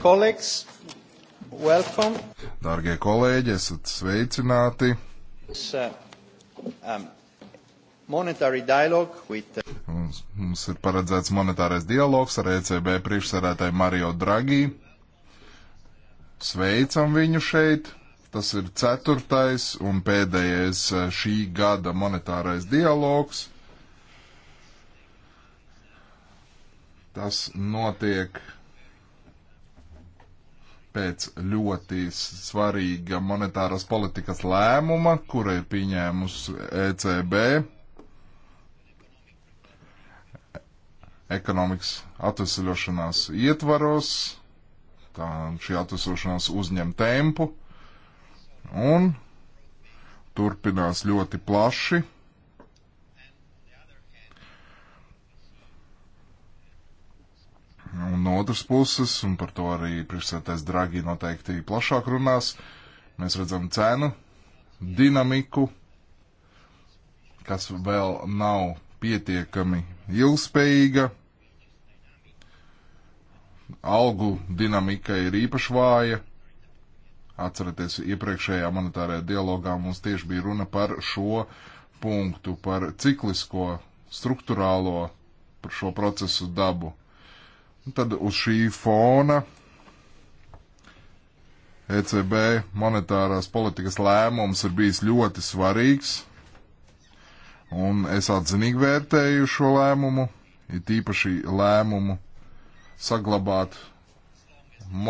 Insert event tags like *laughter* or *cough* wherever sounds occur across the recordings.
Kolēģis, uh, welcome! Dārgie kolēģi, esat sveicināti! Uh, um, uh, mums, mums ir paredzēts monetārais dialogs ar ECB priekšsēdētāju Mario Draghi. Sveicam viņu šeit! Tas ir ceturtais un pēdējais šī gada monetārais dialogs. Tas notiek pēc ļoti svarīga monetāras politikas lēmuma, kura ir pieņēmusi ECB, ekonomikas atvesaļošanās ietvaros, tā šī atvesaļošanās uzņem tempu un turpinās ļoti plaši Un no otras puses, un par to arī priekšsētais Dragi noteikti plašāk runās, mēs redzam cenu, dinamiku, kas vēl nav pietiekami ilgspējīga. Algu dinamika ir īpaši vāja. Atcerieties, iepriekšējā monetārajā dialogā mums tieši bija runa par šo punktu, par ciklisko, struktūrālo, par šo procesu dabu. Tad uz šī fona ECB monetārās politikas lēmums ir bijis ļoti svarīgs, un es atzinīgi vērtēju šo lēmumu, it īpaši lēmumu saglabāt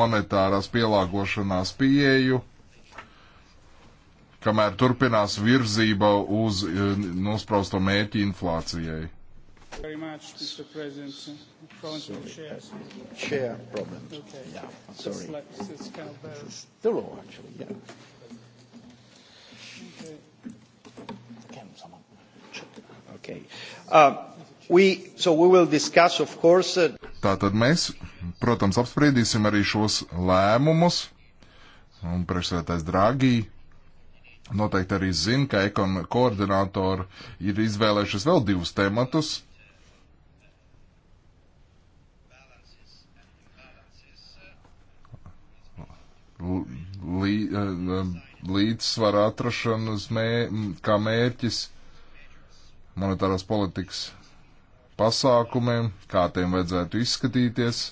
monetārās pielāgošanās pieeju, kamēr turpinās virzība uz e, nosprausto mērķi inflācijai. Very much, Mr. President. Problems sorry. with chairs. Chair problems. Okay. Yeah, sorry. It's, like, it's kind of better. It's the law, actually, yeah. Okay. Can someone check? Okay. Um, we, so we will discuss, of course. Uh, Tātad mēs, protams, apspriedīsim arī šos lēmumus. Un priekšsēdētājs Dragī noteikti arī zina, ka ekonomikas koordinātori ir izvēlējušies vēl divus tematus Eh, līdzsvara atrašanas mē, kā mērķis monetāras politikas pasākumiem, kā tiem vajadzētu izskatīties.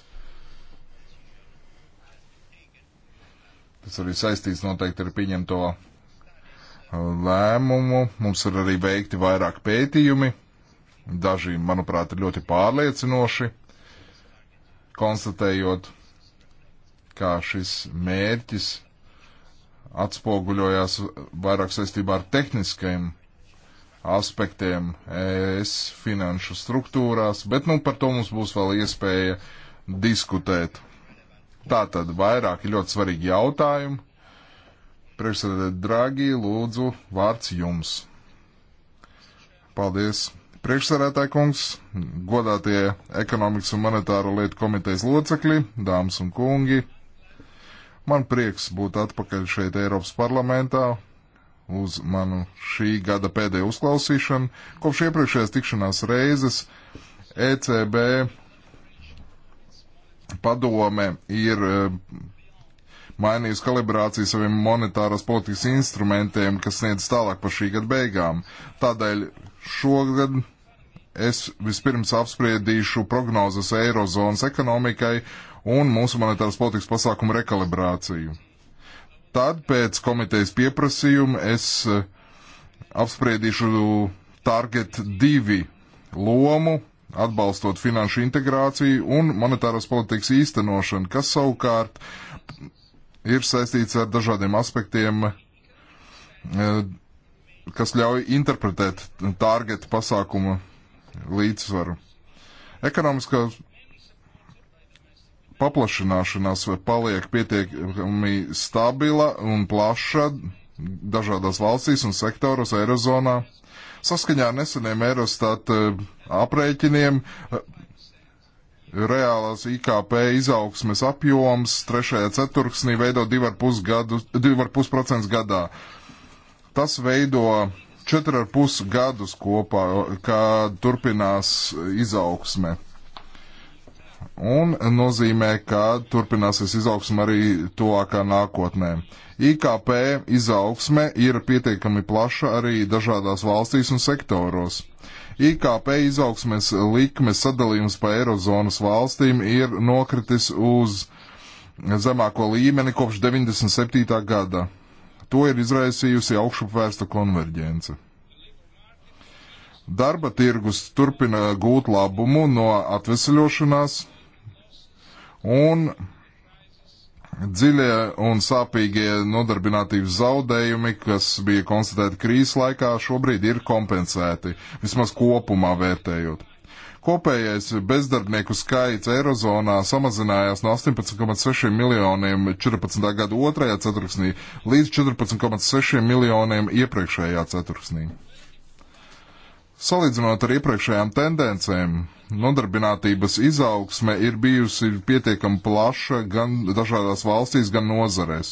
Tas arī saistīts noteikti ar pieņemto eh, lēmumu. Mums ir arī veikti vairāk pētījumi. Daži, manuprāt, ir ļoti pārliecinoši, konstatējot kā šis mērķis atspoguļojās vairāk saistībā ar tehniskiem aspektiem ES finanšu struktūrās, bet nu par to mums būs vēl iespēja diskutēt. Tātad vairāki ļoti svarīgi jautājumi. Priekšsēdētāji Dragi, lūdzu, vārds jums. Paldies! Priekšsēdētāji kungs, godātie ekonomikas un monetāro lietu komitejas locekļi, dāmas un kungi! Man prieks būt atpakaļ šeit Eiropas parlamentā uz manu šī gada pēdējo uzklausīšanu. Kopš iepriekšējās tikšanās reizes ECB padome ir eh, mainījusi kalibrāciju saviem monetāras politikas instrumentiem, kas sniedz tālāk par šī gada beigām. Tādēļ šogad es vispirms apspriedīšu prognozes Eirozonas ekonomikai un mūsu monetāras politikas pasākumu rekalibrāciju. Tad pēc komitejas pieprasījuma es eh, apspriedīšu Target 2 lomu, atbalstot finanšu integrāciju un monetāras politikas īstenošanu, kas savukārt ir saistīts ar dažādiem aspektiem, eh, kas ļauj interpretēt target pasākuma līdzsvaru. Ekonomiskās paplašināšanās paliek pietiekami stabila un plaša dažādās valstīs un sektoros Eirozonā. Saskaņā ar neseniem Eurostat eh, aprēķiniem eh, reālās IKP izaugsmes apjoms trešajā ceturksnī veido 2,5% gadā. Tas veido 4,5 gadus kopā, kā turpinās izaugsme un nozīmē, ka turpināsies izaugsme arī tuvākā nākotnē. IKP izaugsme ir pietiekami plaša arī dažādās valstīs un sektoros. IKP izaugsmes likmes sadalījums pa Eirozonas valstīm ir nokritis uz zemāko līmeni kopš 97. gada. To ir izraisījusi augšupvērsta konverģence. Darba tirgus turpina gūt labumu no atvesļošanās un dziļie un sāpīgie nodarbinātības zaudējumi, kas bija konstatēti krīzes laikā, šobrīd ir kompensēti, vismaz kopumā vērtējot. Kopējais bezdarbnieku skaits Eirozonā samazinājās no 18,6 miljoniem 14. gada 2. ceturksnī līdz 14,6 miljoniem iepriekšējā ceturksnī. Salīdzinot ar iepriekšējām tendencēm, nodarbinātības izaugsme ir bijusi pietiekami plaša gan dažādās valstīs, gan nozarēs.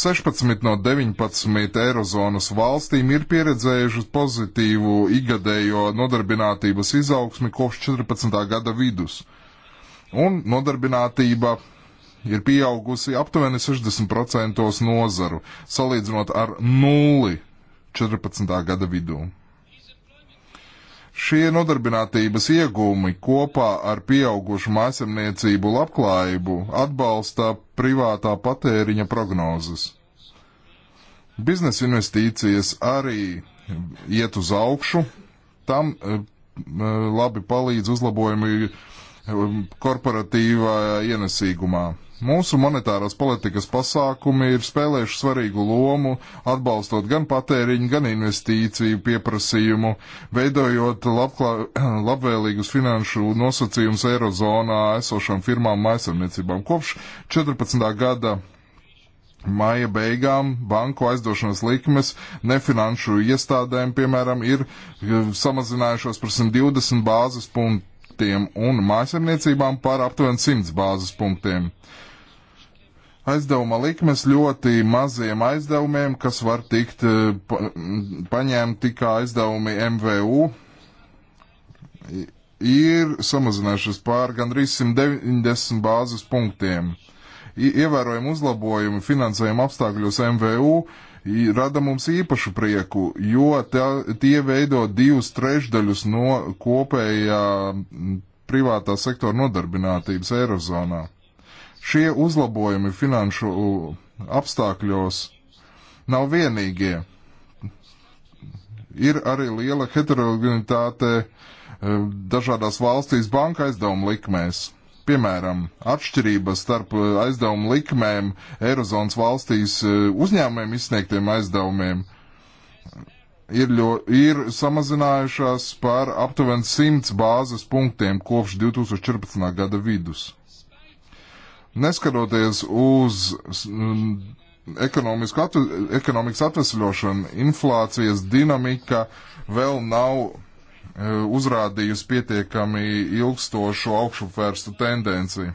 16 no 19 Eirozonas valstīm ir pieredzējušas pozitīvu igadējo nodarbinātības izaugsmi kopš 14. gada vidus, un nodarbinātība ir pieaugusi aptuveni 60% nozaru, salīdzinot ar nulli 14. gada vidū. Šie nodarbinātības iegūmi kopā ar pieaugušu mājasemniecību labklājību atbalsta privātā patēriņa prognozes. Biznesa investīcijas arī iet uz augšu, tam eh, eh, labi palīdz uzlabojumi Um, korporatīvā ienesīgumā. Mūsu monetārās politikas pasākumi ir spēlējuši svarīgu lomu, atbalstot gan patēriņu, gan investīciju pieprasījumu, veidojot labklā, *clears throat* labvēlīgus finanšu nosacījumus Eirozonā esošām firmām maisamniecībām. Kopš 14. gada Māja beigām banku aizdošanas likmes nefinanšu iestādēm, piemēram, ir eh, samazinājušos par 120 bāzes punktu punktiem un mājasemniecībām par aptuveni 100 bāzes punktiem. Aizdevuma likmes ļoti maziem aizdevumiem, kas var tikt eh, pa, paņemt tikai aizdevumi MVU, ir samazinājušies pār gandrīz 190 bāzes punktiem. Ievērojami uzlabojumi finansējuma apstākļos MVU rada mums īpašu prieku, jo tā, tie veido divus trešdaļus no kopējā privātā sektora nodarbinātības Eirozonā. Šie uzlabojumi finanšu apstākļos nav vienīgie. Ir arī liela heterogenitāte dažādās valstīs banka aizdevuma likmēs. Piemēram, atšķirības starp uh, aizdevumu likmēm Eirozonas valstīs uh, uzņēmumiem izsniegtiem aizdevumiem ir, ļo, ir samazinājušās par aptuveni 100 bāzes punktiem kopš 2014. gada vidus. Neskaroties uz ekonomikas atvesļošanu, inflācijas dinamika vēl nav Eh, uzrādījusi pietiekami ilgstošu augšupvērstu tendenciju.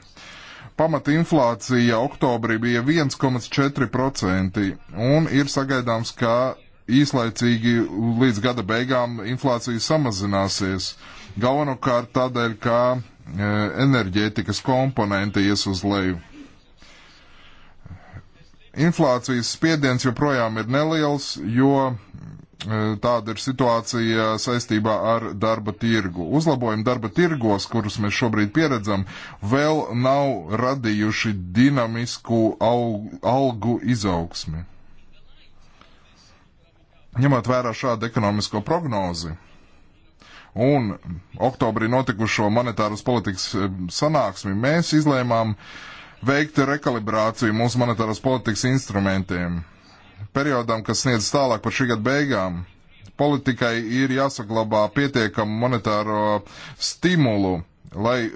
Pamat inflācija oktobrī bija 1,4% un ir sagaidāms, ka īslaicīgi līdz gada beigām inflācija samazināsies. Galvenokārt tādēļ, ka eh, enerģētikas komponenti ies uz leju. Inflācijas spiediens joprojām ir neliels, jo E, tāda ir situācija saistībā ar darba tirgu. Uzlabojumi darba tirgos, kurus mēs šobrīd pieredzam, vēl nav radījuši dinamisku algu izaugsmi. Ņemot vērā šādu ekonomisko prognozi un oktobrī notikušo monetāras politikas e, sanāksmi, mēs izlēmām veikt rekalibrāciju mūsu monetāras politikas instrumentiem periodam, kas sniedz tālāk par šī gada beigām. Politikai ir jāsaglabā pietiekamu monetāro stimulu, lai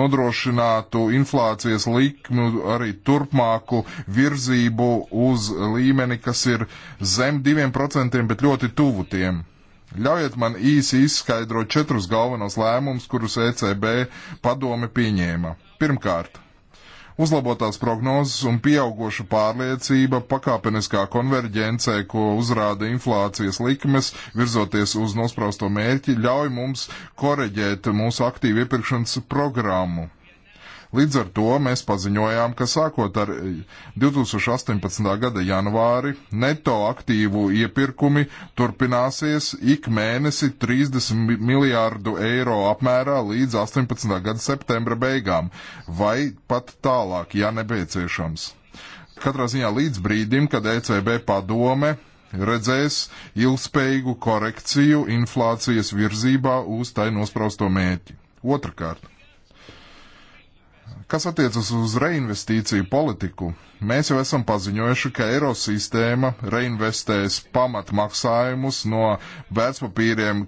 nodrošinātu inflācijas likmu arī turpmāku virzību uz līmeni, kas ir zem diviem procentiem, bet ļoti tuvu tiem. Ļaujiet man īsi izskaidrot četrus galvenos lēmumus, kurus ECB padome pieņēma. Pirmkārt, Uzlabotās prognozes un pieaugoša pārliecība pakāpeniskā konverģencē, ko uzrāda inflācijas likmes, virzoties uz nosprausto mērķi, ļauj mums koreģēt mūsu aktīvu iepirkšanas programmu. Līdz ar to mēs paziņojām, ka sākot ar 2018. Eh, gada janvāri neto aktīvu iepirkumi turpināsies ik mēnesi 30 miljārdu eiro apmērā līdz 18. gada septembra beigām, vai pat tālāk, ja nepieciešams. Katrā ziņā līdz brīdim, kad ECB padome redzēs ilgspējīgu korekciju inflācijas virzībā uz tai nosprausto mērķi. Otrakārt, Kas attiecas uz reinvestīciju politiku, mēs jau esam paziņojuši, ka Eirosistēma reinvestēs pamatmaksājumus no vērtspapīriem,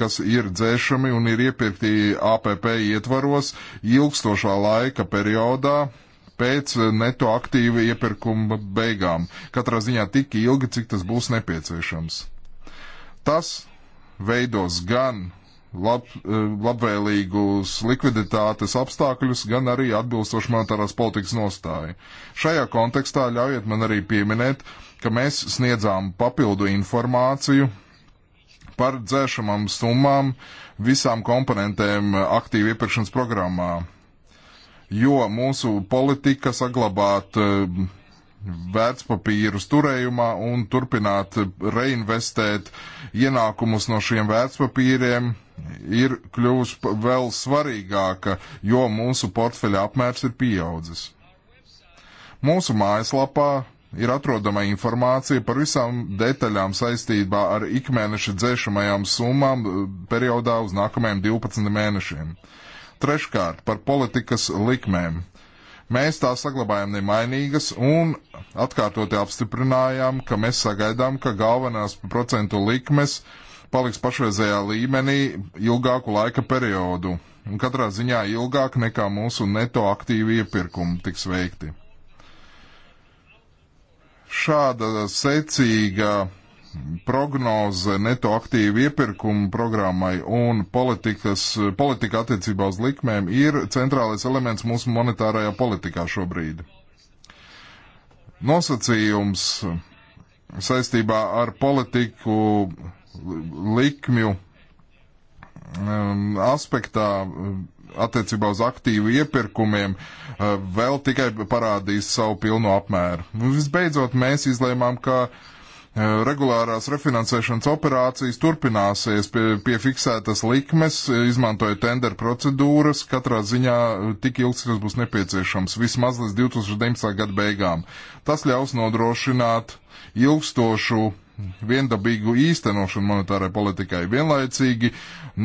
kas ir dzēšami un ir iepirkti APP ietvaros ilgstošā laika periodā pēc neto aktīva iepirkuma beigām. Katrā ziņā tik ilgi, cik tas būs nepieciešams. Tas veidos gan lab, eh, labvēlīgus likviditātes apstākļus, gan arī atbilstoši monetārās politikas nostāju. Šajā kontekstā ļaujiet man arī pieminēt, ka mēs sniedzām papildu informāciju par dzēšamām summām visām komponentēm aktīvu iepirkšanas programmā, jo mūsu politika saglabāt eh, vērtspapīru turējumā un turpināt reinvestēt ienākumus no šiem vērtspapīriem ir kļuvusi vēl svarīgāka, jo mūsu portfeļa apmērs ir pieaudzis. Mūsu mājaslapā ir atrodama informācija par visām detaļām saistībā ar ikmēneša dzēšamajām summām eh, periodā uz nākamajiem 12 mēnešiem. Treškārt, par politikas likmēm. Mēs tās saglabājam nemainīgas un atkārtoti apstiprinājām, ka mēs sagaidām, ka galvenās procentu likmes uh, paliks pašreizējā līmenī ilgāku laika periodu, un katrā ziņā ilgāk nekā mūsu neto aktīvi iepirkumi tiks veikti. Šāda secīga prognoze neto aktīvu iepirkumu programmai un politikas, politika attiecībā uz likmēm ir centrālais elements mūsu monetārajā politikā šobrīd. Nosacījums saistībā ar politiku likmju um, aspektā uh, attiecībā uz aktīvu iepirkumiem uh, vēl tikai parādīs savu pilno apmēru. Nu, visbeidzot, mēs izlēmām, ka uh, regulārās refinansēšanas operācijas turpināsies pie, pie fiksētas likmes, izmantoja tender procedūras, katrā ziņā tik ilgs, kas būs nepieciešams, vismaz līdz 2019. gada beigām. Tas ļaus nodrošināt ilgstošu viendabīgu īstenošanu monetārai politikai, vienlaicīgi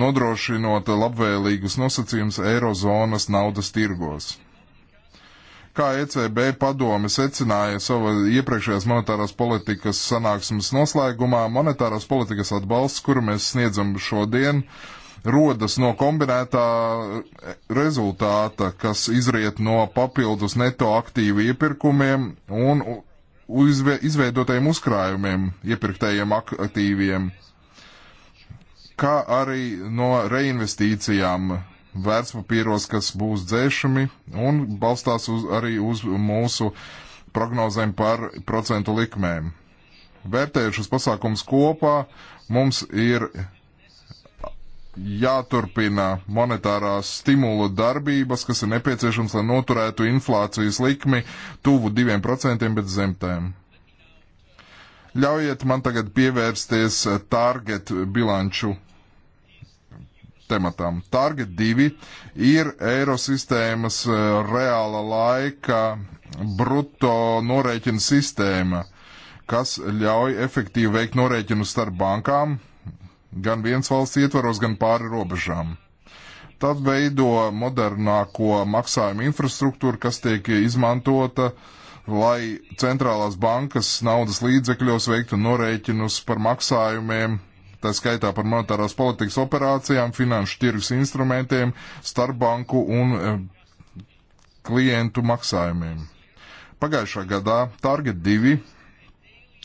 nodrošinot labvēlīgus nosacījumus Eirozonas naudas tirgos. Kā ECB padome secināja sava iepriekšējās monetārās politikas sanāksmes noslēgumā, monetārās politikas atbalsts, kuru mēs sniedzam šodien, rodas no kombinētā rezultāta, kas izriet no papildus neto aktīvu iepirkumiem un uzve, izveidotajiem uzkrājumiem, iepirktajiem aktīviem, kā arī no reinvestīcijām vērtspapīros, kas būs dzēšami un balstās uz, arī uz mūsu prognozēm par procentu likmēm. Vērtējušas pasākums kopā mums ir jāturpina monetārās stimula darbības, kas ir nepieciešams, lai noturētu inflācijas likmi tuvu 2%, bet zem tēm. Ļaujiet man tagad pievērsties target bilanču tematām. Target 2 ir Eirosistēmas eh, reāla laika bruto norēķina sistēma, kas ļauj efektīvi veikt norēķinu starp bankām, gan viens valsts ietvaros, gan pāri robežām. Tad veido modernāko maksājumu infrastruktūru, kas tiek izmantota, lai centrālās bankas naudas līdzekļos veiktu norēķinus par maksājumiem, tā skaitā par monetārās politikas operācijām, finanšu tirgus instrumentiem, starpbanku un e, klientu maksājumiem. Pagājušā gadā Target 2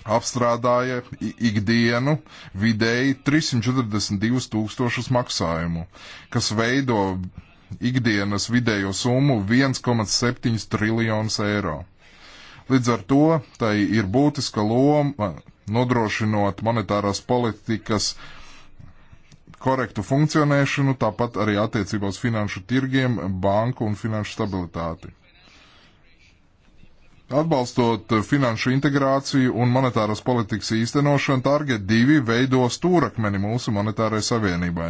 apstrādāja ikdienu vidēji 342 tūkstošus maksājumu, kas veido ikdienas vidējo summu 1,7 triljonus eiro. Līdz ar to tai ir būtiska loma nodrošinot monetārās politikas korektu funkcionēšanu, tāpat arī attiecībā uz finanšu tirgiem, banku un finanšu stabilitāti. Atbalstot eh, finanšu integrāciju un monetāras politikas īstenošanu, Target 2 veido stūrakmeni mūsu monetārai savienībai.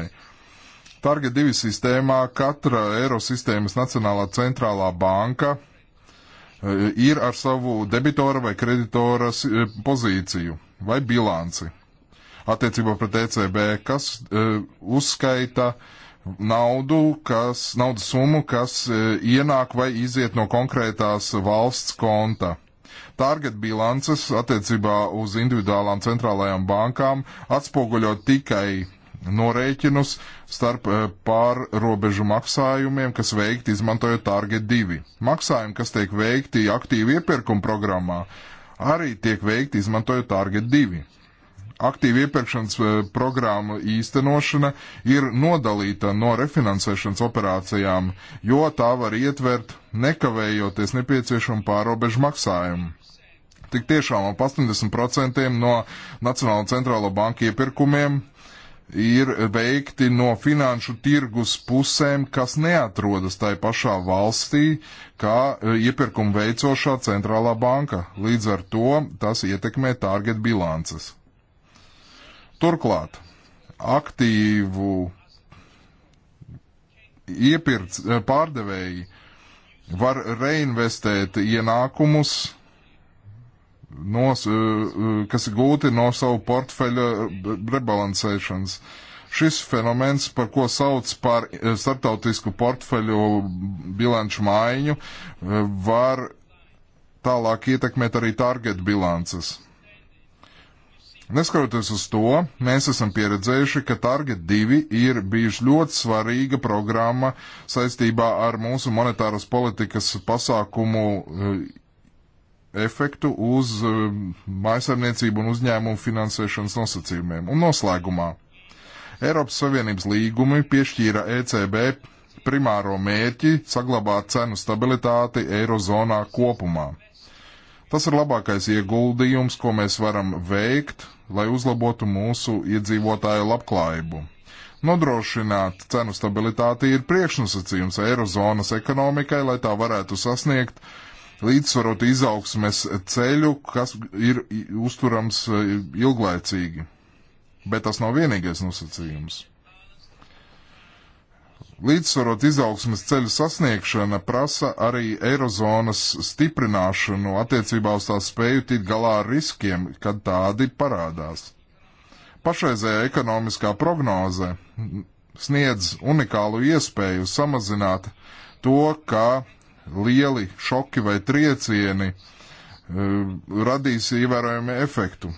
Target 2 sistēmā katra Eirosistēmas Nacionālā centrālā banka eh, ir ar savu debitora vai kreditora eh, pozīciju vai bilanci attiecībā pret ECB, kas uzskaita uh, naudu, kas, naudas summu, kas e, ienāk vai iziet no konkrētās valsts konta. Target bilances attiecībā uz individuālām centrālajām bankām atspoguļo tikai norēķinus starp e, pārrobežu maksājumiem, kas veikti izmantojot Target 2. Maksājumi, kas tiek veikti aktīvi iepirkuma programmā, arī tiek veikti izmantojot Target 2 aktīva iepirkšanas eh, programma īstenošana ir nodalīta no refinansēšanas operācijām, jo tā var ietvert nekavējoties nepieciešamu pārobežu maksājumu. Tik tiešām ap 80% no Nacionāla centrāla banka iepirkumiem ir veikti no finanšu tirgus pusēm, kas neatrodas tai pašā valstī, kā eh, iepirkumu veicošā centrālā banka. Līdz ar to tas ietekmē target bilances. Turklāt aktīvu iepirkt eh, pārdevēji var reinvestēt ienākumus, no, eh, eh, kas gūti no savu portfeļa rebalansēšanas. Šis fenomens, par ko sauc par starptautisku portfeļu bilanču maiņu, var tālāk ietekmēt arī target bilances Neskatoties uz to, mēs esam pieredzējuši, ka Target 2 ir bijuši ļoti svarīga programma saistībā ar mūsu monetāras politikas pasākumu eh, efektu uz eh, mājasarniecību un uzņēmumu finansēšanas nosacījumiem. Un noslēgumā Eiropas Savienības līgumi piešķīra ECB primāro mērķi saglabāt cenu stabilitāti Eirozonā kopumā. Tas ir labākais ieguldījums, ko mēs varam veikt, lai uzlabotu mūsu iedzīvotāju labklājību. Nodrošināt cenu stabilitāti ir priekšnosacījums Eirozonas ekonomikai, lai tā varētu sasniegt līdzsvarotu izaugsmes ceļu, kas ir uzturams e, ilglaicīgi. Bet tas nav vienīgais nosacījums. Līdzsvarot izaugsmas ceļu sasniegšana prasa arī eirozonas stiprināšanu attiecībā uz tā spēju tikt galā ar riskiem, kad tādi parādās. Pašreizējā ekonomiskā prognoze sniedz unikālu iespēju samazināt to, ka lieli šoki vai triecieni uh, radīs ievērojami efektu.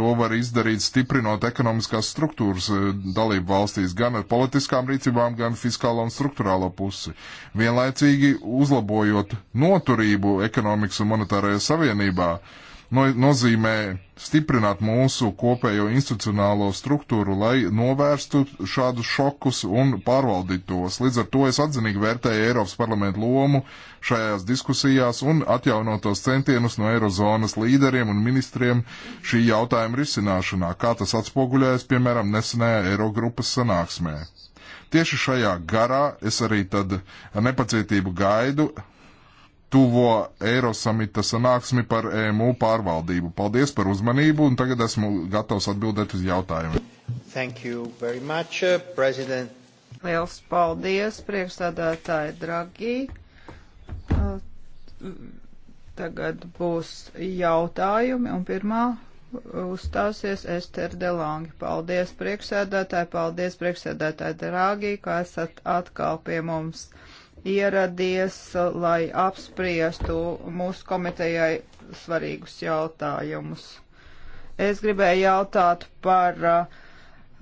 To var izdarīt stiprinot ekonomiskās struktūras e, dalību valstīs gan ar politiskām rīcībām, gan fiskālo un struktūrālo pusi. Vienlaicīgi uzlabojot noturību ekonomikas un monetārajā savienībā, uh, no, nozīmē stiprināt mūsu kopējo institucionālo struktūru, lai novērstu šādus šokus un pārvaldītu tos. Līdz ar to es atzinīgi vērtēju Eiropas parlamentu lomu šajās diskusijās un atjaunotos centienus no Eirozonas līderiem un ministriem šī jautājuma risināšanā, kā tas atspoguļojas, piemēram, nesenajā Eirogrupas sanāksmē. Tieši šajā garā es arī tad ar nepacietību gaidu tuvo Eirosamita sanāksmi par EMU pārvaldību. Paldies par uzmanību, un tagad esmu gatavs atbildēt uz jautājumiem. Thank you very much, uh, President. Liels paldies, priekšstādātāji, dragi. Uh, tagad būs jautājumi, un pirmā uzstāsies Ester Delangi. Paldies, priekšsēdētāji, paldies, priekšsēdētāji, dragi, ka esat atkal pie mums ieradies, lai apspriestu mūsu komitejai svarīgus jautājumus. Es gribēju jautāt par uh,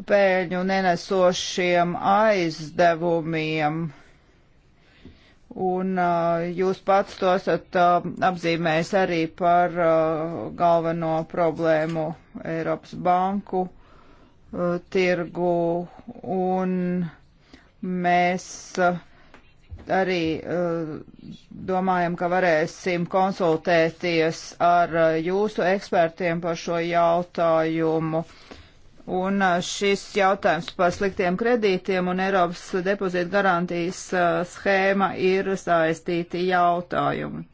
pēļņu nenesošiem aizdevumiem. Un uh, jūs pats to esat uh, apzīmējis arī par uh, galveno problēmu Eiropas banku uh, tirgu, un mēs uh, arī eh, domājam, ka varēsim konsultēties ar eh, jūsu ekspertiem par šo jautājumu. Un eh, šis jautājums par sliktiem kredītiem un Eiropas depozīta garantijas schēma ir saistīti jautājumi.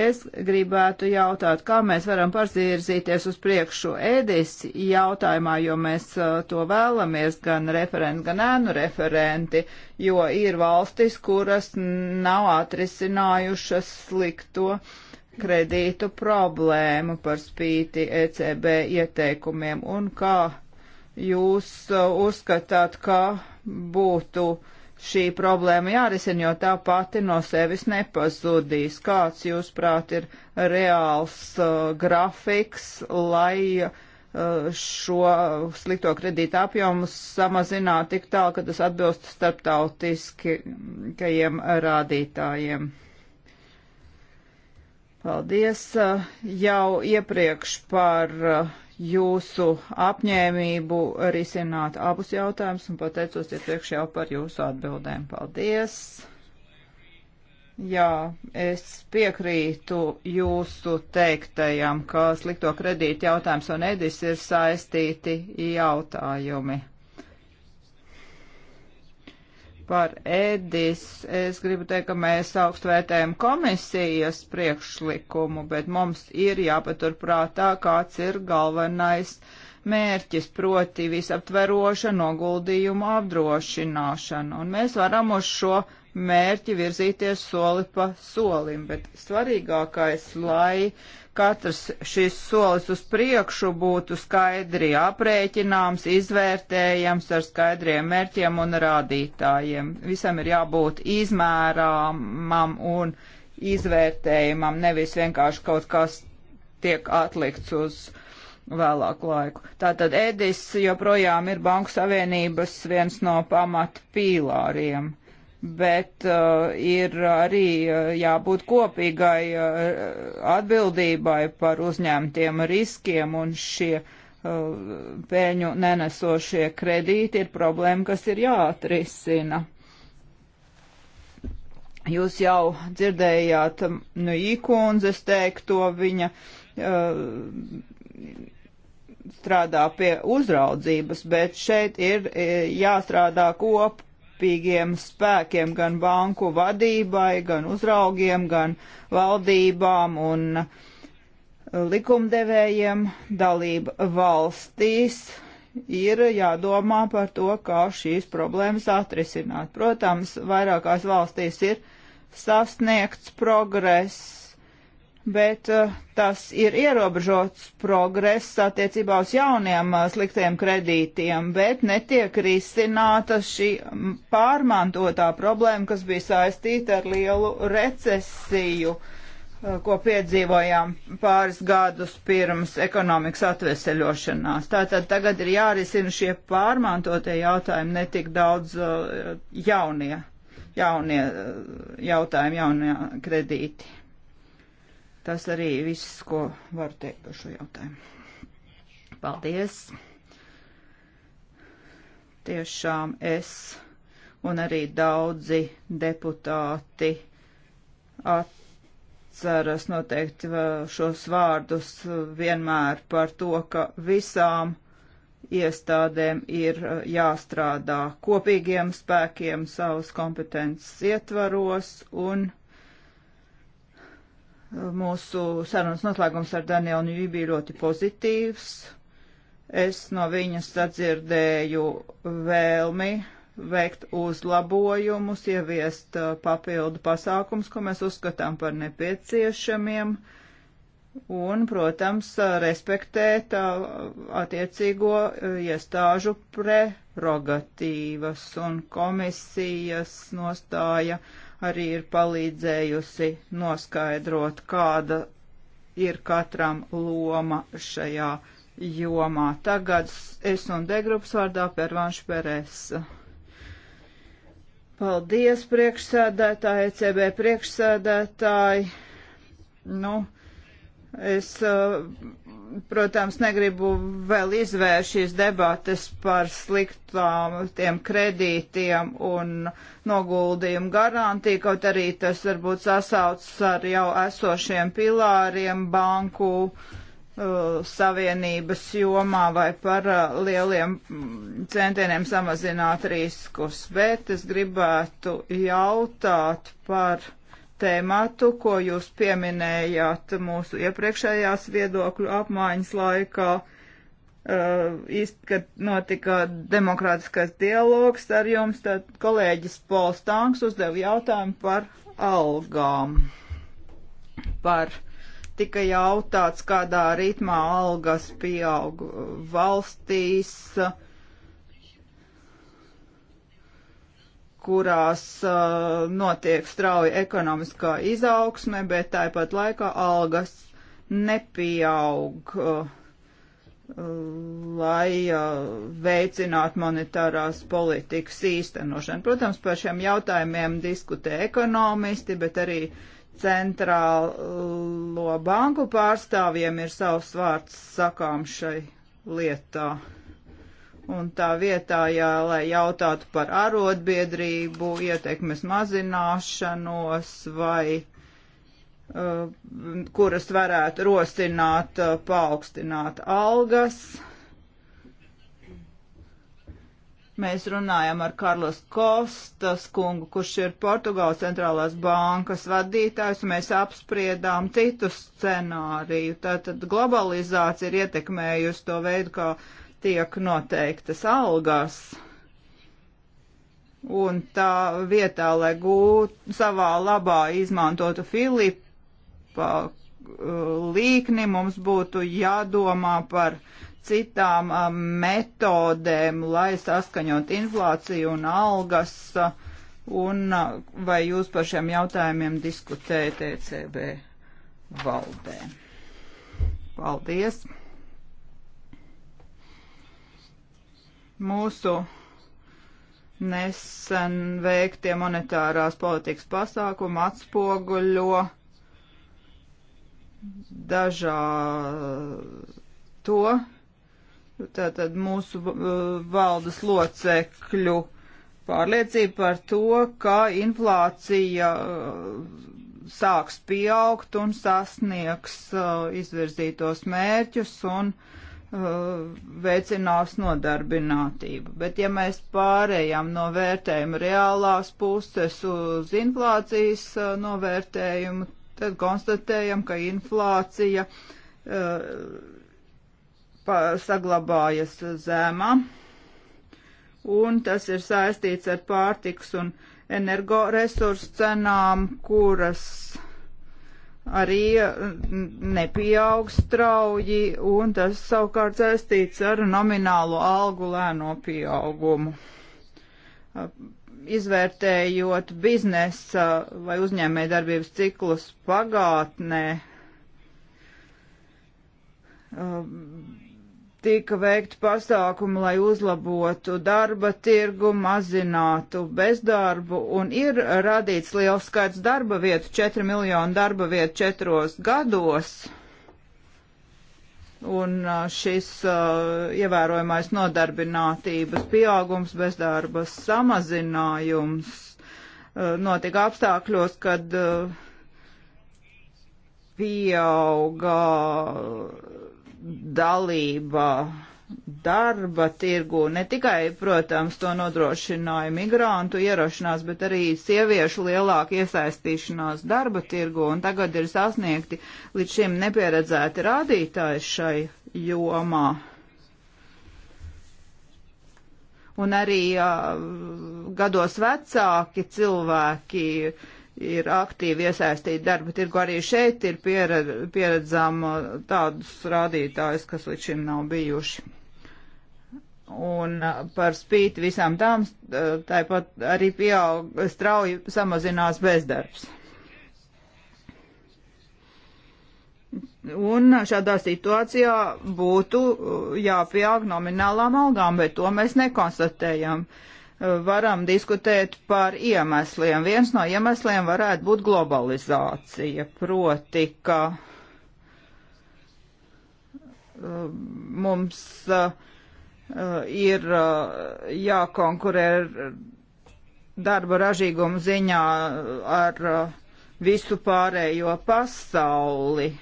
Es gribētu jautāt, kā mēs varam pazīrzīties uz priekšu ēdis jautājumā, jo mēs uh, to vēlamies gan referenti, gan ēnu referenti, jo ir valstis, kuras nav atrisinājušas slikto kredītu problēmu par spīti ECB ieteikumiem un kā jūs uh, uzskatāt, kā būtu uh, šī problēma jārisina, jo tā pati no sevis nepazudīs. Kāds, jūsprāt, ir reāls uh, grafiks, lai uh, šo slikto kredītu apjomu samazināt tik tālu, ka tas atbilst starptautiskajiem rādītājiem? Paldies uh, jau iepriekš par uh, jūsu apņēmību risināt abus jautājumus un pateicos iepriekš jau par jūsu atbildēm. Paldies! Jā, es piekrītu jūsu teiktajam, ka slikto kredītu jautājums un edis ir saistīti jautājumi par ēdis. Es gribu teikt, ka mēs augstu vērtējam komisijas priekšlikumu, bet mums ir jāpaturprātā, kāds ir galvenais mērķis, proti visaptveroša noguldījuma apdrošināšana. Un mēs varam uz šo mērķi virzīties soli pa solim, bet svarīgākais, lai katrs šis solis uz priekšu būtu skaidri aprēķināms, izvērtējams ar skaidriem mērķiem un rādītājiem. Visam ir jābūt izmērāmam un izvērtējumam, nevis vienkārši kaut kas tiek atlikts uz vēlāku laiku. Tātad Edis joprojām ir Banku Savienības viens no pamat pīlāriem bet uh, ir arī uh, jābūt kopīgai uh, atbildībai par uzņemtiem riskiem un šie uh, pēļņu nenesošie kredīti ir problēma, kas ir jāatrisina. Jūs jau dzirdējāt nu, īkundzes teikto, viņa uh, strādā pie uzraudzības, bet šeit ir uh, jāstrādā kop, kopīgiem spēkiem gan banku vadībai, gan uzraugiem, gan valdībām un likumdevējiem dalība valstīs ir jādomā par to, kā šīs problēmas atrisināt. Protams, vairākās valstīs ir sasniegts progress bet uh, tas ir ierobežots progress attiecībā uz jauniem uh, sliktiem kredītiem, bet netiek risināta šī pārmantotā problēma, kas bija saistīta ar lielu recesiju, uh, ko piedzīvojām pāris gadus pirms ekonomikas atveseļošanās. Tātad tagad ir jārisina šie pārmantotie jautājumi, netik daudz jaunie, jaunie jautājumi, jaunie kredīti. Tas arī viss, ko varu teikt par šo jautājumu. Paldies! Tiešām es un arī daudzi deputāti atceras noteikti šos vārdus vienmēr par to, ka visām iestādēm ir jāstrādā kopīgiem spēkiem savas kompetences ietvaros un Mūsu sarunas noslēgums ar Danielu Nīvi bija ļoti pozitīvs. Es no viņas sadzirdēju vēlmi veikt uzlabojumus, ieviest uh, papildu pasākums, ko mēs uzskatām par nepieciešamiem un, protams, uh, respektēt uh, attiecīgo iestāžu prerogatīvas un komisijas nostāja. Uh, arī ir palīdzējusi noskaidrot, kāda ir katram loma šajā jomā. Tagad es un degrupas vārdā Pervanš Peres. Paldies priekšsēdētāji, ECB priekšsēdētāji. Nu, Es, uh, protams, negribu vēl izvērst šīs debates par sliktām tiem kredītiem un noguldījumu garantiju, kaut arī tas varbūt sasaucas ar jau esošiem pilāriem banku uh, savienības jomā vai par uh, lieliem mm, centieniem samazināt riskus, bet es gribētu jautāt par tēmatu, ko jūs pieminējāt mūsu iepriekšējās viedokļu apmaiņas laikā, uh, īst, kad notika demokrātiskais dialogs ar jums, tad kolēģis Pols Tanks uzdeva jautājumu par algām. Par tika jautāts, kādā ritmā algas pieaug valstīs, uh, kurās uh, notiek strauja ekonomiskā izaugsme, bet tāpat laikā algas nepieaug, uh, lai uh, veicinātu monetārās politikas īstenošanu. Protams, par šiem jautājumiem diskutē ekonomisti, bet arī centrālo banku pārstāvjiem ir savs vārds sakām šai lietā. Un tā vietā, ja, lai jautātu par arotbiedrību, ietekmes mazināšanos vai uh, kuras varētu rosināt, uh, paaugstināt algas. Mēs runājam ar Karlos Kostas kungu, kurš ir Portugāles centrālās bankas vadītājs, un mēs apspriedām citu scenāriju. Tātad globalizācija ir ietekmējusi to veidu, kā tiek noteiktas algas. Un tā vietā, lai gūtu savā labā izmantotu Filipa uh, līkni, mums būtu jādomā par citām uh, metodēm, lai saskaņot inflāciju un algas. Uh, un vai jūs par šiem jautājumiem diskutējat ECB valdē? Paldies! mūsu nesen veiktie monetārās politikas pasākumi atspoguļo dažā to, tātad mūsu uh, valdes locekļu pārliecība par to, ka inflācija uh, sāks pieaugt un sasniegs uh, izvirzītos mērķus un uh, Uh, veicinās nodarbinātību. Bet ja mēs pārējām no vērtējuma reālās puses uz inflācijas uh, novērtējumu, tad konstatējam, ka inflācija uh, saglabājas zemā, un tas ir saistīts ar pārtiks un energoresursu cenām, kuras uh, arī mm, nepieaug strauji, un tas savukārt saistīts ar nominālo algu lēno pieaugumu. Izvērtējot biznesa vai uzņēmē darbības ciklus pagātnē, tika veikti pasākumi, lai uzlabotu darba tirgu, mazinātu bezdarbu, un ir radīts liels skaits darba vietu, 4 miljonu darba vietu četros gados. Un šis uh, ievērojamais nodarbinātības pieaugums, bezdarba samazinājums uh, notika apstākļos, kad uh, pieauga dalība darba tirgu ne tikai, protams, to nodrošināja migrantu ierašanās, bet arī sieviešu lielāka iesaistīšanās darba tirgu, un tagad ir sasniegti līdz šim nepieredzēti rādītāji šai jomā. Un arī uh, gados vecāki cilvēki uh, ir aktīvi iesaistīti darba tirgu. Arī šeit ir pieredzama uh, tādus rādītājus, kas līdz šim nav bijuši. Un uh, par spīti visām tām, uh, tāpat arī pieaug, strauji samazinās bezdarbs. Un šādā situācijā būtu jāpieaug nominālām algām, bet to mēs nekonstatējam. Uh, varam diskutēt par iemesliem. Viens no iemesliem varētu būt globalizācija, proti, ka um, mums uh, ir uh, jākonkurē darba ražīguma ziņā ar uh, visu pārējo pasauli.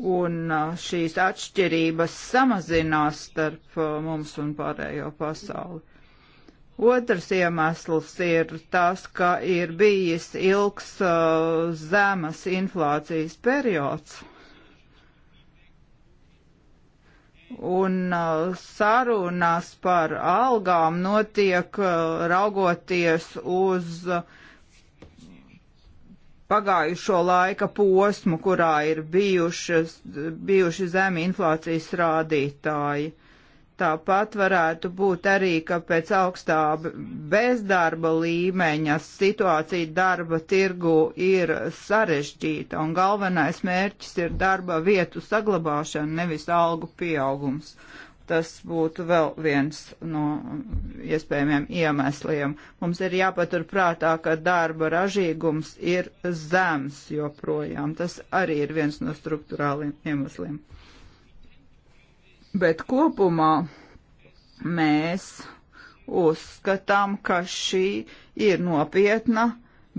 Un šīs atšķirības samazinās starp mums un pārējo pasauli. Otrs iemesls ir tas, ka ir bijis ilgs uh, zemes inflācijas periods. Un uh, sarunās par algām notiek uh, raugoties uz uh, pagājušo laika posmu, kurā ir bijušas, bijuši zemi inflācijas rādītāji. Tāpat varētu būt arī, ka pēc augstā bezdarba līmeņa situācija darba tirgu ir sarežģīta un galvenais mērķis ir darba vietu saglabāšana, nevis algu pieaugums. Tas būtu vēl viens no iespējamiem iemesliem. Mums ir jāpaturprātā, ka darba ražīgums ir zems joprojām. Tas arī ir viens no struktūrāliem iemesliem. Bet kopumā mēs uzskatām, ka šī ir nopietna,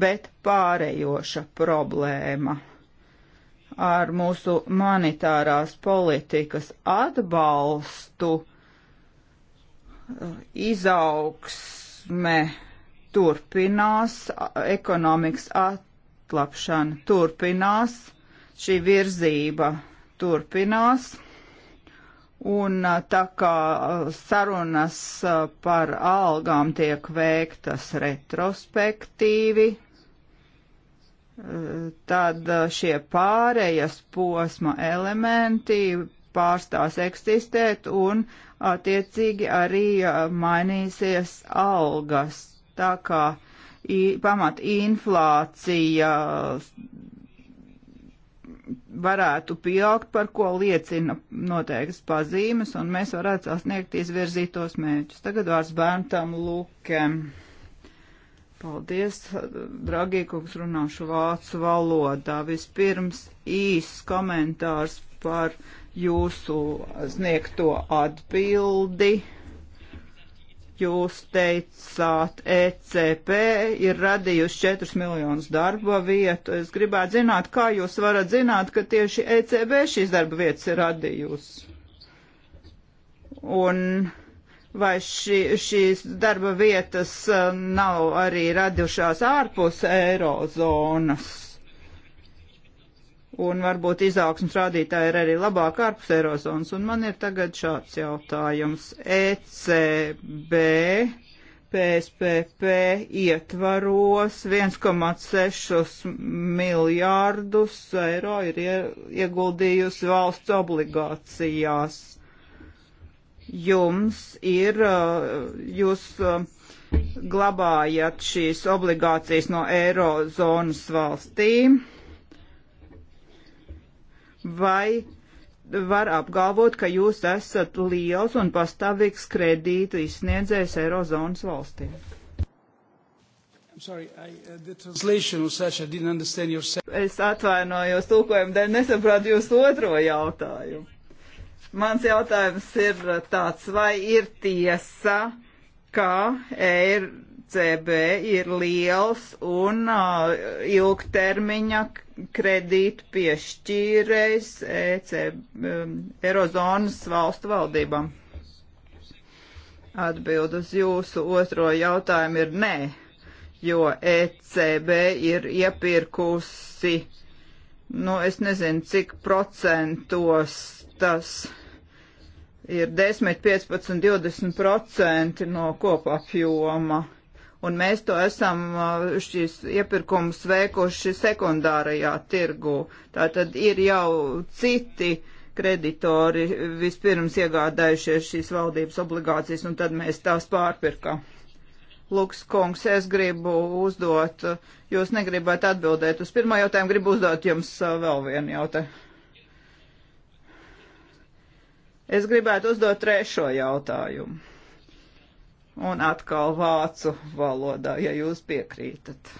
bet pārējoša problēma. Ar mūsu monetārās politikas atbalstu eh, izaugsme turpinās, ekonomikas atlapšana turpinās, šī virzība turpinās. Un tā kā sarunas par algām tiek veiktas retrospektīvi, tad šie pārējas posma elementi pārstās eksistēt un attiecīgi arī mainīsies algas. Tā kā pamat inflācija varētu pieaugt, par ko liecina noteiktas pazīmes, un mēs varētu sasniegt izvirzītos mērķus. Tagad vārds bērntam Lukem. Paldies, Dragīkungs, runāšu vācu valodā. Vispirms īsts komentārs par jūsu sniegto atbildi jūs teicāt, ECP ir radījusi 4 miljonus darba vietu. Es gribētu zināt, kā jūs varat zināt, ka tieši ECB šīs darba vietas ir radījusi. Un vai ši, šīs darba vietas uh, nav arī radušās ārpus eirozonas? un varbūt izaugsmas rādītāji ir arī labāk ārpus Eirozonas. Un man ir tagad šāds jautājums. ECB PSPP ietvaros 1,6 miljārdus eiro ir ieguldījusi valsts obligācijās. Jums ir, jūs glabājat šīs obligācijas no eirozonas valstīm vai var apgalvot, ka jūs esat liels un pastāvīgs kredītu izsniedzējs Eirozonas valstīm? Sorry, I, uh, such, es atvainojos tulkojumu dēļ, nesapratu jūs otro jautājumu. Mans jautājums ir tāds, vai ir tiesa, ka ECB ir liels un uh, ilgtermiņa kredītu piešķīrējs ECB, um, Eirozonas valstu valdībām? Atbild uz jūsu otro jautājumu ir nē, jo ECB ir iepirkusi, nu es nezinu, cik procentos tas ir 10, 15, 20 procenti no kopapjoma. joma un mēs to esam uh, šīs iepirkumus veikuši sekundārajā tirgu. Tātad ir jau citi kreditori vispirms iegādājušies šīs valdības obligācijas, un tad mēs tās pārpirkam. Lūks kungs, es gribu uzdot, jūs negribat atbildēt uz pirmo jautājumu, gribu uzdot jums uh, vēl vienu jautājumu. Es gribētu uzdot trešo jautājumu un atkal vācu valodā, ja jūs piekrītat.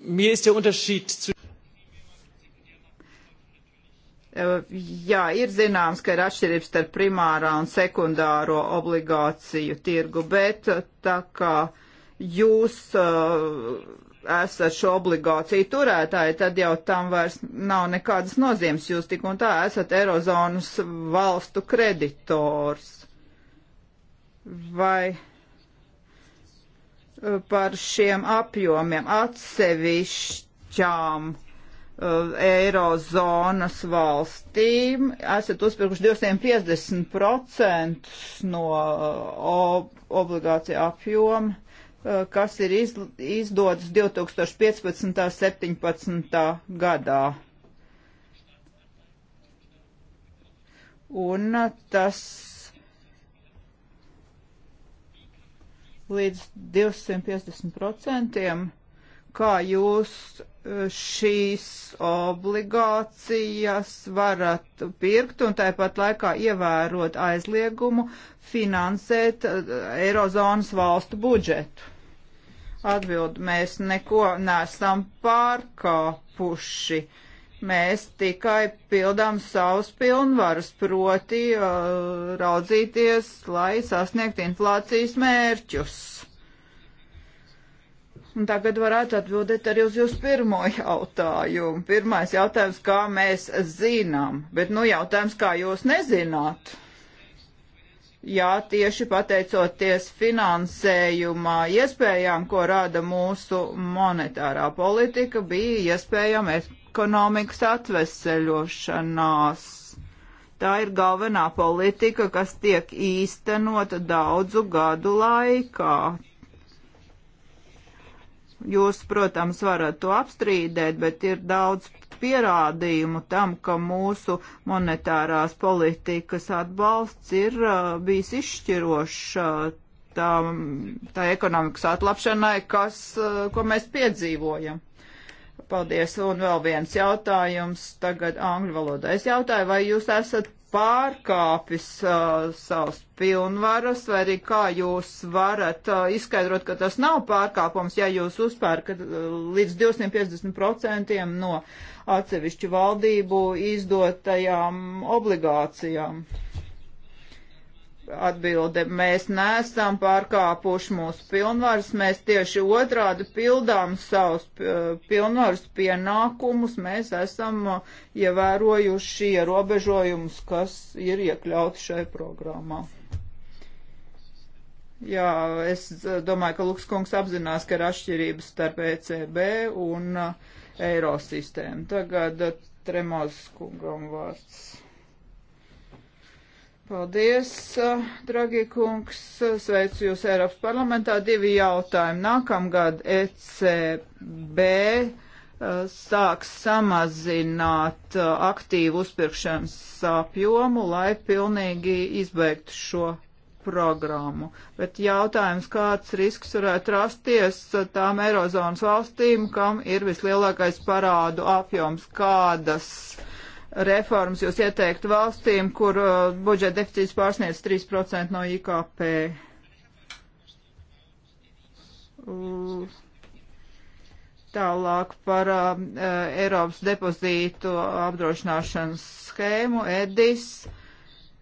Mir ist der Unterschied zu e, Jā, ir zināms, ka ir atšķirības starp primārā un sekundāro obligāciju tirgu, bet e, tā kā jūs uh, esat šo obligāciju turētāji, tad jau tam vairs nav nekādas nozīmes. Jūs tik un tā esat Eirozonas valstu kreditors vai eh, par šiem apjomiem atsevišķām uh, eirozonas valstīm esat uzpirkuši 250% no uh, obligācija apjoma, uh, kas ir iz, izdodas 2015. 17. gadā. Un tas līdz 250%, kā jūs eh, šīs obligācijas varat pirkt un tāpat laikā ievērot aizliegumu finansēt eh, Eirozonas valstu budžetu. Atbildi mēs neko nesam pārkāpuši. Uh, mēs tikai pildām savus pilnvarus, proti uh, raudzīties, lai sasniegtu inflācijas mērķus. Un tagad varētu atbildēt arī uz jūsu pirmo jautājumu. Pirmais jautājums, kā mēs zinām, bet nu jautājums, kā jūs nezināt. Jā, tieši pateicoties finansējumā iespējām, ko rada mūsu monetārā politika, bija iespējama ekonomikas atveseļošanās. Tā ir galvenā politika, kas tiek īstenota daudzu gadu laikā. Jūs, protams, varat to apstrīdēt, bet ir daudz pierādījumu tam, ka mūsu monetārās politikas atbalsts ir uh, bijis izšķirošs uh, tā, tā ekonomikas atlapšanai, kas, uh, ko mēs piedzīvojam. Paldies. Un vēl viens jautājums tagad angļu valodā. Es jautāju, vai jūs esat pārkāpis uh, savus pilnvaras, vai arī kā jūs varat uh, izskaidrot, ka tas nav pārkāpums, ja jūs uzpērkat uh, līdz 250% no atsevišķu valdību izdotajām obligācijām. Uh, Atbilde, mēs neesam pārkāpuši mūsu pilnvaras, mēs tieši otrādi pildām savus uh, pilnvaras pienākumus, mēs esam uh, ievērojuši ierobežojumus, kas ir iekļauti šai programmā. Jā, es uh, domāju, ka Luks kungs apzinās, ka ir atšķirības starp ECB un Eirosistēmu. Tagad Tremos kungam vārds. Paldies, eh, dragi kungs, sveicu jūs Eiropas parlamentā. Divi jautājumi. Nākamgad ECB eh, sāks samazināt eh, aktīvu uzpirkšanas apjomu, lai pilnīgi izbeigtu šo programmu. Bet jautājums, kāds risks varētu rasties tām Eirozonas valstīm, kam ir vislielākais parādu apjoms, kādas uh, reformas jūs ieteiktu valstīm, kur uh, budžeta deficīts pārsniedz 3% no IKP? Uh, tālāk par uh, Eiropas depozītu apdrošināšanas schēmu, EDIS. Uh,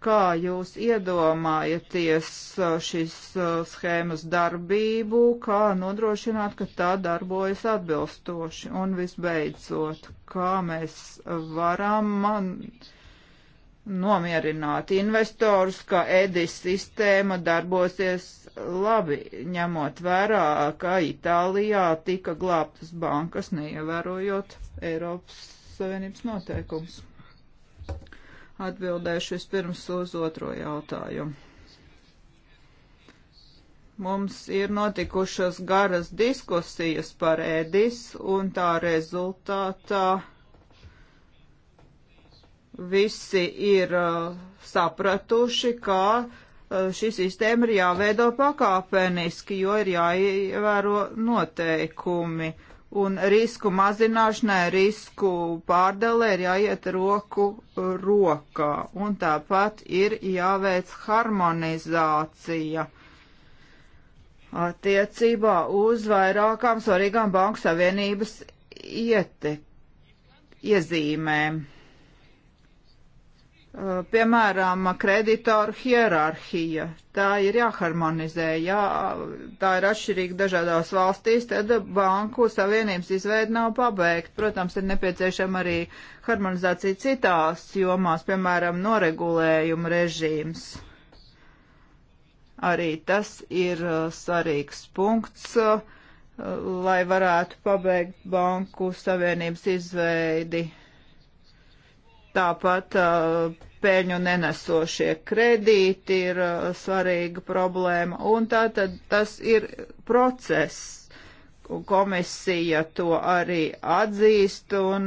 kā jūs iedomājaties uh, šīs uh, schēmas darbību, kā nodrošināt, ka tā darbojas atbilstoši. Un visbeidzot, kā mēs varam man nomierināt investorus, ka EDIS sistēma darbosies labi, ņemot vērā, ka Itālijā tika glābtas bankas, neievērojot Eiropas Savienības noteikumus. Atbildēšu vispirms uz otro jautājumu. Mums ir notikušas garas diskusijas par ēdis, un tā rezultātā visi ir uh, sapratuši, ka uh, šī sistēma ir jāveido pakāpeniski, jo ir jāievēro noteikumi. Uh, un risku mazināšanai, risku pārdalē ir jāiet roku rokā. Un tāpat ir jāveic harmonizācija attiecībā uz vairākām svarīgām Banku Savienības iete, iezīmēm. Eh, piemēram, kreditoru hierarhija. Tā ir jāharmonizē, jā, tā ir atšķirīga dažādās valstīs, tad banku savienības izveida nav pabeigta. Protams, ir nepieciešama arī harmonizācija citās jomās, piemēram, noregulējuma režīms. Arī tas ir eh, svarīgs punkts, eh, lai varētu pabeigt banku savienības izveidi Tāpat uh, pēļņu nenesošie kredīti ir uh, svarīga problēma, un tātad tas ir process. Komisija to arī atzīst un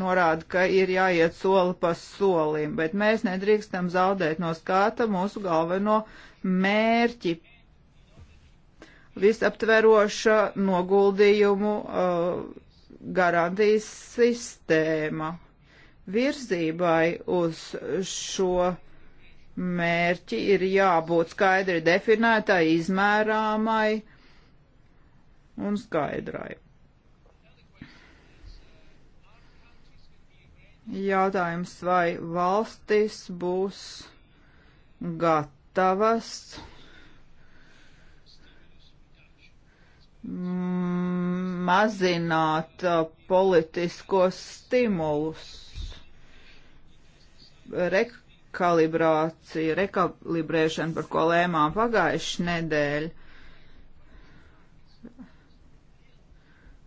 norāda, ka ir jāiet soli pa solim, bet mēs nedrīkstam zaudēt no skata mūsu galveno mērķi visaptveroša noguldījumu uh, garantijas sistēma virzībai uz šo mērķi ir jābūt skaidri definētai, izmērāmai un skaidrai. Jautājums, vai valstis būs gatavas mazināt uh, politiskos stimulus? rekalibrācija, rekalibrēšana, par ko lēmām pagājuši nedēļ,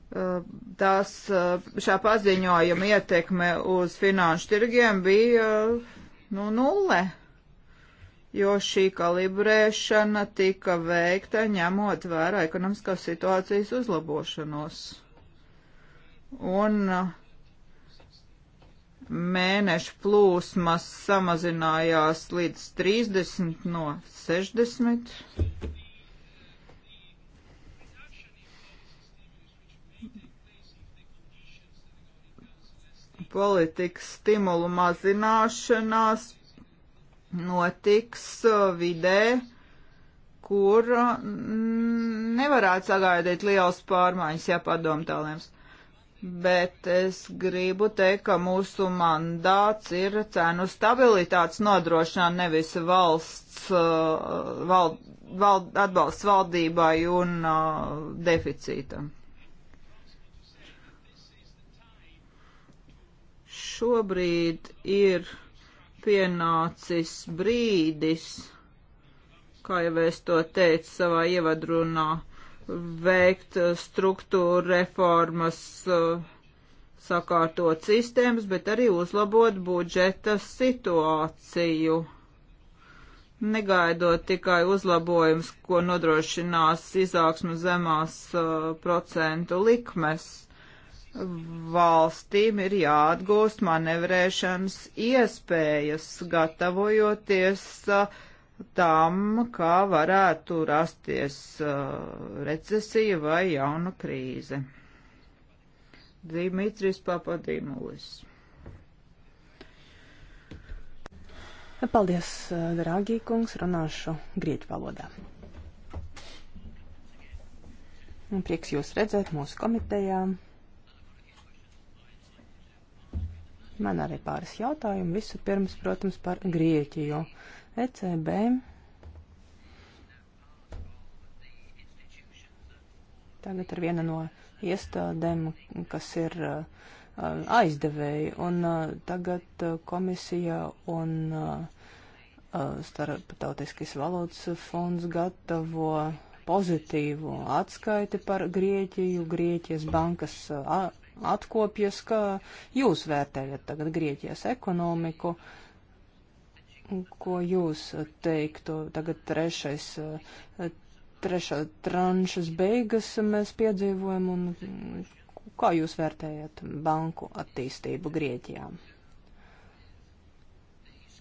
uh, tās uh, šā paziņojuma ietekme uz finanšu tirgiem bija uh, nu, nulle jo šī kalibrēšana tika veikta ņemot vērā ekonomiskās situācijas uzlabošanos. Un uh, mēnešu plūsmas samazinājās līdz 30 no 60. Politikas stimulu mazināšanās notiks uh, vidē, kur uh, nevarētu sagaidīt liels pārmaiņas, ja padomtālēms bet es gribu teikt, ka mūsu mandāts ir cenu stabilitātes nodrošināšana, nevis valsts, uh, val, val, atbalsts valdībai un uh, deficītam. Šobrīd ir pienācis brīdis, kā jau es to teicu savā ievadrunā, uh, veikt eh, struktūra reformas, eh, sakārtot sistēmas, bet arī uzlabot budžeta situāciju. Negaidot tikai uzlabojums, ko nodrošinās izaugsmu zemās eh, procentu likmes, valstīm ir jāatgūst manevrēšanas iespējas, gatavojoties uh, tam, kā varētu rasties uh, recesija vai jauna krīze. Dimitris Papadimulis. Paldies, uh, draugi kungs, runāšu grieķu valodā. Un prieks jūs redzēt mūsu komitejā. Man arī pāris jautājumu. Visu pirms, protams, par Grieķiju. Uh, ECB tagad ir viena no iestādēm, kas ir uh, aizdevēji, un uh, tagad uh, komisija un uh, uh, starptautiskais valodas fonds gatavo pozitīvu atskaiti par Grieķiju, Grieķijas bankas uh, atkopjas, kā jūs vērtējat tagad Grieķijas ekonomiku. Uh, ko jūs teiktu. Tagad trešais, eh, trešā tranšas beigas mēs piedzīvojam, un kā jūs vērtējat banku attīstību Grieķijā?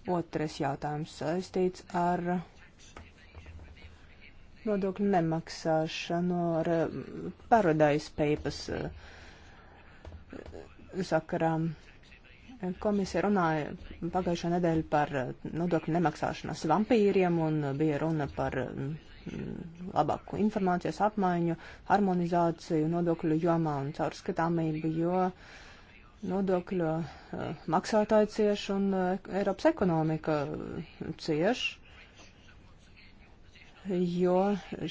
Otrais jautājums saistīts ar nodokļu nemaksāšanu, ar eh, paradise papers eh, sakarām Komisija runāja pagājušā nedēļa par nodokļu nemaksāšanas vampīriem un bija runa par mm, labāku informācijas apmaiņu, harmonizāciju nodokļu jomā un caurskatāmību, jo nodokļu eh, maksātāji cieš un eh, Eiropas ekonomika eh, cieš, jo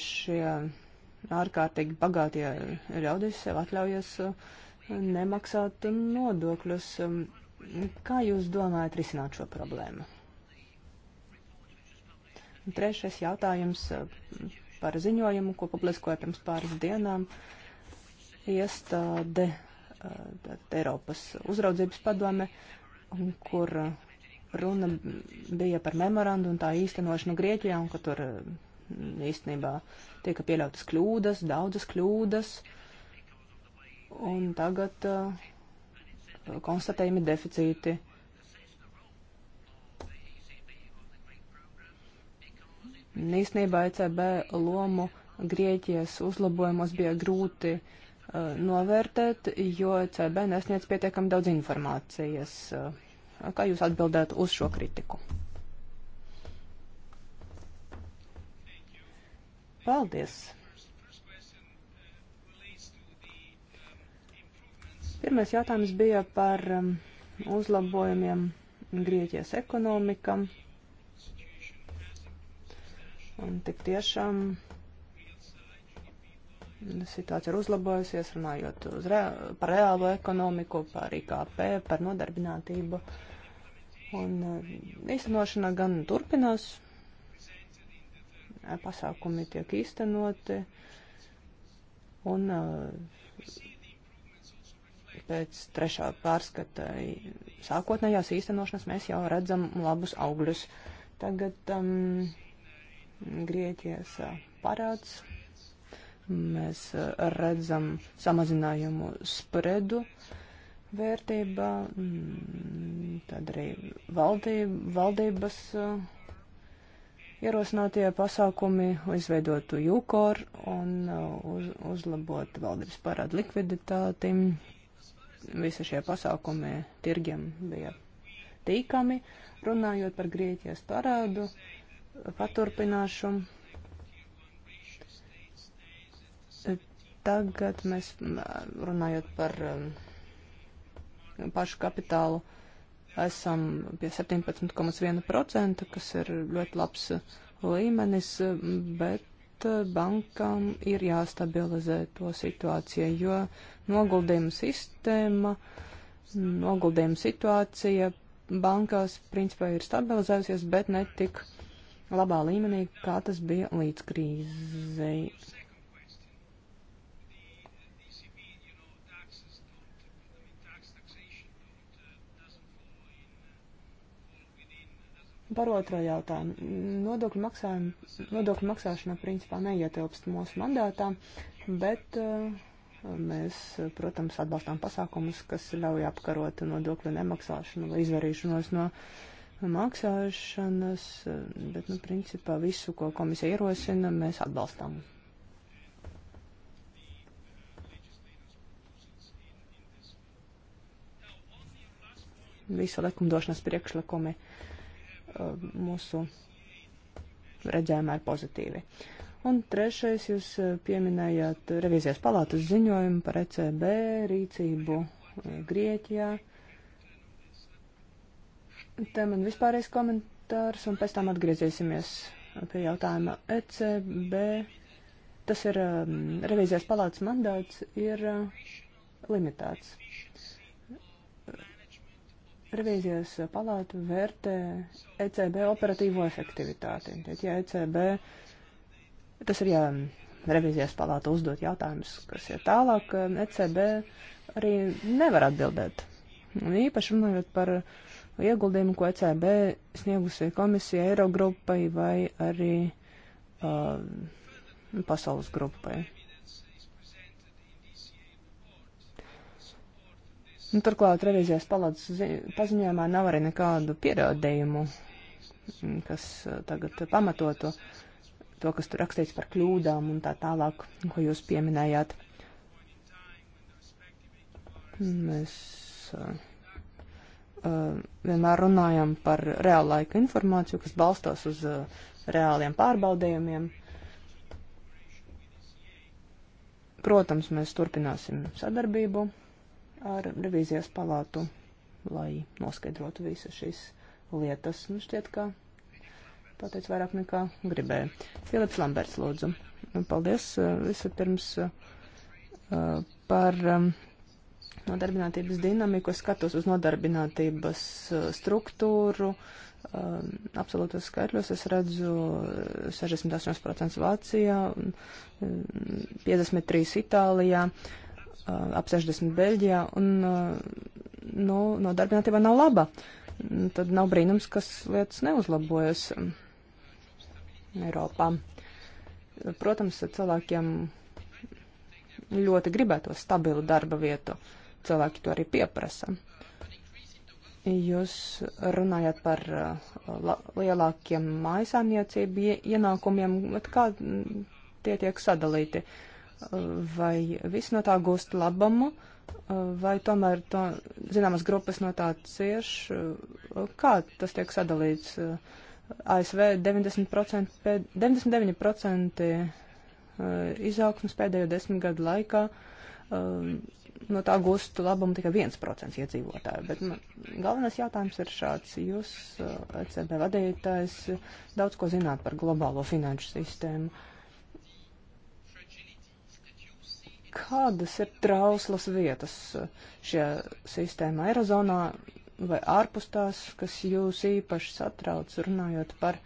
šie ārkārtīgi bagātie ļaudis sev atļaujas nemaksāt nodokļus. Kā jūs domājat risināt šo problēmu? Un trešais jautājums eh, par ziņojumu, ko publiskoja pirms pāris dienām iestāde eh, Eiropas uzraudzības padome, kur eh, runa bija par memorandu un tā īstenošanu Grieķijā, un ka tur īstenībā tiek pieļautas kļūdas, daudzas kļūdas. Un tagad uh, konstatējami deficīti. Īsnībā ECB lomu Grieķijas uzlabojumos bija grūti uh, novērtēt, jo ECB nesniedz pietiekami daudz informācijas. Uh, kā jūs atbildētu uz šo kritiku? Paldies! Pirmais jautājums bija par um, uzlabojumiem Grieķijas ekonomikam. Un tik tiešām situācija ir uzlabojusies, runājot uz re, par reālo ekonomiku, par IKP, par nodarbinātību. Un uh, īstenošana gan turpinās, pasākumi tiek īstenoti, un uh, pēc trešā pārskata sākotnējās īstenošanas mēs jau redzam labus augļus. Tagad um, Grieķijas uh, parāds. Mēs uh, redzam samazinājumu spredu vērtībā, mm, tad arī valdība, valdības uh, ierosinātie pasākumi, lai izveidotu jūkoru un uz, uzlabotu valdības parādu likviditāti, visi šie pasākumi tirgiem bija tīkami. Runājot par Grieķijas parādu, paturpināšu. Tagad mēs runājot par um, pašu kapitālu esam pie 17,1%, kas ir ļoti labs līmenis, bet Eh, bankām ir jāstabilizē to situāciju, jo noguldījuma sistēma, noguldījuma situācija bankās principā ir stabilizējusies, bet ne tik labā līmenī, kā tas bija līdz krīzei. Par otro jautājumu. Nodokļu, maksājuma, nodokļu maksāšana principā neietilpst mūsu mandātā, bet eh, mēs, protams, atbalstām pasākumus, kas ļauj apkarot nodokļu nemaksāšanu vai izvarīšanos no maksāšanas, bet, nu, principā visu, ko komisija ierosina, mēs atbalstām. Visu likumdošanas priekšlikumi. Uh, Um, mūsu redzējumā ir pozitīvi. Un trešais, jūs uh, pieminējāt revizijas palātas ziņojumu par ECB rīcību uh, Grieķijā. Te man vispārējais komentārs, un pēc tam atgriezīsimies pie jautājuma ECB. Tas ir um, revizijas palātas mandāts ir uh, limitēts. Revīzijas palāta vērtē ECB operatīvo efektivitāti. Tad, ja ECB, tas ir, ja revīzijas palāta uzdot jautājumus, kas ir tālāk, ECB arī nevar atbildēt. Un īpaši runājot par ieguldījumu, ko ECB sniegusi komisija Eirogrupai vai arī uh, pasaules grupai. Un, nu, turklāt revizijas palātas paziņojumā nav arī nekādu pierādījumu, mm, kas tagad pamatotu to, kas tur rakstīts par kļūdām un tā tālāk, ko jūs pieminējāt. Mēs uh, vienmēr runājam par reāla laika informāciju, kas balstās uz uh, reāliem pārbaudījumiem. Protams, mēs turpināsim sadarbību ar revīzijas palātu, lai noskaidrotu visas šīs lietas. Nu, šķiet, ka pateicu vairāk nekā gribēju. Filips Lamberts, lūdzu. Nu, paldies vispirms par nodarbinātības dinamiku. Es skatos uz nodarbinātības struktūru. Absolūtos skaitļos es redzu 68% Vācijā, 53% Itālijā ap 60 Beļģijā, un nu, nodarbinātība nav laba. Tad nav brīnums, kas lietas neuzlabojas Eiropā. Protams, cilvēkiem ļoti gribēto stabilu darba vietu. Cilvēki to arī pieprasa. Jūs runājat par lielākiem mājasāmniecību ienākumiem, bet kā tie tiek sadalīti? Uh, vai visi no tā gūst labumu, vai tomēr to, zināmas grupas no tā cieš, kā tas tiek sadalīts. ASV 90%, pēd, 99% e, izaugsmas pēdējo desmit gadu laikā e, no tā gūstu labumu tikai 1% iedzīvotāju. Bet man, nu, galvenais jautājums ir šāds. Jūs, ECB e vadītājs, daudz ko zināt par globālo finanšu sistēmu. Uh, kādas ir trauslas vietas šajā sistēmā Eirozonā vai ārpus tās, kas jūs īpaši satrauc runājot par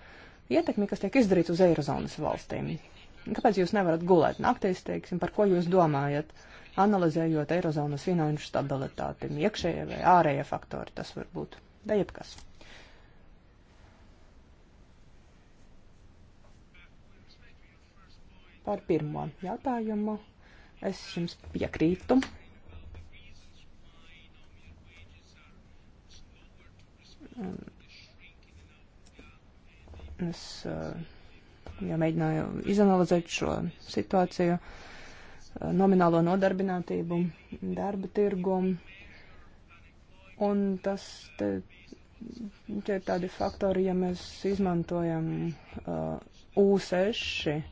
ietekmi, kas tiek izdarīts uz Eirozonas valstīm? Kāpēc jūs nevarat gulēt naktīs, teiksim, par ko jūs domājat, analizējot Eirozonas finanšu stabilitāti, iekšējie vai ārējie faktori tas var būt, vai jebkas? Par pirmo jautājumu Es jums piekrītu. Es uh, jau mēģināju izanalizēt šo situāciju, uh, nominālo nodarbinātību, darba tirgumu. Un tas te, tie ir tādi faktori, ja mēs izmantojam uh, U6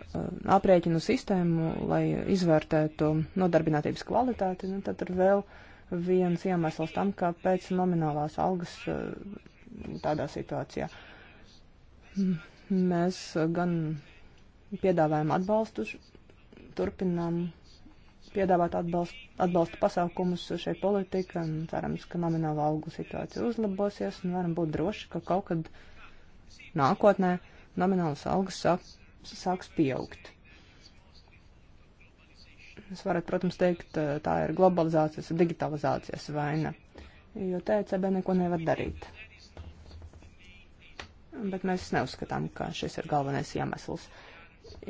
Eh, aprēķinu sistēmu, lai izvērtētu nodarbinātības kvalitāti, nu, tad ir vēl viens iemesls tam, kāpēc nominālās algas eh, tādā situācijā. Mēs gan piedāvājam atbalstu, turpinām piedāvāt atbalstu, atbalstu pasākumus šai politikai un cerams, ka nomināla algu situācija uzlabosies un varam būt droši, ka kaut kad nākotnē nominālas algas sāk sāks pieaugt. Es varētu, protams, teikt, tā ir globalizācijas, digitalizācijas vaina, jo TCB e neko nevar darīt. Bet mēs neuzskatām, ka šis ir galvenais iemesls.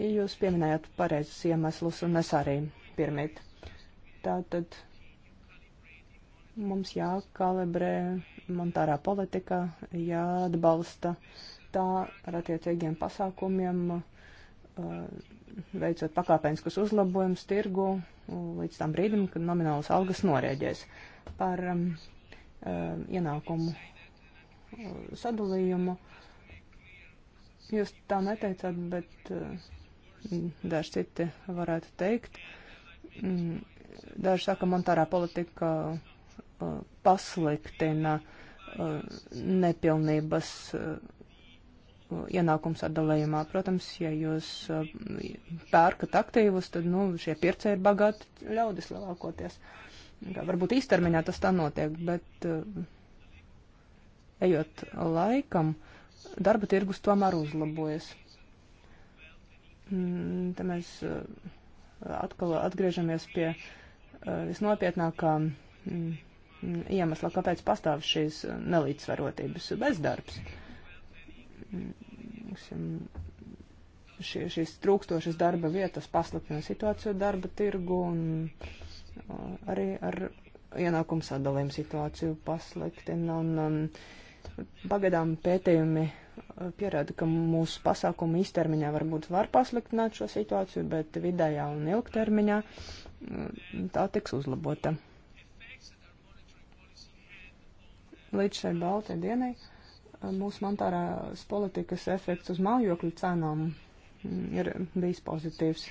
Jūs pieminējat pareizus iemeslus, un es arī pirmīt. Tātad mums jākalibrē monetārā politika, jāatbalsta tā ar attiecīgiem pasākumiem. Uh, Uh, veicot pakāpeniskus uzlabojumus tirgu uh, līdz tam brīdim, kad nominālas algas norēģēs par um, uh, ienākumu sadalījumu. Jūs tā neteicāt, bet daži citi varētu teikt. Mm, daži saka, monetārā politika pasliktina nepilnības ienākums atdalījumā. Protams, ja jūs uh, pērkat aktīvus, tad nu, šie pircēji ir bagāti ļaudis lielākoties. Varbūt īstermiņā tas tā notiek, bet uh, ejot laikam, darba tirgus tomēr uzlabojas. Mm, te mēs uh, atkal atgriežamies pie visnopietnākā mm, mm, iemesla, kāpēc pastāv šīs nelīdzsvarotības bezdarbs šie, šīs trūkstošas darba vietas pasliktina situāciju darba tirgu un arī ar ienākumu sadalījumu situāciju pasliktina. Un, um, pagaidām pētījumi pierāda, ka mūsu pasākumi īstermiņā varbūt var pasliktināt šo situāciju, bet vidējā un ilgtermiņā tā tiks uzlabota. Līdz šai baltai dienai. Uh, mūsu monetārās politikas efekts uz mājokļu cenām mm, ir bijis pozitīvs.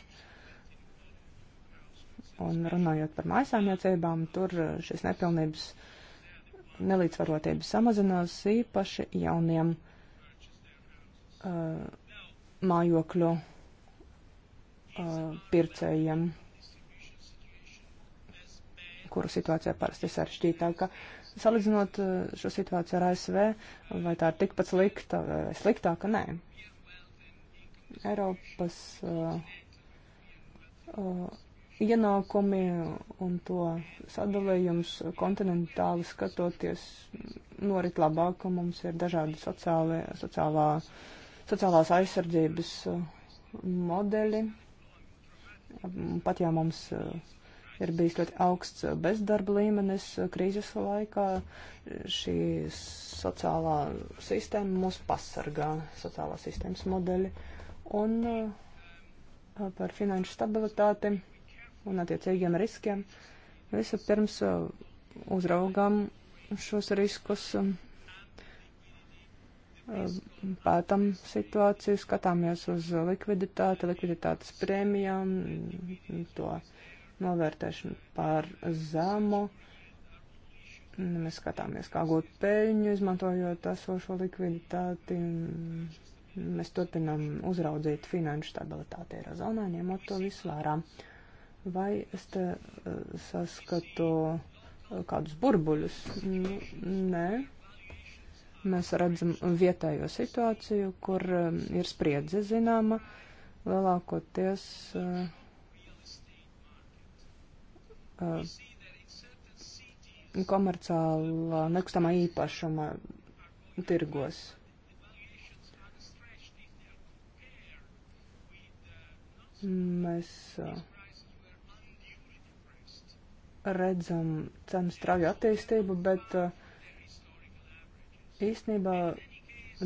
Un runājot par mājasāmniecībām, tur eh, šis nepilnības nelīdzvarotības samazinās īpaši jauniem uh, mājokļu uh, pircējiem, kuru situācija parasti sarežģītāka. Uh, salīdzinot eh, šo situāciju ar ASV, vai tā ir tikpat slikta vai sliktāka? Nē. Eiropas uh, uh, ienākumi un to sadalījums kontinentāli skatoties mm, norit labāk, ka mums ir dažādi sociāli, sociālā, sociālās aizsardzības modeļi. Pat ja mums uh, ir bijis ļoti augsts bezdarba līmenis krīzes laikā. Šī sociālā sistēma mūs pasargā, sociālā sistēmas modeļi. Un uh, par finanšu stabilitāti un attiecīgiem riskiem visu pirms uh, uzraugām šos riskus, um, um, pētam situāciju, skatāmies uz likviditāti, likviditātes prēmijām, to uh, novērtēšanu par zemu. Nu, mēs skatāmies, kā gūt peļņu, izmantojot esošo likviditāti. Mēs turpinām uzraudzīt finanšu stabilitāti Eirozonā, ņemot to visu vērā. Vai es te eh, saskatu eh, kādus burbuļus? Nu, nē, mēs redzam vietējo situāciju, kur eh, ir spriedze zināma, lielākoties uh, Uh, komerciāla nekustamā īpašuma tirgos. Mēs uh, redzam cenu strauju attīstību, bet uh, īstenībā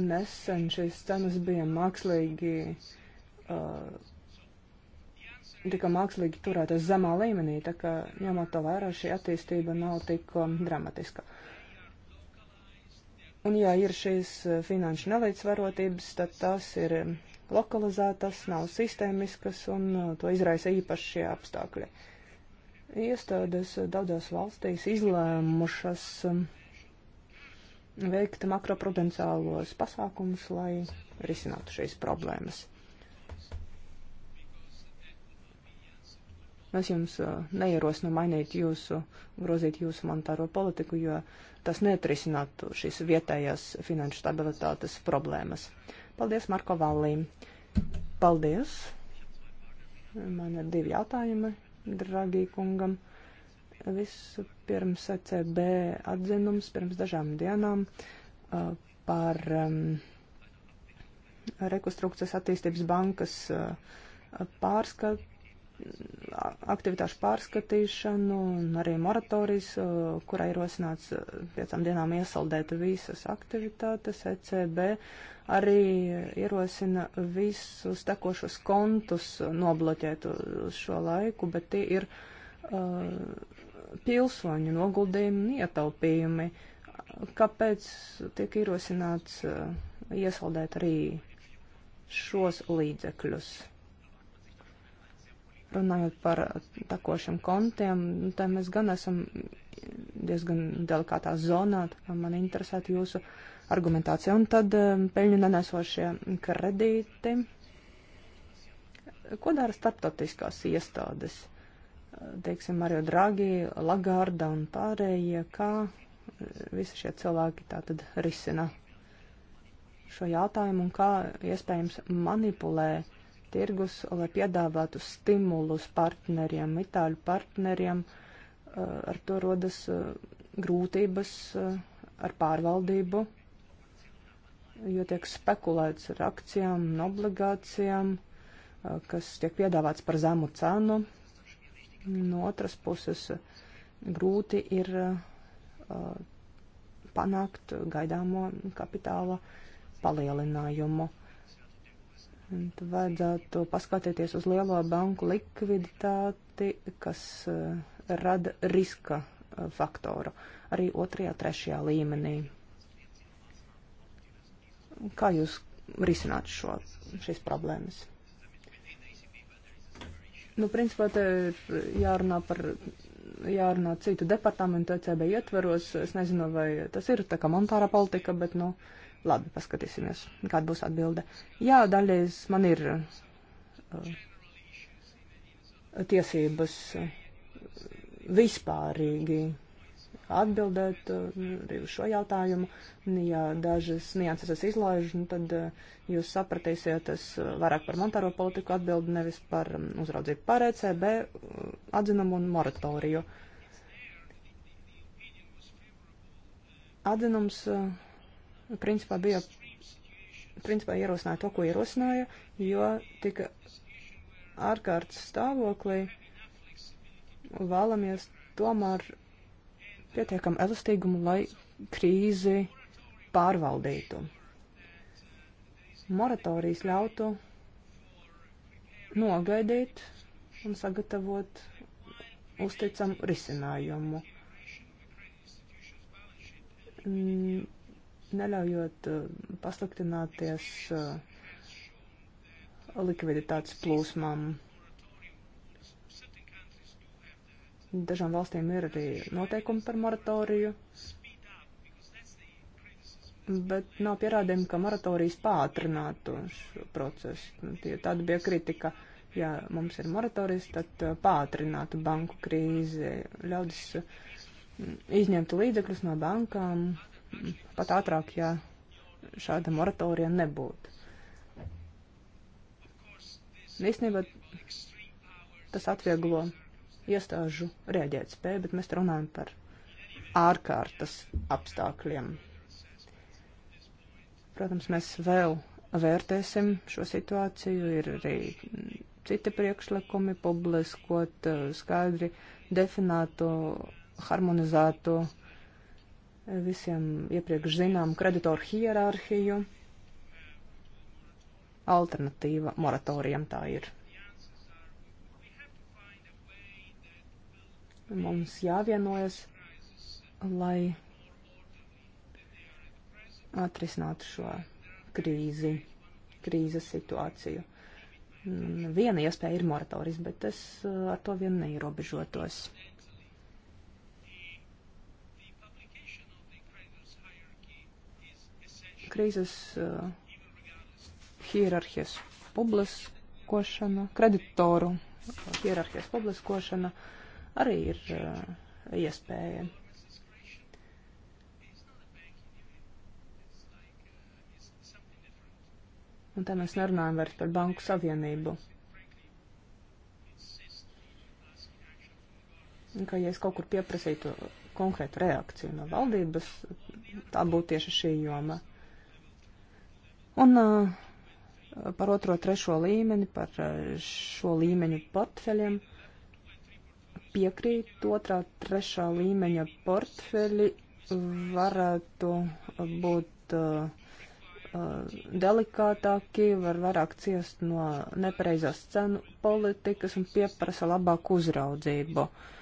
nesen šīs cenas bija mākslīgi uh, tika mākslīgi turētas zemā līmenī, tā kā ņemot to vērā šī attīstība nav tik um, dramatiska. Un ja ir šīs uh, finanšu nelīdzvarotības, tad tās ir um, lokalizētas, nav sistēmiskas un uh, to izraisa īpaši šie apstākļi. Iestādes daudzās valstīs izlēmušas um, veikt makroprudenciālos pasākumus, lai risinātu šīs problēmas. Mēs jums neierosinu mainīt jūsu, grozīt jūsu monetāro politiku, jo tas netrisinātu šīs vietējās finanšu stabilitātes problēmas. Paldies, Marko Vallī. Paldies. Man ir divi jautājumi, dragī kungam. Visu pirms ECB atzinums pirms dažām dienām uh, par um, rekonstrukcijas attīstības bankas uh, pārskatu aktivitāšu pārskatīšanu un arī moratorijas, uh, kurā ir rosināts uh, piecām dienām iesaldēt visas aktivitātes. ECB arī ierosina visus tekošos kontus nobloķēt uz šo laiku, bet tie ir uh, pilsoņu noguldījumi un ietaupījumi. Kāpēc tiek ierosināts uh, iesaldēt arī šos līdzekļus? Runājot par takošiem kontiem, nu, tā mēs gan esam diezgan delikātā zonā, tā kā man interesētu jūsu argumentācija. Un tad um, peļņu nenesošie kredīti. Ko dara starptautiskās iestādes? Teiksim, Mario Draghi, Lagarda un pārējie, kā uh, visi šie cilvēki tātad risina šo jautājumu un kā iespējams manipulē uh, tirgus, lai piedāvātu stimulus partneriem, itāļu partneriem. Eh, ar to rodas eh, grūtības eh, ar pārvaldību, jo tiek spekulēts ar akcijām un obligācijām, kas tiek piedāvāts par zemu cenu. No otras puses, grūti ir panākt gaidāmo kapitāla palielinājumu. Un vajadzētu paskatīties uz lielo banku likviditāti, kas uh, rada riska uh, faktoru arī otrajā, trešajā līmenī. Kā jūs risināt šo, šīs problēmas? Nu, principā te ir jārunā par jārunā citu departamentu ECB ietveros. Es nezinu, vai tas ir tā kā monetārā politika, bet, nu, uh, Labi, paskatīsimies, kāda būs atbilde. Jā, daļreiz man ir uh, tiesības uh, vispārīgi atbildēt uh, arī uz šo jautājumu. Ja dažas nianses es izlaižu, nu, tad uh, jūs sapratīsiet, es uh, vairāk par monetāro politiku atbildu, nevis par um, uzraudzību par ECB uh, atzinumu un moratoriju. Atzinums uh, principā bija principā ierosināja to, ko ierosināja, jo tika ārkārtas stāvoklī vēlamies tomēr pietiekam elastīgumu, lai krīzi pārvaldītu. Moratorijas ļautu nogaidīt un sagatavot uzticamu risinājumu. N neļaujot eh, pasliktināties eh, likviditātes plūsmām. Dažām valstīm ir arī noteikumi par moratoriju, bet nav pierādījumi, ka moratorijas pātrinātu šo procesu. Nu, tie tāda bija kritika. Ja mums ir moratorijas, tad eh, pātrinātu banku krīzi, ļaudis mm, izņemtu līdzekļus no bankām pat ātrāk, ja šāda moratorija nebūtu. Īstenībā tas atvieglo iestāžu rēģēt spēju, bet mēs runājam par ārkārtas apstākļiem. Protams, mēs vēl vērtēsim šo situāciju, ir arī citi priekšlikumi publiskot uh, skaidri definēto, harmonizēto visiem iepriekš zinām kreditoru hierarhiju. Alternatīva moratorijam tā ir. Mums jāvienojas, lai atrisinātu šo krīzi, krīzes situāciju. Viena iespēja ir moratorijas, bet es uh, ar to vien neierobežotos. krīzes uh, hierarhijas publiskošana, kreditoru eh, hierarhijas publiskošana arī ir uh, iespēja. Un tā mēs nerunājam vairs par banku savienību. Un, ka, ja es kaut kur pieprasītu konkrētu reakciju no valdības, tā būtu tieši šī joma. Un uh, par otro, trešo līmeni, par uh, šo līmeņu portfeļiem piekrīt otrā, trešā līmeņa portfeļi varētu būt uh, delikātāki, var vairāk ciest no nepareizās cenu politikas un pieprasa labāku uzraudzību. Uh,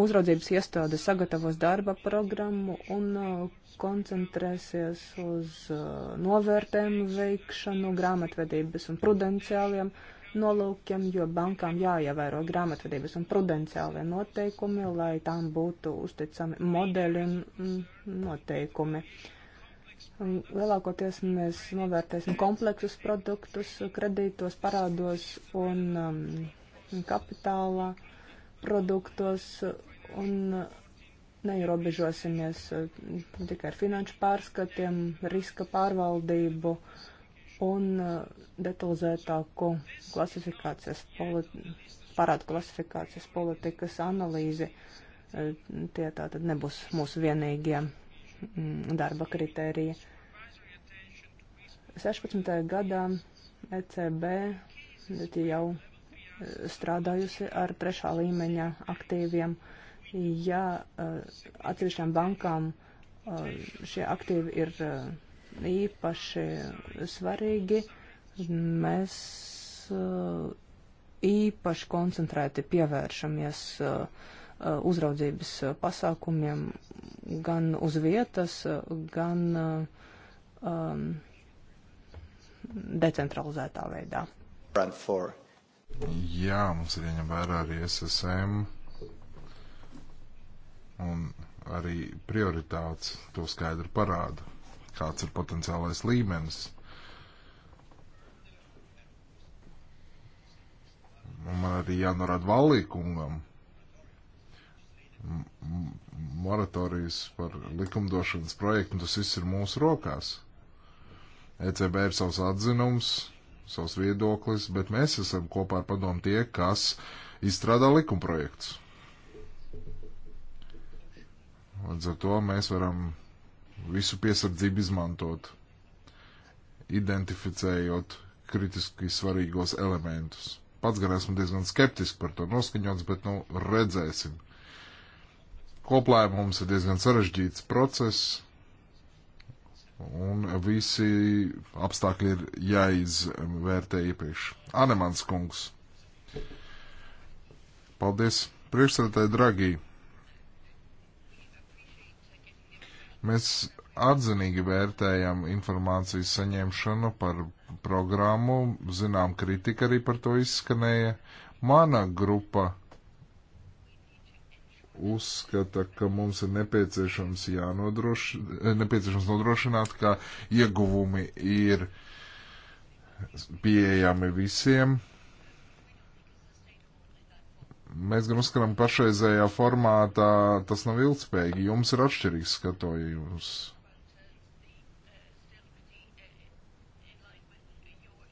uzraudzības iestāde sagatavos darba programmu un uh, koncentrēsies uz uh, novērtējumu veikšanu, grāmatvedības un prudenciāliem nolūkiem, jo bankām jāievēro grāmatvedības un prudenciālie noteikumi, lai tām būtu uzticami modeļi un mm, noteikumi. Lielākoties mēs novērtēsim kompleksus produktus kredītos, parādos un um, kapitālā produktos, un neierobežosimies eh, tikai ar finanšu pārskatiem, riska pārvaldību un eh, detalizētāku klasifikācijas politi parādu klasifikācijas politikas analīzi. Eh, tie tātad nebūs mūsu vienīgie mm, darba kritērija. 16. gadā ECB jau strādājusi ar trešā līmeņa aktīviem uh, ja eh, atsevišķām bankām eh, šie aktīvi ir eh, īpaši svarīgi, mēs īpaši koncentrēti pievēršamies uzraudzības pasākumiem gan uz vietas, gan um, decentralizētā veidā. Jā, mums ir jāņem vērā arī SSM Un arī prioritātes to skaidri parāda, kāds ir potenciālais līmenis. Un man arī jānorāda valīkungam moratorijas par likumdošanas projektu, un tas viss ir mūsu rokās. ECB ir savs atzinums, savs viedoklis, bet mēs esam kopā ar padomu tie, kas izstrādā likumprojektus. Līdz ar to mēs varam visu piesardzību izmantot, identificējot kritiski svarīgos elementus. Pats gan esmu diezgan skeptiski par to noskaņots, bet nu redzēsim. Koplēmums ir diezgan sarežģīts process, un visi apstākļi ir jāizvērtē iepriekš. Anemans kungs. Paldies, priekšsēdētāji Dragī. Mēs atzinīgi vērtējam informācijas saņemšanu par programmu, zinām, kritika arī par to izskanēja. Mana grupa uzskata, ka mums ir nepieciešams, jānodroši, nepieciešams nodrošināt, ka ieguvumi ir pieejami visiem, Mēs gan uzskatām, ka pašreizējā formātā tas nav ilgspējīgi. Jums ir atšķirīgs skatījums.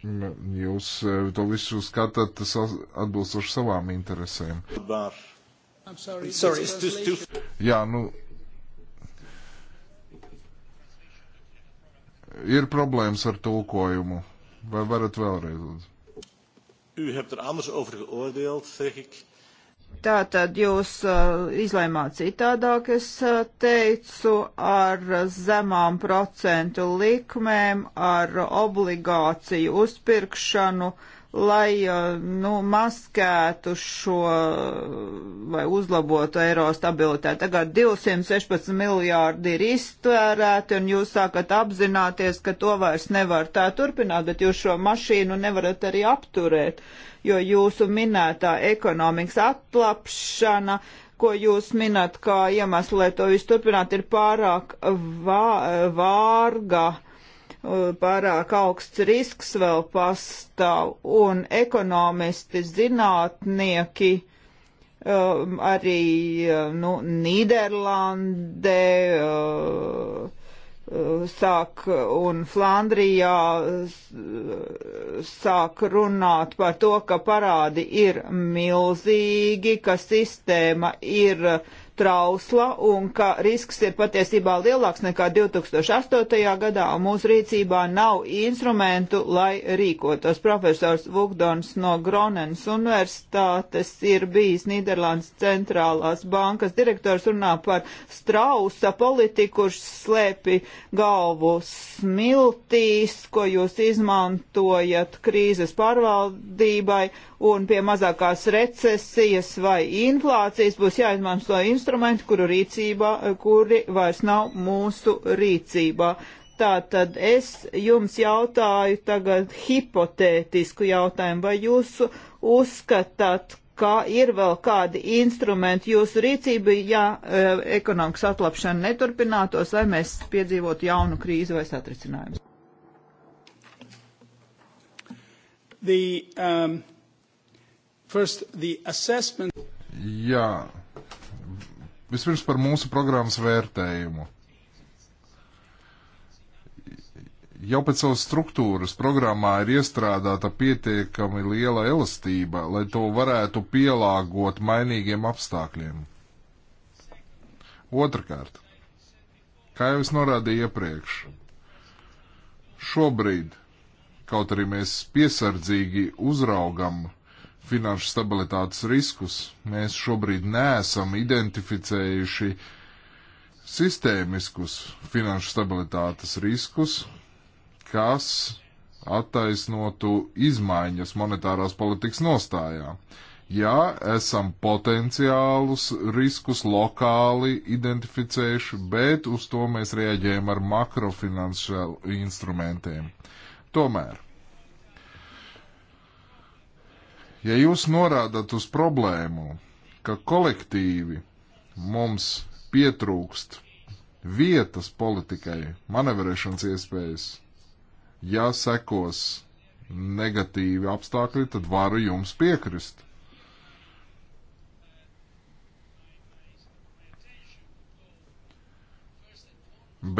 Nu, jūs eh, to visu skatāt atbilstoši savām interesēm. Sorry, Sorry, too... Jā, nu. Ir problēmas ar tulkojumu. Vai varat vēlreiz? U hebt er anders over geoordeeld, zeg ik. Tā tad jūs uh, izlēmāt citādāk, es uh, teicu, ar zemām procentu likmēm, ar obligāciju uzpirkšanu, lai eh, nu, maskētu šo eh, vai uzlabotu eiro stabilitāti. Tagad 216 miljārdi ir iztērēti, un jūs sākat apzināties, ka to vairs nevar tā turpināt, bet jūs šo mašīnu nevarat arī apturēt, jo jūsu minētā ekonomikas atlapšana ko jūs minat kā iemeslu, lai to visu turpināt, ir pārāk vā, vārga. Uh, pārāk augsts risks vēl pastāv, un ekonomisti, zinātnieki um, arī uh, nu, Nīderlandē uh, uh, sāk un Flandrijā uh, sāk runāt par to, ka parādi ir milzīgi, ka sistēma ir uh, trausla un ka risks ir patiesībā lielāks nekā 2008. gadā, un mūsu rīcībā nav instrumentu, lai rīkotos. Profesors Vugdons no Gronens universitātes ir bijis Nīderlandes centrālās bankas direktors, runā par strausa politiku, kurš slēpi galvu smiltīs, ko jūs izmantojat krīzes pārvaldībai, un pie mazākās recesijas vai inflācijas būs jāizmanto instrumenti, instrumenti, kuru rīcībā, kuri vairs nav mūsu rīcībā. Tātad es jums jautāju tagad hipotētisku jautājumu, vai jūs uzskatāt, kā ir vēl kādi instrumenti jūsu rīcība, ja e, ekonomikas atlapšana neturpinātos, vai mēs piedzīvotu jaunu krīzi vai satricinājumus? The, um, first, the assessment... Jā, Vispirms par mūsu programmas vērtējumu. Jau pēc savas struktūras programmā ir iestrādāta pietiekami liela elastība, lai to varētu pielāgot mainīgiem apstākļiem. Otrakārt, kā jau es norādīju iepriekš, šobrīd, kaut arī mēs piesardzīgi uzraugam finanšu stabilitātes riskus. Mēs šobrīd neesam identificējuši sistēmiskus finanšu stabilitātes riskus, kas attaisnotu izmaiņas monetārās politikas nostājā. Jā, esam potenciālus riskus lokāli identificējuši, bet uz to mēs rieģējam ar makrofinanšu instrumentiem. Tomēr Ja jūs norādat uz problēmu, ka kolektīvi mums pietrūkst vietas politikai, manevrēšanas iespējas, ja sekos negatīvi apstākļi, tad varu jums piekrist.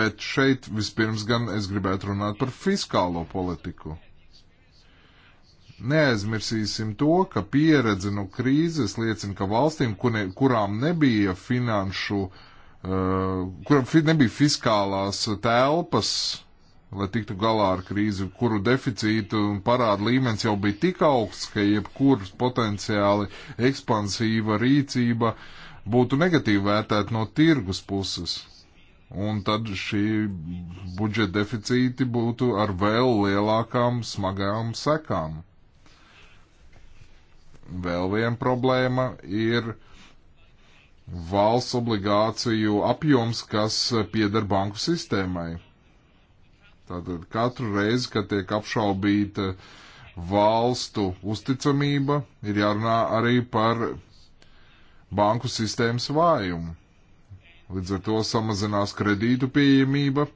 Bet šeit vispirms gan es gribētu runāt par fiskālo politiku. Neaizmirsīsim to, ka pieredze no krīzes liecina, ka valstīm, kurām nebija finanšu, eh, kurām nebija fiskālās telpas, lai tiktu galā ar krīzi, kuru deficītu un parādu līmenis jau bija tik augsts, ka jebkuras potenciāli ekspansīva rīcība būtu negatīvi vērtēta no tirgus puses. Un tad šī budžeta deficīti būtu ar vēl lielākām smagām sekām. Vēl viena problēma ir valsts obligāciju apjoms, kas pieder banku sistēmai. Tātad katru reizi, kad tiek apšaubīta valstu uzticamība, ir jārunā arī par banku sistēmas vājumu. Līdz ar to samazinās kredītu pieejamība,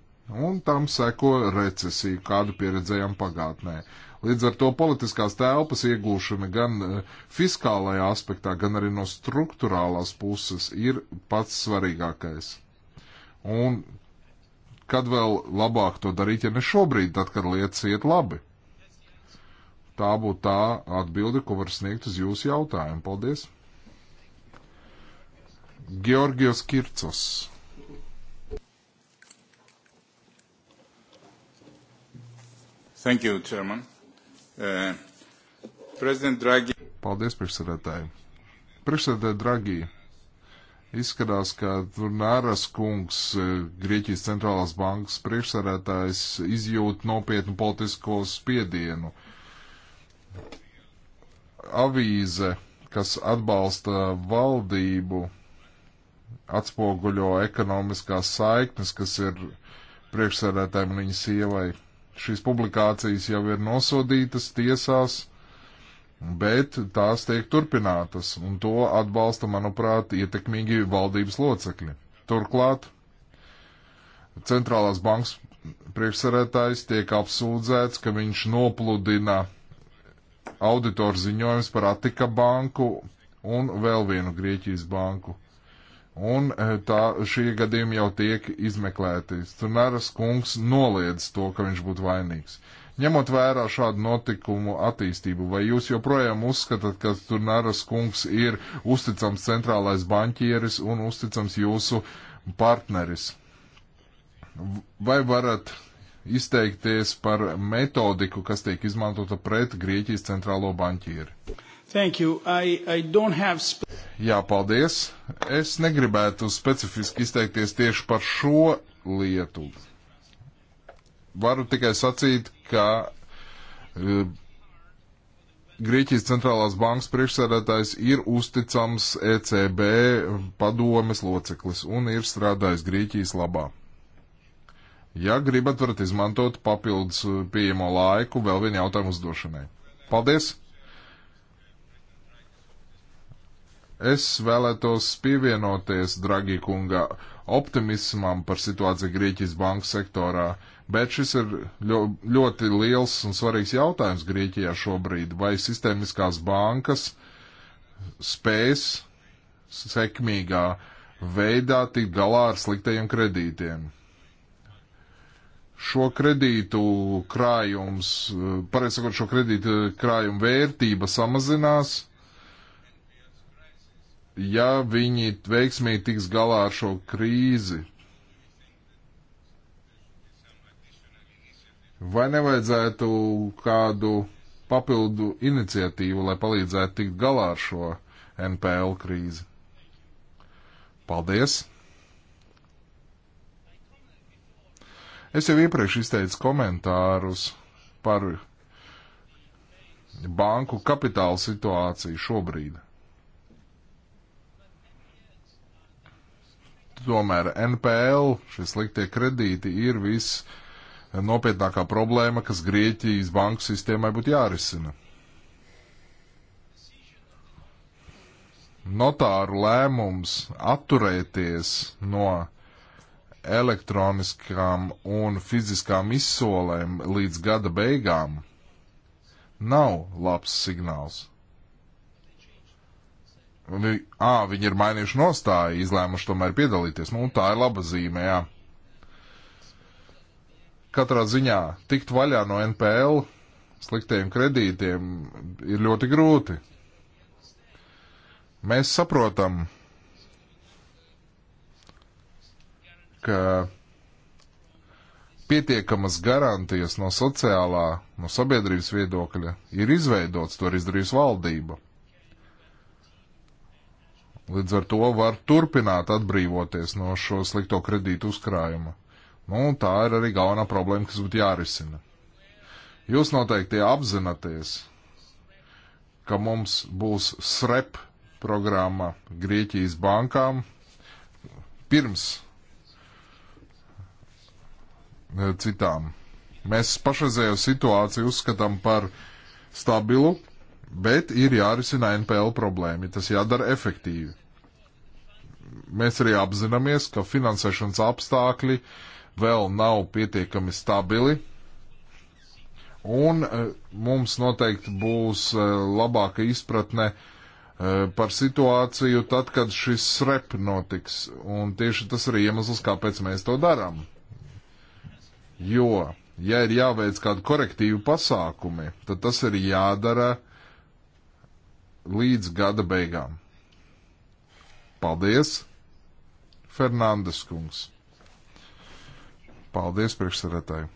un tam seko recesija, kādu pieredzējām pagātnē. Līdz ar to politiskās telpas iegūšana gan e, fiskālajā aspektā, gan arī no struktūrālās puses ir pats svarīgākais. Un kad vēl labāk to darīt, ja ne šobrīd, tad, kad lietas iet labi? Tā būtu tā atbilde, ko var sniegt uz jūsu jautājumu. Paldies! Georgios Kircos. Thank you, Chairman. Uh, Prezident Dragi. Paldies, priekšsēdētāji. Priekšsēdētāji Dragi. Izskatās, ka tur Nāras kungs, eh, Grieķijas centrālās bankas priekšsēdētājs, izjūt nopietnu politisko spiedienu. Avīze, kas atbalsta valdību, atspoguļo ekonomiskās saiknes, kas ir priekšsēdētājiem un viņas sievai Šīs publikācijas jau ir nosodītas tiesās, bet tās tiek turpinātas, un to atbalsta, manuprāt, ietekmīgi valdības locekļi. Turklāt centrālās bankas priekšsarētājs tiek apsūdzēts, ka viņš nopludina auditoru ziņojums par Atika banku un vēl vienu Grieķijas banku. Un e, tā, šie gadījumi jau tiek izmeklēti. Strunāras kungs noliedz to, ka viņš būtu vainīgs. Ņemot vērā šādu notikumu attīstību, vai jūs joprojām uzskatāt, ka Strunāras kungs ir uzticams centrālais banķieris un uzticams jūsu partneris? Vai varat izteikties par metodiku, kas tiek izmantota pret Grieķijas centrālo banķieri? Thank you. I, I don't have. Jā, paldies. Es negribētu specifiski izteikties tieši par šo lietu. Varu tikai sacīt, ka uh, Grieķijas centrālās bankas priekšsēdētājs ir uzticams ECB padomes loceklis un ir strādājis Grieķijas labā. Ja gribat, varat izmantot papildus e, pieejamo laiku vēl vienu jautājumu uzdošanai. Paldies! Es vēlētos pievienoties, Dragi kunga, optimismam par situāciju Grieķijas banku sektorā, bet šis ir ļoti liels un svarīgs jautājums Grieķijā šobrīd. Vai sistēmiskās bankas spēs sekmīgā veidā tikt galā ar sliktajiem kredītiem? Šo kredītu krājums, pareizsakot, šo kredītu krājumu vērtība samazinās ja viņi veiksmīgi tiks galā ar šo krīzi, vai nevajadzētu kādu papildu iniciatīvu, lai palīdzētu tikt galā ar šo NPL krīzi? Paldies! Es jau iepriekš izteicu komentārus par banku kapitāla situāciju šobrīd. Tomēr NPL, šie sliktie kredīti, ir viss nopietnākā problēma, kas Grieķijas banku sistēmai būtu jārisina. Notāru lēmums atturēties no elektroniskām un fiziskām izsolēm līdz gada beigām nav labs signāls. Vi, ā, viņi ir mainījuši nostāju, izlēmuši tomēr piedalīties. Nu, tā ir laba zīme, jā. Katrā ziņā tikt vaļā no NPL sliktiem kredītiem ir ļoti grūti. Mēs saprotam, ka pietiekamas garantijas no sociālā, no sabiedrības viedokļa ir izveidots, to ir izdarījusi valdība. Līdz ar to var turpināt atbrīvoties no šo slikto kredītu uzkrājuma. Nu, tā ir arī galvenā problēma, kas būtu jārisina. Jūs noteikti apzināties, ka mums būs SREP programma Grieķijas bankām pirms eh, citām. Mēs pašreizējo situāciju uzskatām par stabilu, bet ir jārisina NPL problēma, tas jādara efektīvi. Mēs arī apzināmies, ka finansēšanas apstākļi vēl nav pietiekami stabili, un eh, mums noteikti būs eh, labāka izpratne eh, par situāciju tad, kad šis srep notiks, un tieši tas arī iemesls, kāpēc mēs to darām. Jo ja ir jāveic kādi korektīvi pasākumi, tad tas ir jādara līdz gada beigām. Paldies, Fernandes kungs! Paldies, priekšsarētāji!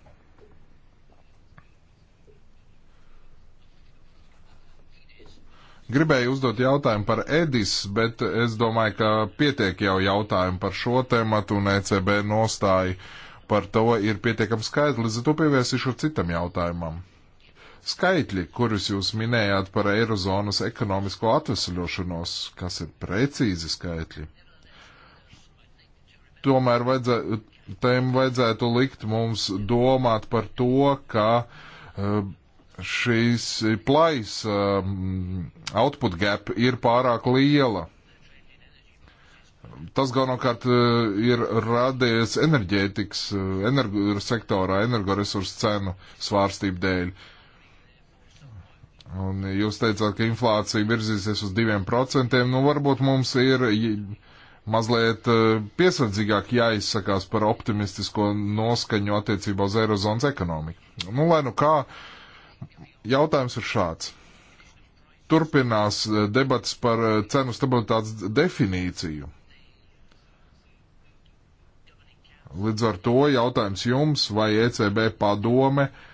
Gribēju uzdot jautājumu par Edis, bet es domāju, ka pietiek jau jautājumu par šo tēmatu un ECB nostāju par to ir pietiekami skaidrs, līdz ar to pievērsīšu citam jautājumam. Skaitļi, kurus jūs minējāt par Eirozonas ekonomisko atvesļošanos, kas ir precīzi skaitļi, tomēr vajadzētu, tiem vajadzētu likt mums domāt par to, ka eh, šīs plais eh, output gap ir pārāk liela. Tas galvenokārt eh, ir radies enerģētikas, energo sektorā, energoresursu cenu svārstību dēļ. Uh, Un jūs teicāt, ka inflācija virzīsies uz 2%. Nu, varbūt mums ir mazliet e, piesardzīgāk jāizsakās par optimistisko noskaņu attiecībā uz Eirozonas ekonomiku. Nu, lai nu kā, jautājums ir šāds. Turpinās e, debats par e, cenu stabilitātes definīciju. Līdz ar to jautājums jums, vai ECB padome uh,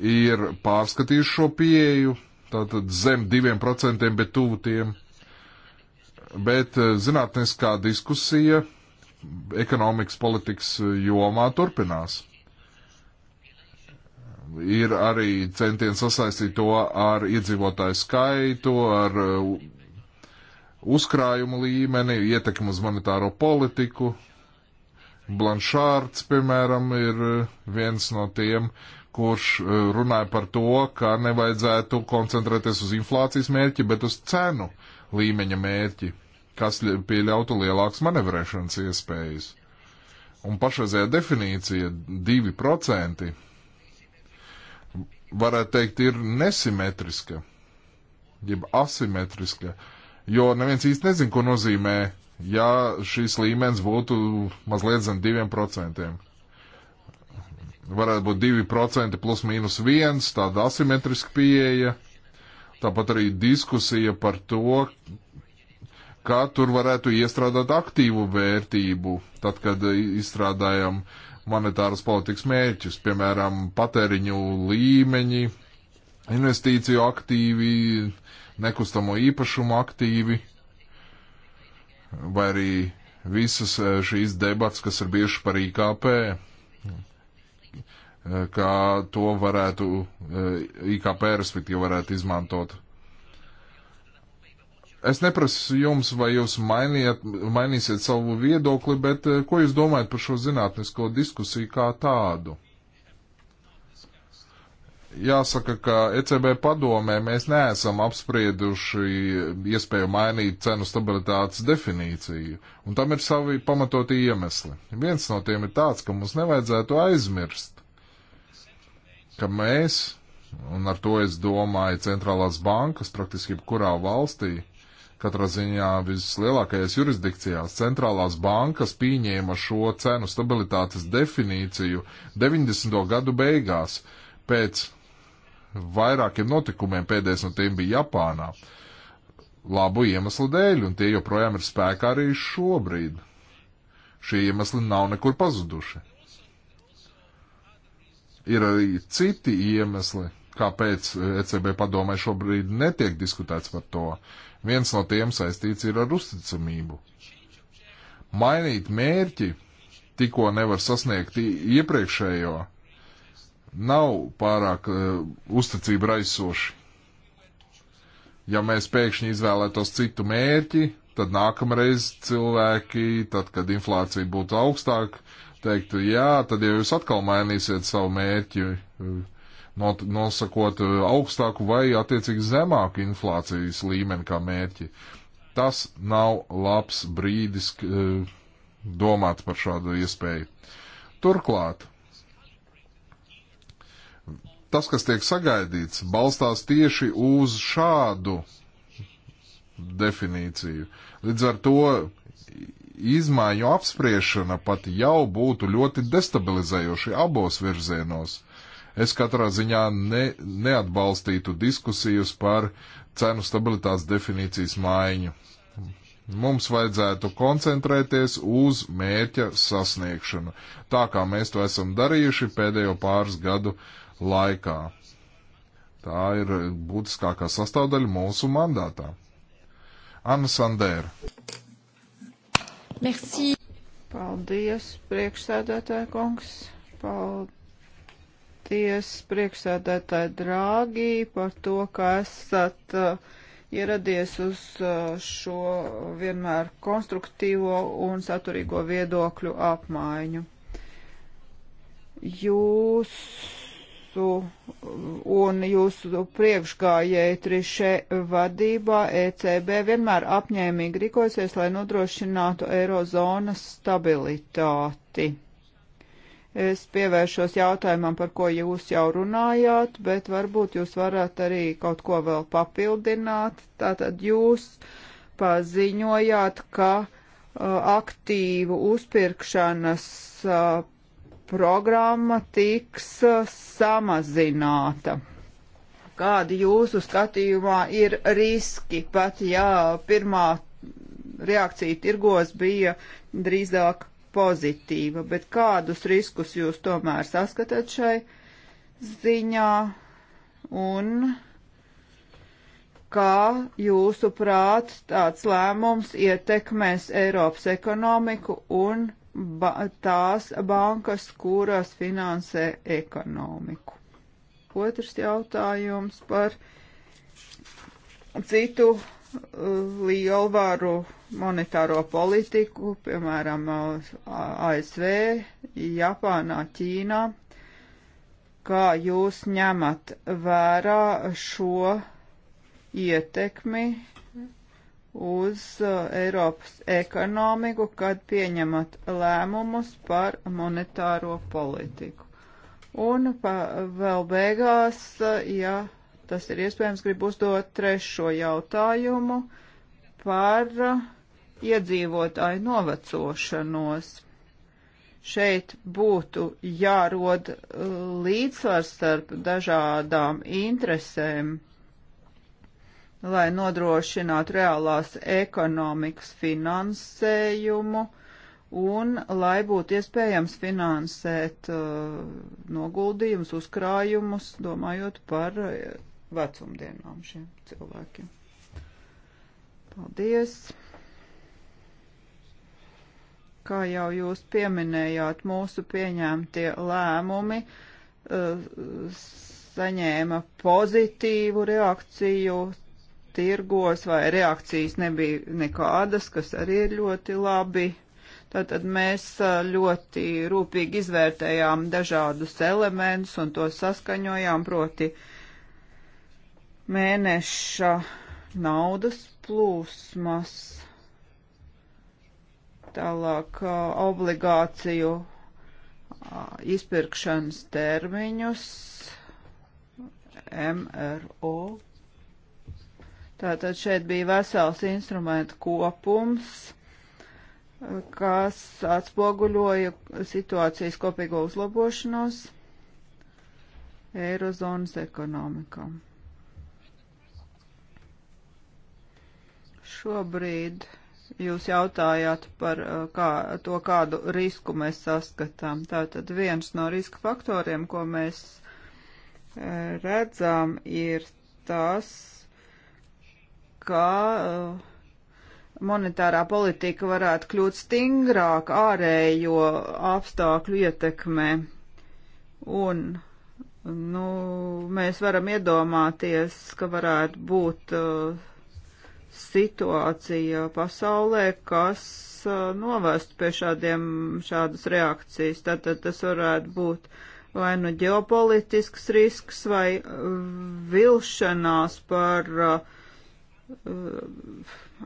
ir pārskatījuši šo pieeju, tātad zem diviem procentiem, bet tuvu tiem. Bet eh, zinātniskā diskusija ekonomikas politikas jomā turpinās. Ir arī centieni sasaistīt to ar iedzīvotāju skaitu, ar eh, uzkrājumu līmeni, ietekmu uz monetāro politiku. Blanšārds, piemēram, ir eh, viens no tiem uh, kurš e, runāja par to, ka nevajadzētu koncentrēties uz inflācijas mērķi, bet uz cenu līmeņa mērķi, kas pieļautu lielākas manevrēšanas iespējas. Un pašreizējā definīcija 2% varētu teikt ir nesimetriska, jeb asimetriska, jo neviens īsti nezin, ko nozīmē, ja šīs līmenis būtu mazliet zem 2% varētu būt 2% plus mīnus 1, tāda asimetriska pieeja. Tāpat arī diskusija par to, kā tur varētu iestrādāt aktīvu vērtību, tad, kad izstrādājam monetāras politikas mērķus, piemēram, patēriņu līmeņi, investīciju aktīvi, nekustamo īpašumu aktīvi, vai arī visas eh, šīs debats, kas ir bieži par IKP. Eh, kā to varētu eh, IKP respektīvi varētu izmantot. Es neprasu jums, vai jūs mainiet, mainīsiet savu viedokli, bet eh, ko jūs domājat par šo zinātnisko diskusiju kā tādu? Jāsaka, ka ECB padomē mēs neesam apsprieduši iespēju mainīt cenu stabilitātes definīciju, un tam ir savi pamatoti iemesli. Viens no tiem ir tāds, ka mums nevajadzētu aizmirst, ka mēs, un ar to es domāju centrālās bankas praktiski jebkurā valstī, katrā ziņā vislielākajās jurisdikcijās centrālās bankas pieņēma šo cenu stabilitātes definīciju 90. gadu beigās pēc vairākiem notikumiem, pēdējais no tiem bija Japānā, labu iemeslu dēļ, un tie joprojām ir spēkā arī šobrīd. Šie iemesli nav nekur pazuduši. Ir arī citi iemesli, kāpēc ECB padomē šobrīd netiek diskutēts par to. Viens no tiem saistīts ir ar uzticamību. Mainīt mērķi tikko nevar sasniegt iepriekšējo, nav pārāk uh, uzticība raisoši. Ja mēs pēkšņi izvēlētos citu mērķi, tad nākamreiz cilvēki, tad, kad inflācija būtu augstāka, teiktu, jā, tad jau jūs atkal mainīsiet savu mērķi, nosakot eh, augstāku vai attiecīgi zemāku inflācijas līmeni kā mērķi. Tas nav labs brīdis eh, domāt par šādu iespēju. Turklāt, tas, kas tiek sagaidīts, balstās tieši uz šādu definīciju. Līdz ar to izmaiņu apspriešana pat jau būtu ļoti destabilizējoši abos virzienos. Es katrā ziņā ne, neatbalstītu diskusijas par cenu stabilitātes definīcijas maiņu. Mums vajadzētu koncentrēties uz mērķa sasniegšanu, tā kā mēs to esam darījuši pēdējo pāris gadu laikā. Tā ir būtiskākā sastāvdaļa mūsu mandātā. Anna Sandēra. Merci. Paldies, priekšsēdētāja kungs. Paldies, priekšsēdētāja drāgī, par to, ka esat uh, ieradies uz uh, šo vienmēr konstruktīvo un saturīgo viedokļu apmaiņu. Jūs jūsu un jūsu priekšgājēji trišē vadībā ECB vienmēr apņēmīgi rīkosies, lai nodrošinātu eirozonas stabilitāti. Es pievēršos jautājumam, par ko jūs jau runājāt, bet varbūt jūs varat arī kaut ko vēl papildināt. Tātad jūs paziņojāt, ka uh, aktīvu uzpirkšanas uh, programma tiks uh, samazināta. Kādi jūsu skatījumā ir riski, pat ja pirmā reakcija tirgos bija drīzāk pozitīva, bet kādus riskus jūs tomēr saskatāt šai ziņā un kā jūsuprāt tāds lēmums ietekmēs Eiropas ekonomiku un ba tās bankas, kuras finansē ekonomiku. Otrs jautājums par citu uh, lielvaru monetāro politiku, piemēram, uh, ASV, Japānā, Ķīnā, kā jūs ņemat vērā šo ietekmi uz uh, Eiropas ekonomiku, kad pieņemat lēmumus par monetāro politiku. Un pa, vēl beigās, uh, ja tas ir iespējams, gribu uzdot trešo jautājumu par uh, iedzīvotāju novecošanos. Šeit būtu jārod līdzsvars starp dažādām interesēm lai nodrošinātu reālās ekonomikas finansējumu un lai būtu iespējams finansēt uh, noguldījumus, uzkrājumus, domājot par uh, vecumdienām šiem cilvēkiem. Paldies! Kā jau jūs pieminējāt, mūsu pieņemtie lēmumi uh, saņēma pozitīvu reakciju tirgos vai reakcijas nebija nekādas, kas arī ir ļoti labi. Tātad mēs ļoti rūpīgi izvērtējām dažādus elementus un tos saskaņojām, proti mēneša naudas plūsmas, tālāk obligāciju izpirkšanas termiņus, MRO Tātad šeit bija vesels instrumentu kopums, kas atspoguļoja situācijas kopīgo uzlabošanos Eirozonas ekonomikam. Šobrīd jūs jautājāt par uh, kā, to, kādu risku mēs saskatām. Tātad viens no riska faktoriem, ko mēs uh, redzam, ir tas, ka uh, monetārā politika varētu kļūt stingrāk ārējo apstākļu ietekmē. Un, nu, mēs varam iedomāties, ka varētu būt uh, situācija pasaulē, kas uh, novest pie šādiem, šādas reakcijas. Tātad tas varētu būt vai nu ģeopolitisks risks, vai uh, vilšanās par uh,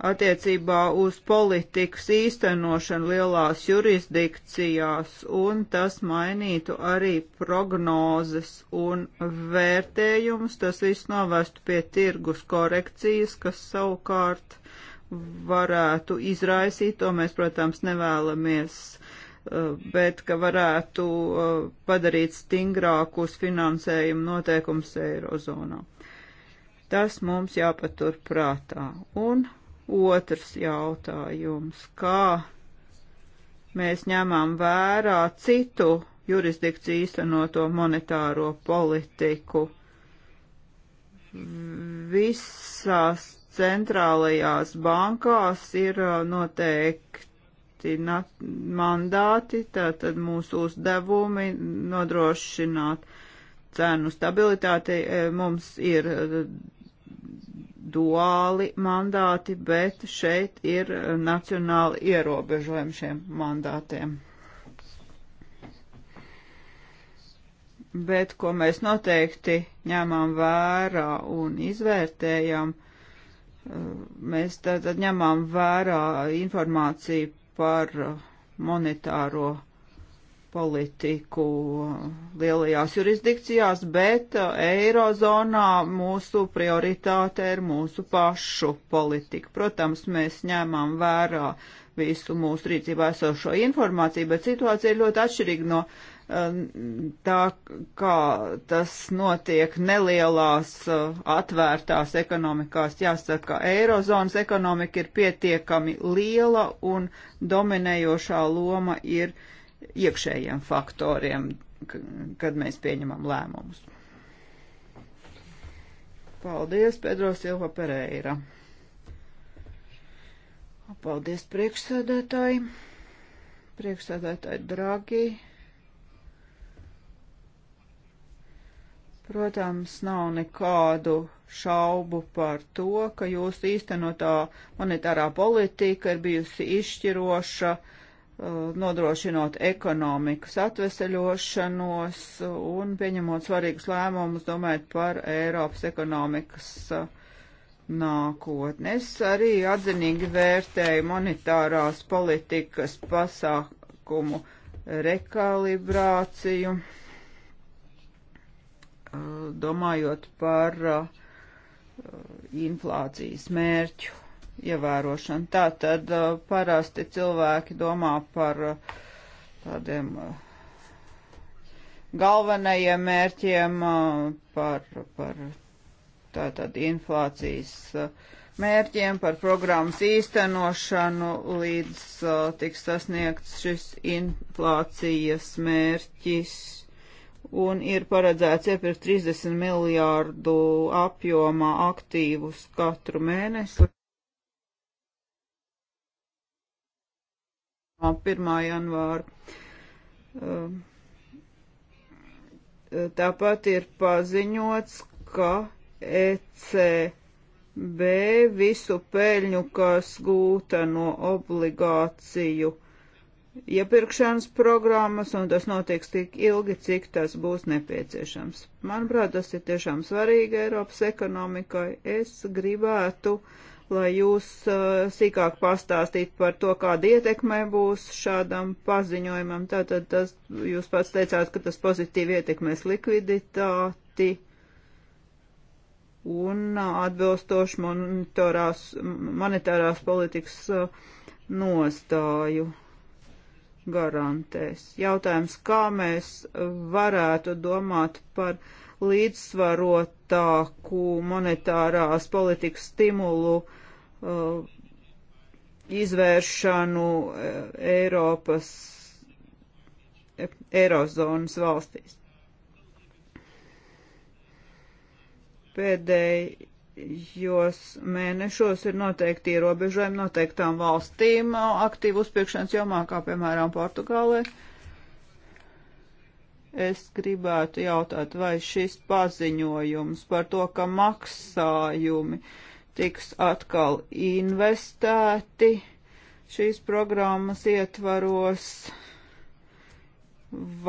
attiecībā uz politikas īstenošanu lielās jurisdikcijās, un tas mainītu arī prognozes un vērtējumus. Tas viss novestu pie tirgus korekcijas, kas savukārt varētu izraisīt, to mēs, protams, nevēlamies, eh, bet ka varētu eh, padarīt stingrākus finansējumu noteikumus Eirozonā. Tas mums jāpatur prātā. Un otrs jautājums, kā mēs ņemam vērā citu jurisdikciju īstenoto monetāro politiku. Visās centrālajās bankās ir uh, noteikti mandāti, tātad mūsu uzdevumi nodrošināt cenu stabilitāti. Eh, mums ir uh, duāli mandāti, bet šeit ir nacionāli ierobežojumi šiem mandātiem. Bet ko mēs noteikti ņemam vērā un izvērtējam, eh, mēs tātad ņemam vērā informāciju par monetāro politiku lielajās jurisdikcijās, bet uh, Eirozonā mūsu prioritāte ir mūsu pašu politika. Protams, mēs ņēmām vērā visu mūsu rīcībā esošo informāciju, bet situācija ir ļoti atšķirīga no um, tā, kā tas notiek nelielās uh, atvērtās ekonomikās. Jāsaka, Eirozonas ekonomika ir pietiekami liela un dominējošā loma ir iekšējiem faktoriem, kad mēs pieņemam lēmumus. Paldies, Pedro Silva Pereira. Paldies priekšsēdētāji, priekšsēdētāji dragi. Protams, nav nekādu šaubu par to, ka jūsu īstenotā monetārā politika ir bijusi izšķiroša uh, Uh, nodrošinot ekonomikas atveseļošanos un pieņemot svarīgus lēmumus, domājot par Eiropas ekonomikas uh, nākotni. Es arī atzinīgi vērtēju monetārās politikas pasākumu rekalibrāciju, uh, domājot par inflācijas mērķu ievērošanu. Tātad uh, parasti cilvēki domā par uh, tādiem uh, galvenajiem mērķiem, par, par tātad inflācijas mērķiem, par programmas īstenošanu, līdz tiks sasniegts šis inflācijas mērķis un ir paredzēts iepirkt 30 miljārdu apjomā aktīvus katru mēnesi. no 1. janvāra. Tāpat ir paziņots, ka ECB visu peļņu, kas gūta no obligāciju iepirkšanas programmas, un tas notiks tik ilgi, cik tas būs nepieciešams. Manuprāt, tas ir tiešām svarīgi Eiropas ekonomikai. Es gribētu uh, lai jūs eh, sīkāk pastāstītu par to, kāda ietekme būs šādam paziņojumam. Tātad tas, jūs pats teicāt, ka tas pozitīvi ietekmēs likviditāti un eh, atbilstoši monetārās politikas eh, nostāju garantēs. Jautājums, kā mēs varētu domāt par uh, līdzsvarotāku monetārās politikas stimulu uh, izvēršanu uh, Eiropas, Eirozonas valstīs. Pēdējos mēnešos ir noteikti ierobežojumi noteiktām valstīm uh, aktīvu uzpirkšanas jomā, kā piemēram Portugālei Es gribētu jautāt, vai šis paziņojums par to, ka maksājumi tiks atkal investēti šīs programmas ietvaros,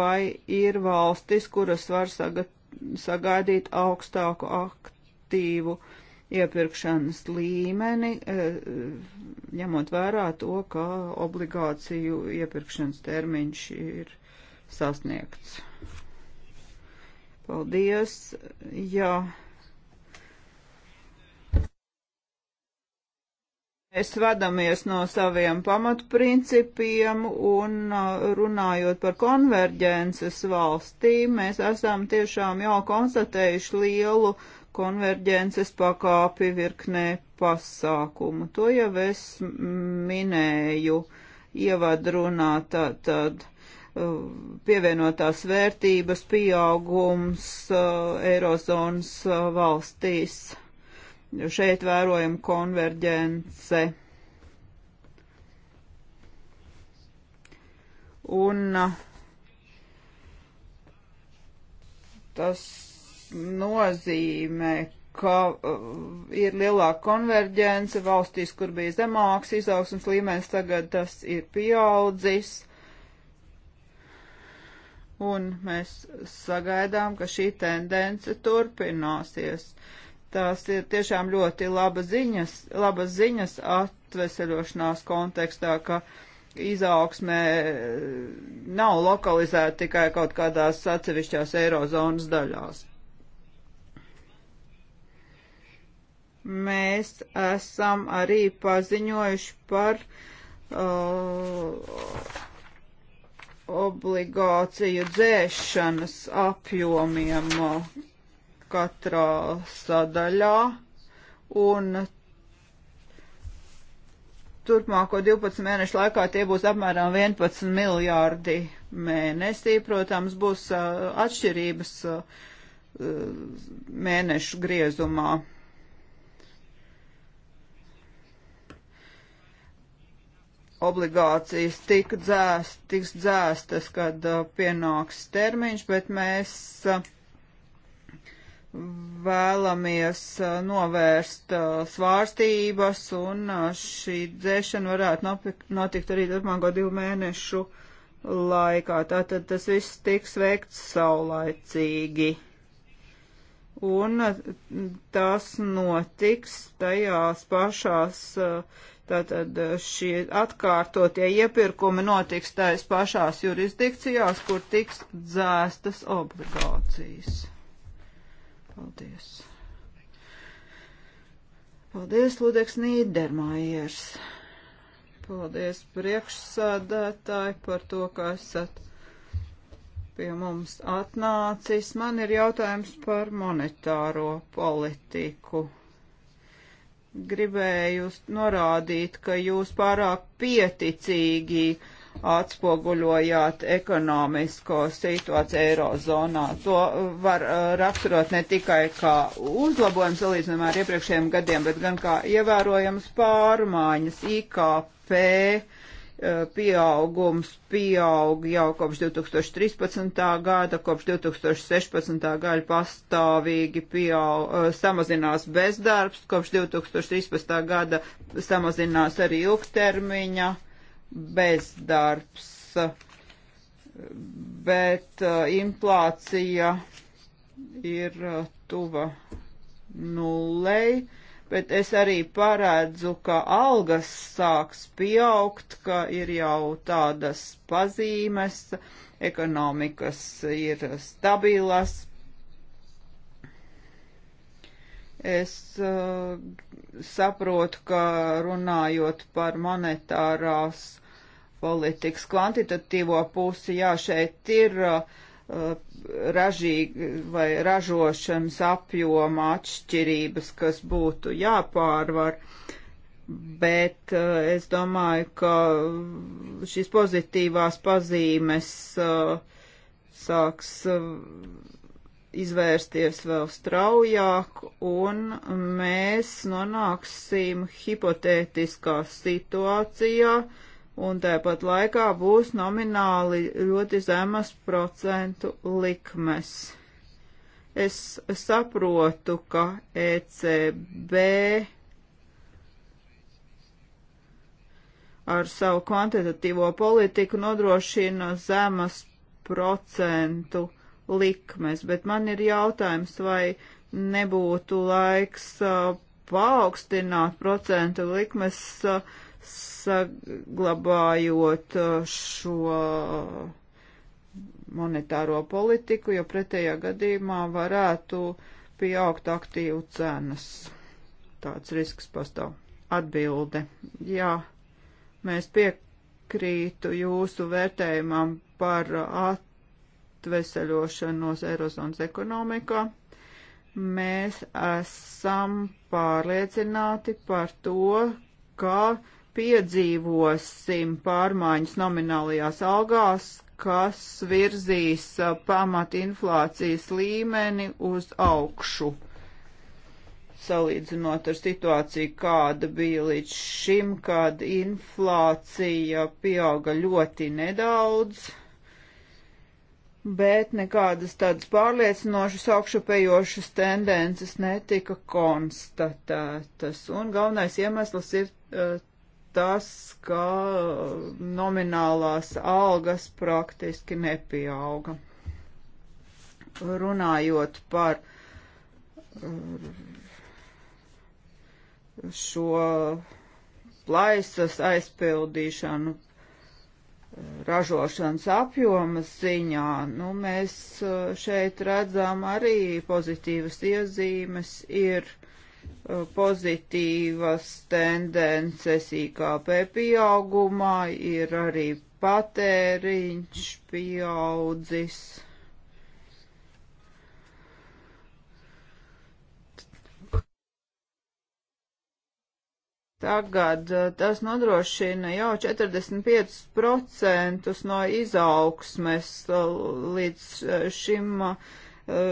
vai ir valstis, kuras var sagat, sagaidīt augstāku aktīvu iepirkšanas līmeni, eh, ņemot vērā to, ka obligāciju iepirkšanas termiņš ir sasniegts. Paldies. Jā. Mēs vadamies no saviem pamatprincipiem un uh, runājot par konverģences valstīm, mēs esam tiešām jau konstatējuši lielu konverģences pakāpi virknē pasākumu. To jau es minēju ievadrunā tad. tad Eh, pievienotās vērtības pieaugums eh, Eirozonas eh, valstīs. Šeit vērojam konverģence. Un tas nozīmē, ka uh, ir lielāka konverģence valstīs, kur bija zemāks izaugsmas līmenis, tagad tas ir pieaudzis, un mēs sagaidām, ka šī tendence turpināsies. Tās ir tiešām ļoti laba ziņas, labas ziņas atveseļošanās kontekstā, ka izaugsmē eh, nav lokalizēta tikai kaut kādās atsevišķās eirozonas daļās. Mēs esam arī paziņojuši par uh, obligāciju dzēšanas apjomiem uh, katrā sadaļā un turpmāko 12 mēnešu laikā tie būs apmēram 11 miljārdi mēnesī. Protams, būs uh, atšķirības uh, mēnešu griezumā. obligācijas tik dzēst, tiks dzēstas, kad uh, pienāks termiņš, bet mēs uh, vēlamies uh, novērst uh, svārstības, un uh, šī dzēšana varētu notikt arī turpmāko divu mēnešu laikā. Tātad tas viss tiks veikts saulaicīgi. Un uh, tas notiks tajās pašās uh, Tātad eh, šie atkārtotie iepirkumi notiks tais pašās jurisdikcijās, kur tiks dzēstas obligācijas. Paldies. Paldies, Ludeks Nīdermājers. Paldies priekšsādātāji par to, ka esat pie mums atnācis. Man ir jautājums par monetāro politiku gribēju norādīt, ka jūs pārāk pieticīgi atspoguļojāt ekonomisko situāciju Eirozonā. To var uh, raksturot ne tikai kā uzlabojums salīdzinājumā ar iepriekšējiem gadiem, bet gan kā ievērojams pārmaiņas IKP pieaugums pieaug jau kopš 2013. gada, kopš 2016. gada pastāvīgi pieaug, samazinās bezdarbs, kopš 2013. gada samazinās arī ilgtermiņa bezdarbs, bet inflācija ir tuva nulei bet es arī paredzu, ka algas sāks pieaugt, ka ir jau tādas pazīmes, ekonomikas ir stabilas. Es uh, saprotu, ka runājot par monetārās politikas kvantitatīvo pusi, jā, šeit ir uh, Uh, ražīgi vai ražošanas apjoma atšķirības, kas būtu jāpārvar. Bet uh, es domāju, ka šīs pozitīvās pazīmes uh, sāks izvērsties vēl straujāk, un mēs nonāksim hipotētiskā situācijā, uh, un tāpat laikā būs nomināli ļoti zemas procentu likmes. Es saprotu, ka ECB ar savu kvantitatīvo politiku nodrošina zemas procentu likmes, bet man ir jautājums, vai nebūtu laiks uh, paaugstināt procentu likmes uh, saglabājot uh, šo monetāro politiku, jo pretējā gadījumā varētu pieaugt aktīvu cenas. Tāds risks pastāv. Atbilde. Jā, mēs piekrītu jūsu vērtējumam par atveseļošanos Eirozonas ekonomikā. Mēs esam pārliecināti par to, ka uh, piedzīvosim pārmaiņas nominālajās algās, kas virzīs uh, pamat inflācijas līmeni uz augšu. Salīdzinot ar situāciju, kāda bija līdz šim, kad inflācija pieauga ļoti nedaudz, bet nekādas tādas pārliecinošas augšupējošas tendences netika konstatētas. Un galvenais iemesls ir uh, tas, ka nominālās algas praktiski nepieauga. Runājot par uh, šo plaisas aizpildīšanu ražošanas apjomas ziņā, nu, mēs uh, šeit redzam arī pozitīvas iezīmes ir pozitīvas tendences IKP pieaugumā, ir arī patēriņš pieaudzis. Tagad eh, tas nodrošina jau 45% no izaugsmes eh, līdz eh, šim uh,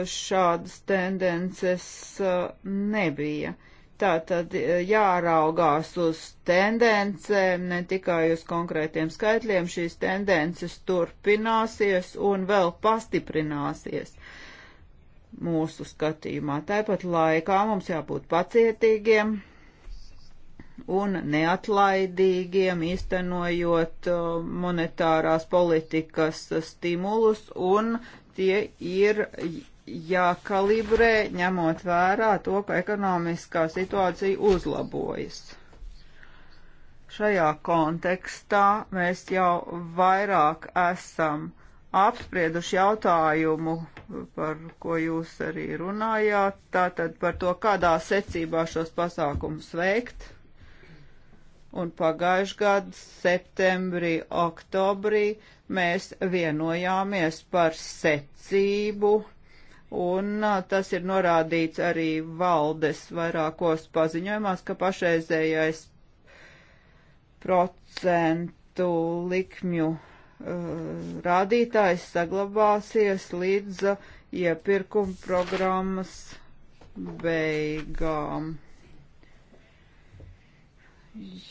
šādas tendences uh, nebija. Tātad uh, jāraugās uz tendencēm, ne tikai uz konkrētiem skaitļiem, šīs tendences turpināsies un vēl pastiprināsies mūsu skatījumā. Tāpat laikā mums jābūt pacietīgiem un neatlaidīgiem, iztenojot uh, monetārās politikas stimulus un tie ir jākalibrē, ņemot vērā to, ka ekonomiskā situācija uzlabojas. Šajā kontekstā mēs jau vairāk esam apsprieduši jautājumu, par ko jūs arī runājāt, tātad par to, kādā secībā šos pasākumus veikt. Un pagājušajā gadā, septembrī, oktobrī, uh, Mēs vienojāmies par secību, un tas ir norādīts arī valdes vairākos paziņojumās, ka pašreizējais procentu likmju uh, rādītājs saglabāsies līdz uh, iepirkuma programmas beigām.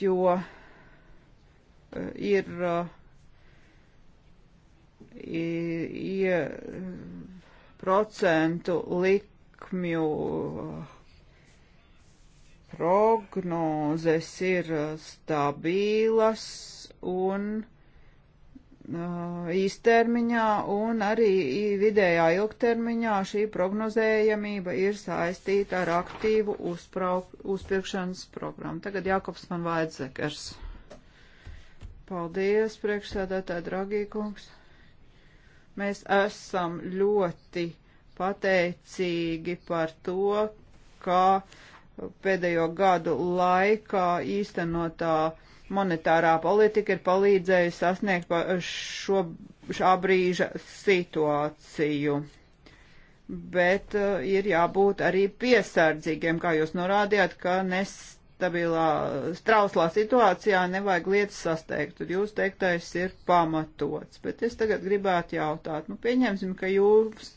Jo uh, ir uh, ie, procentu likmju prognozes ir stabilas un īstermiņā un arī vidējā ilgtermiņā šī prognozējamība ir saistīta ar aktīvu uzpirkšanas programmu. Tagad Jākops man vajadzekars. Paldies, priekšsēdētāji, dragīkungs. kungs. Mēs esam ļoti pateicīgi par to, ka pēdējo gadu laikā īstenotā monetārā politika ir palīdzējusi sasniegt šo, šā brīža situāciju. Bet uh, ir jābūt arī piesardzīgiem, kā jūs norādījāt, ka nes nestabilā, trauslā situācijā nevajag lietas sasteigt. Tad jūs teiktais ir pamatots. Bet es tagad gribētu jautāt, nu pieņemsim, ka jūs,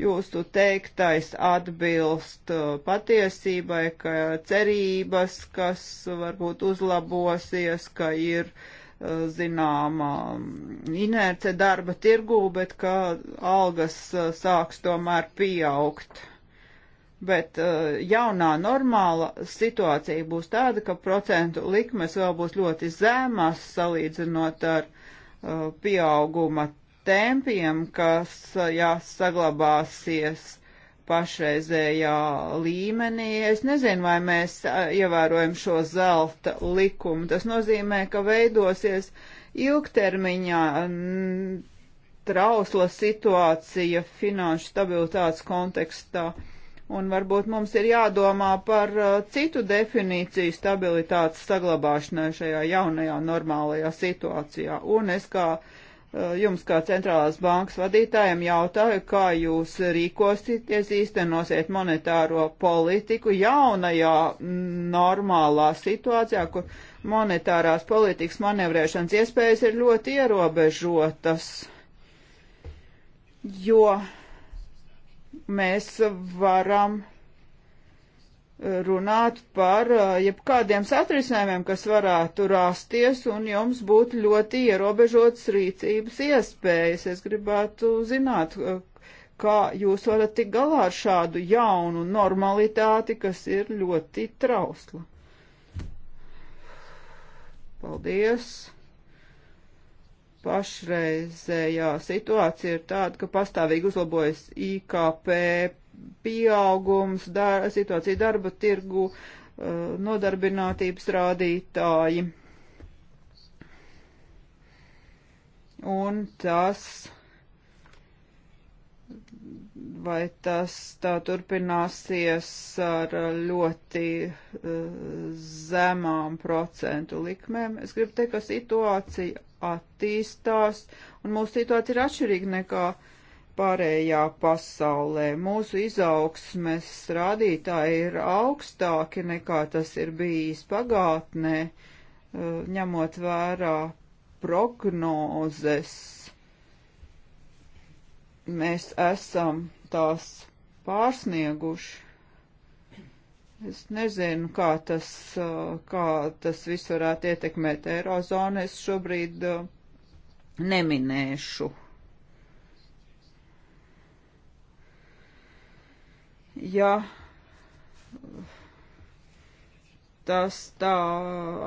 jūsu teiktais atbilst uh, patiesībai, ka cerības, kas varbūt uzlabosies, ka ir uh, zināma mm, inerce darba tirgū, bet ka algas uh, sāks tomēr pieaugt bet uh, jaunā normāla situācija būs tāda, ka procentu likmes vēl būs ļoti zemas salīdzinot ar uh, pieauguma tempiem, kas uh, jāsaglabāsies pašreizējā līmenī. Es nezinu, vai mēs uh, ievērojam šo zelta likumu. Tas nozīmē, ka veidosies ilgtermiņā trausla situācija finanšu stabilitātes kontekstā. Uh, Un varbūt mums ir jādomā par uh, citu definīciju stabilitātes saglabāšanai šajā jaunajā normālajā situācijā. Un es kā uh, jums, kā centrālās bankas vadītājiem, jautāju, kā jūs rīkosieties, īstenosiet monetāro politiku jaunajā normālā situācijā, kur monetārās politikas manevrēšanas iespējas ir ļoti ierobežotas. Jo mēs varam runāt par uh, jebkādiem satrisinājumiem, kas varētu rāsties, un jums būtu ļoti ierobežotas rīcības iespējas. Es gribētu zināt, uh, kā jūs varat tik galā ar šādu jaunu normalitāti, kas ir ļoti trausla. Paldies! pašreizējā situācija ir tāda, ka pastāvīgi uzlabojas IKP pieaugums, dar, situācija darba tirgu, uh, nodarbinātības rādītāji. Un tas, vai tas tā turpināsies ar ļoti uh, zemām procentu likmēm, es gribu teikt, ka situācija attīstās, un mūsu situācija ir atšķirīga nekā pārējā pasaulē. Mūsu izaugsmes rādītāji ir augstāki nekā tas ir bijis pagātnē, eh, ņemot vērā prognozes. Mēs esam tās pārsnieguši. Es nezinu, kā tas, uh, kā tas viss varētu ietekmēt Eirozonu. Es šobrīd uh, neminēšu. Ja tas tā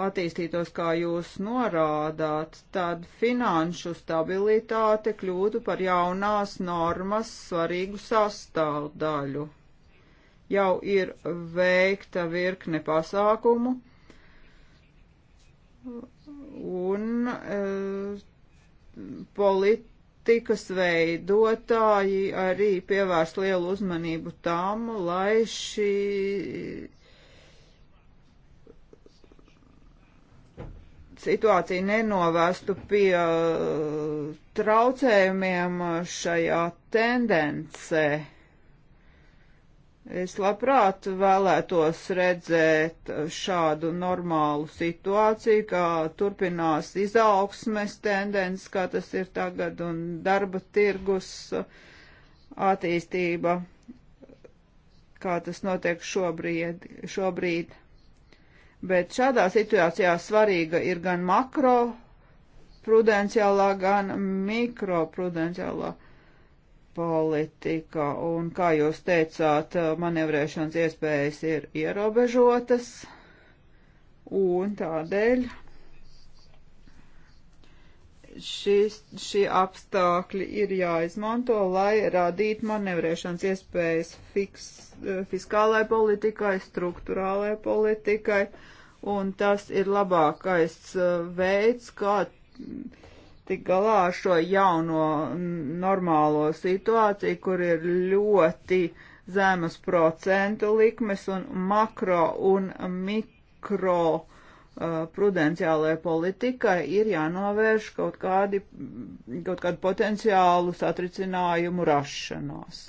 attīstītos, kā jūs norādāt, tad finanšu stabilitāte kļūtu par jaunās normas svarīgu sastāvdaļu jau ir veikta virkne pasākumu, un e, politikas veidotāji arī pievērs lielu uzmanību tam, lai šī situācija nenovestu pie eh, traucējumiem šajā tendencē. Es labprāt vēlētos redzēt šādu normālu situāciju, kā turpinās izaugsmes tendence, kā tas ir tagad, un darba tirgus attīstība, kā tas notiek šobrīd. šobrīd. Bet šādā situācijā svarīga ir gan makro prudenciālā, gan mikroprudenciālā politika, un, kā jūs teicāt, manevrēšanas iespējas ir ierobežotas, un tādēļ šis, šie apstākļi ir jāizmanto, lai radītu manevrēšanas iespējas fiks, fiskālai politikai, struktūrālai politikai, un tas ir labākais uh, veids, kā tik galā ar šo jauno normālo situāciju, kur ir ļoti zemas procentu likmes un makro un mikro uh, prudenciālajai politikai ir jānovērš kaut, kādi, kaut kādu potenciālu satricinājumu rašanos,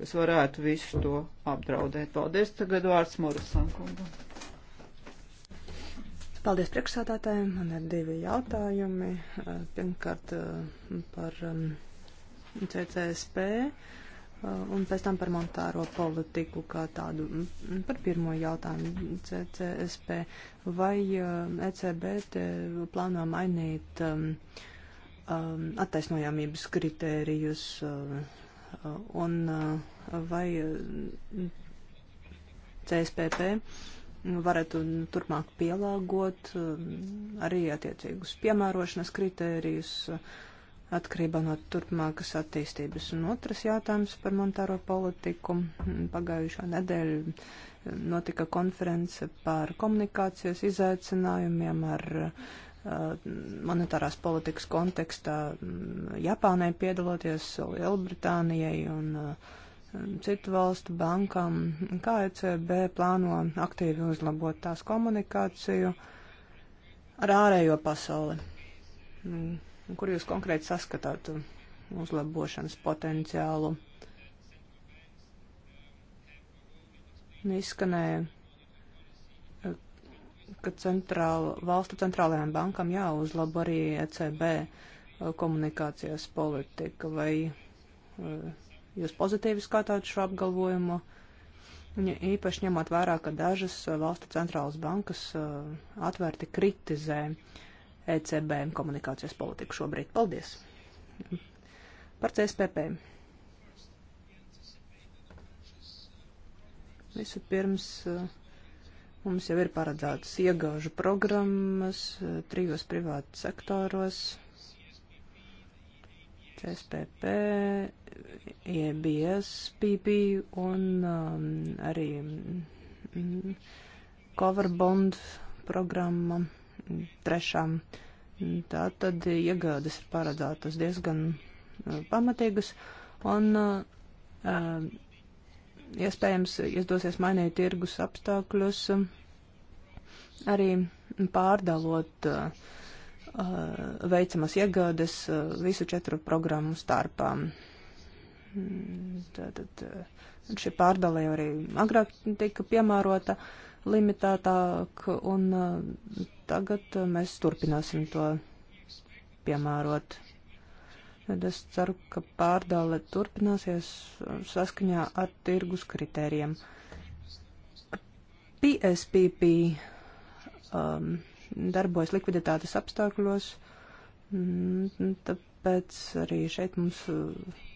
kas varētu visu to apdraudēt. Paldies, tagad vārds Murasankungam. Paldies priekšsādātājiem. Man ir divi jautājumi. Pirmkārt par CCSP un pēc tam par monetāro politiku kā tādu. Par pirmo jautājumu CCSP. Vai ECB plāno mainīt attaisnojamības kritērijus un vai CSPP Nu, varētu turpmāk pielāgot um, arī attiecīgus piemērošanas kritērijus atkarībā no turpmākas attīstības. Un otrs jautājums par monetāro politiku. Pagājušā nedēļa um, notika konference par komunikācijas izaicinājumiem ar uh, monetārās politikas kontekstā um, Japānai piedaloties, Lielbritānijai un uh, citu valstu bankām, kā ECB plāno aktīvi uzlabot tās komunikāciju ar ārējo pasauli. Nu, kur jūs konkrēti saskatāt uzlabošanas potenciālu? Nu, izskanēja ka centrāla, valstu centrālajām bankām jāuzlabo arī ECB komunikācijas politika, vai jūs pozitīvi skatāt šo apgalvojumu, īpaši ņemot vērā, ka dažas uh, valstu centrālas bankas uh, atvērti kritizē ECB komunikācijas politiku šobrīd. Paldies! Par CSPP. Vispirms uh, mums jau ir paredzētas iegāžu programmas trijos privātu sektoros SPP, EBS, PP un um, arī um, cover bond programma mm, trešām. Tā tad iegādes ir paredzētas diezgan uh, pamatīgas un uh, um, iespējams izdosies mainīt tirgus apstākļus, uh, arī pārdalot uh, Uh, veicamas iegādes uh, visu četru programmu starpā. Tātad mm, uh, šī pārdalē arī agrāk tika piemērota limitētāk, un tagad mēs turpināsim to piemērot. Tad es ceru, ka pārdale turpināsies saskaņā ar tirgus kritērijiem. PSPP um, darbojas likviditātes apstākļos. Mm, tāpēc arī šeit mums uh,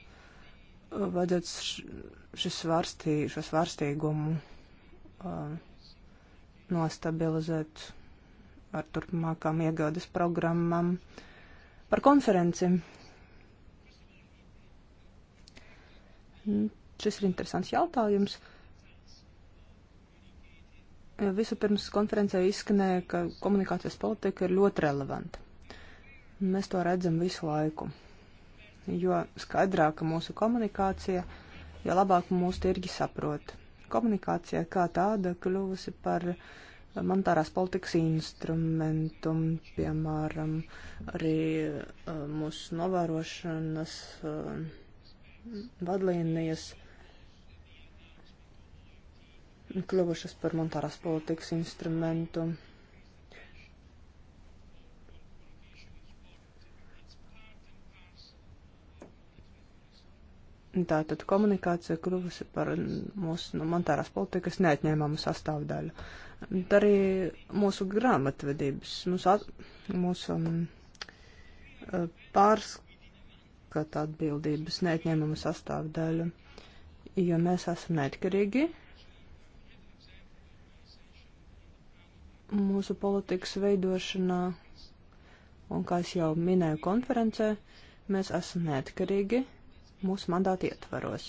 vajadzētu šo svārstī, svārstīgumu uh, nostabilizēt ar turpmākām iegādes programmām par konferenci. Mm, šis ir interesants jautājums. Uh, Vispirms konferencē izskanēja, ka komunikācijas politika ir ļoti relevanta. Mēs to redzam visu laiku. Jo skaidrāka mūsu komunikācija, jo labāk mūsu tirgi saprot. Komunikācija kā tāda kļuvusi par monetārās politikas instrumentu, piemēram, arī eh, mūsu novērošanas eh, vadlīnijas. Uh, kļuvušas par monetārās politikas instrumentu. Tātad komunikācija kļuvusi par mūsu nu, monetārās politikas neatņēmumu sastāvdaļu. Tā arī mūsu grāmatvedības, mūsu, at, mūsu um, pārskata atbildības neatņēmumu sastāvdaļu, jo mēs esam neatkarīgi mūsu politikas veidošanā, un kā es jau minēju konferencē, mēs esam neatkarīgi mūsu mandāti ietvaros,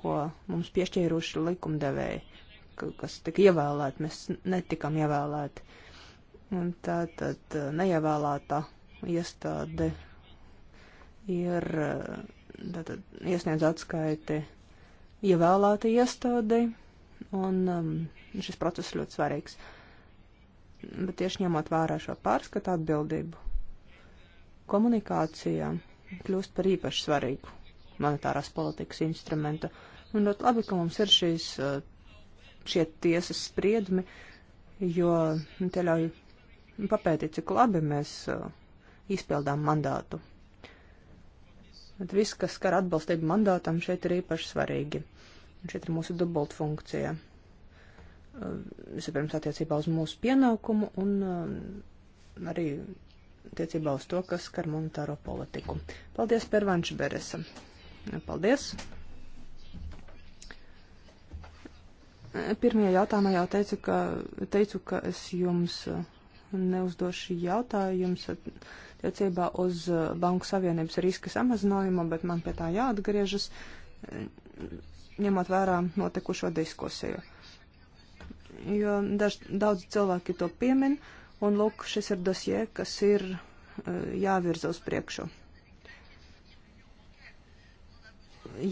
ko mums piešķīruši likumdevēji, kas tika ievēlēti, mēs netikam ievēlēti. Un tā tad eh, neievēlētā iestāde ir eh, tātad, iesniedz atskaiti ievēlēta iestādei un um, šis process ļoti svarīgs. Bet tieši ņemot vērā šo pārskatu atbildību, komunikācija kļūst par īpaši svarīgu monetārās politikas instrumentu. Un ļoti labi, ka mums ir šīs, uh, šie tiesas spriedumi, jo tie ļauj papētīt, cik labi mēs uh, izpildām mandātu. Bet viss, kas skar atbalstību mandātam, šeit ir īpaši svarīgi. Un šeit ir mūsu dubult funkcija. Vispirms attiecībā uz mūsu pienākumu un arī attiecībā uz to, kas skar monetāro politiku. Paldies, Pervanš Beresa. Paldies. Pirmajā jautājumā jau teicu, ka, teicu, ka es jums neuzdošu jautājumus attiecībā uz Banku Savienības riska samazinājumu, bet man pie tā jāatgriežas ņemot vērā notikušo diskusiju. Jo daž, daudz cilvēki to piemin, un lūk, šis ir dosie, kas ir e, jāvirza uz priekšu.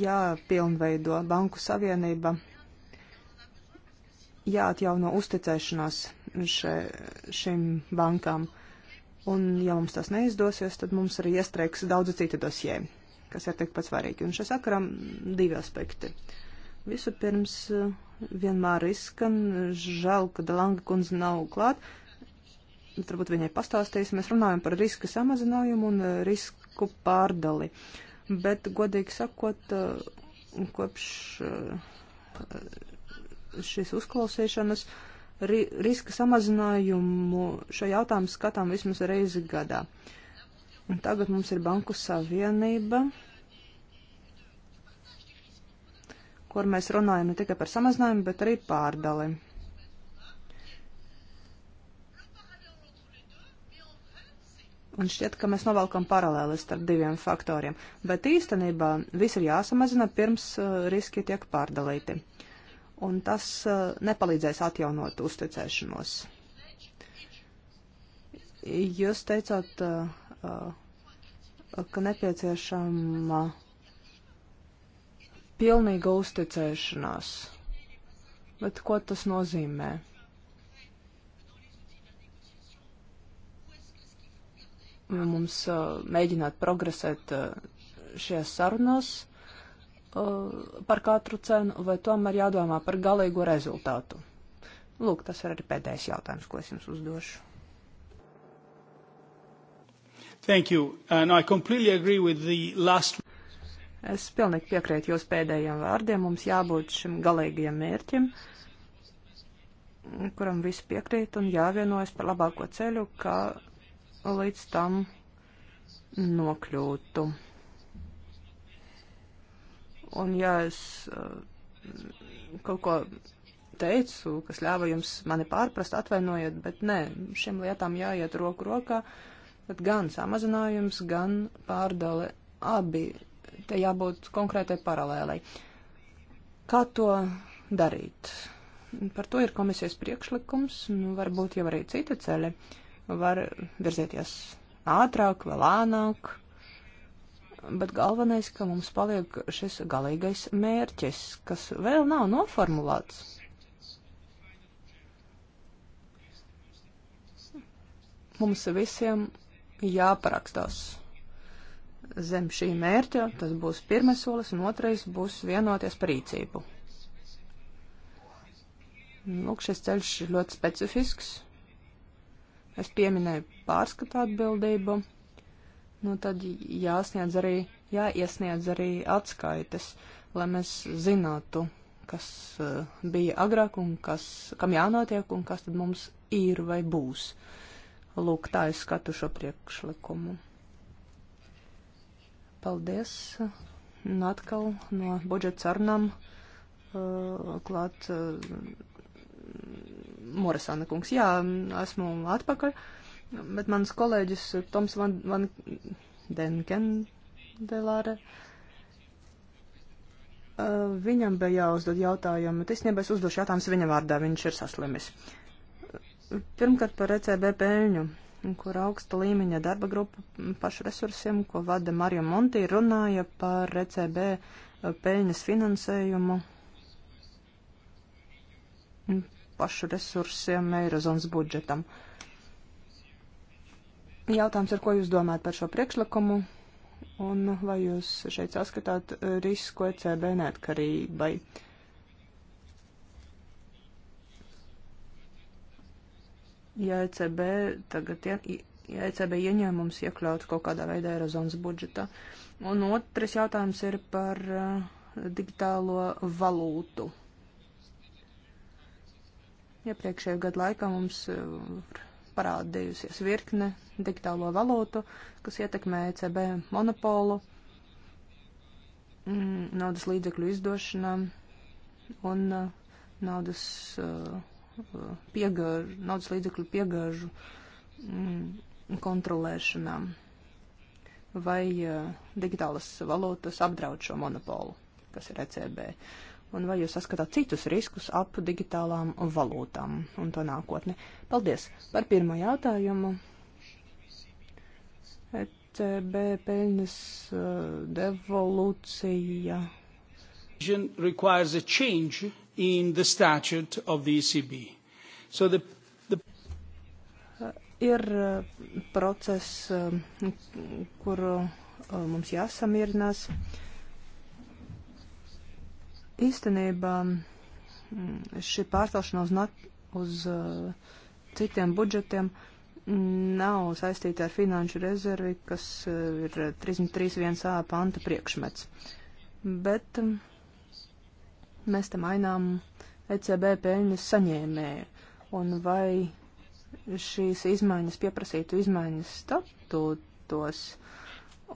Jāpilnveido Banku Savienība, jāatjauno uzticēšanās še, šīm bankām, un ja mums tas neizdosies, tad mums arī iestrēgs daudz citu dosieju kas ir tikpat svarīgi. Un šajā sakarā divi aspekti. Vispirms eh, vienmēr izskan, žēl, ka Delanga kundze nav klāt. Varbūt viņai pastāstīs, mēs runājam par riska samazinājumu un eh, risku pārdali. Bet, godīgi sakot, eh, kopš šīs uzklausīšanas ri, riska samazinājumu šo jautājumu skatām vismaz reizi gadā. Uh, Un tagad mums ir banku savienība, kur mēs runājam ne tikai par samazinājumu, bet arī pārdali. Un šķiet, ka mēs novelkam paralēli starp diviem faktoriem, bet īstenībā viss ir jāsamazina pirms uh, riski tiek pārdalīti. Un tas uh, nepalīdzēs atjaunot uzticēšanos. Jūs teicāt, uh, Uh, ka nepieciešama pilnīga uzticēšanās. Bet ko tas nozīmē? Mums uh, mēģināt progresēt uh, šajās sarunās uh, par katru cenu, vai tomēr jādomā par galīgo rezultātu? Lūk, tas ir arī pēdējais jautājums, ko es jums uzdošu. Thank you. And I completely agree with the last. Es pilnīgi piekrītu jūs pēdējiem vārdiem. Mums jābūt šim galīgajam mērķim, kuram visi piekrīt un jāvienojas par labāko ceļu, kā līdz tam nokļūtu. Un ja es uh, kaut ko teicu, kas ļāva jums mani pārprast, atvainojiet, bet nē, šiem lietām jāiet roku rokā. Uh, bet gan samazinājums, gan pārdale abi. Te jābūt konkrētai paralēlai. Kā to darīt? Par to ir komisijas priekšlikums, nu, varbūt jau arī citi ceļi. Var virzieties ātrāk, vēl ānāk, bet galvenais, ka mums paliek šis galīgais mērķis, kas vēl nav noformulēts. Mums visiem jāparakstās zem šī mērķa. Tas būs pirmais solis, un otrais būs vienoties par rīcību. Lūk, šis ceļš ir ļoti specifisks. Es pieminēju pārskatu atbildību. Nu, tad jāsniedz arī, jāiesniedz arī atskaites, lai mēs zinātu, kas uh, bija agrāk un kas, kam jānotiek un kas tad mums ir vai būs. Uh, Lūk, tā es skatu šo priekšlikumu. Paldies. Un atkal no budžeta sarunām uh, klāt uh, Morisāna kungs. Jā, esmu atpakaļ, bet mans kolēģis Toms Van, Van Denkendelāre. Uh, viņam bija jāuzdod jautājumi, bet es nebesu uzdošu jautājumus viņa vārdā, viņš ir saslimis. Uh, Pirmkārt par ECB peļņu, kur augsta līmeņa darba grupa pašu resursiem, ko vada Mario Monti, runāja par ECB eh, peļņas finansējumu pašu resursiem Eirozonas budžetam. Jautājums ir, ko jūs domājat par šo priekšlikumu un vai jūs šeit saskatāt eh, risku ECB neatkarībai? Uh, ja ECB tagad, ja, ja ECB ieņēmums iekļauts kaut kādā veidā Eirozonas budžetā. Un otrs jautājums ir par uh, digitālo valūtu. Iepriekšējo gadu laikā mums uh, parādījusies virkne digitālo valūtu, kas ietekmē ECB monopolu, mm, naudas līdzekļu izdošanā un uh, naudas. Uh, piegāžu, naudas līdzekļu piegāžu mm, kontrolēšanā. Vai eh, digitālas valūtas apdraud šo monopolu, kas ir ECB? Un vai jūs saskatāt citus riskus ap digitālām valūtām un to nākotni? Paldies par pirmo jautājumu. ECB peļņas eh, devolūcija. Requires a change in the statute of the ECB. So the, the uh, ir uh, process, um, kuru uh, mums jāsamierinās. Īstenībā mm, šī pārcelšana uz, nat, uz citiem budžetiem nav saistīta ar finanšu rezervi, kas ir 331a panta priekšmets. Bet um, mēs te mainām ECB peļņas saņēmēju, un vai šīs izmaiņas pieprasītu izmaiņas statūtos,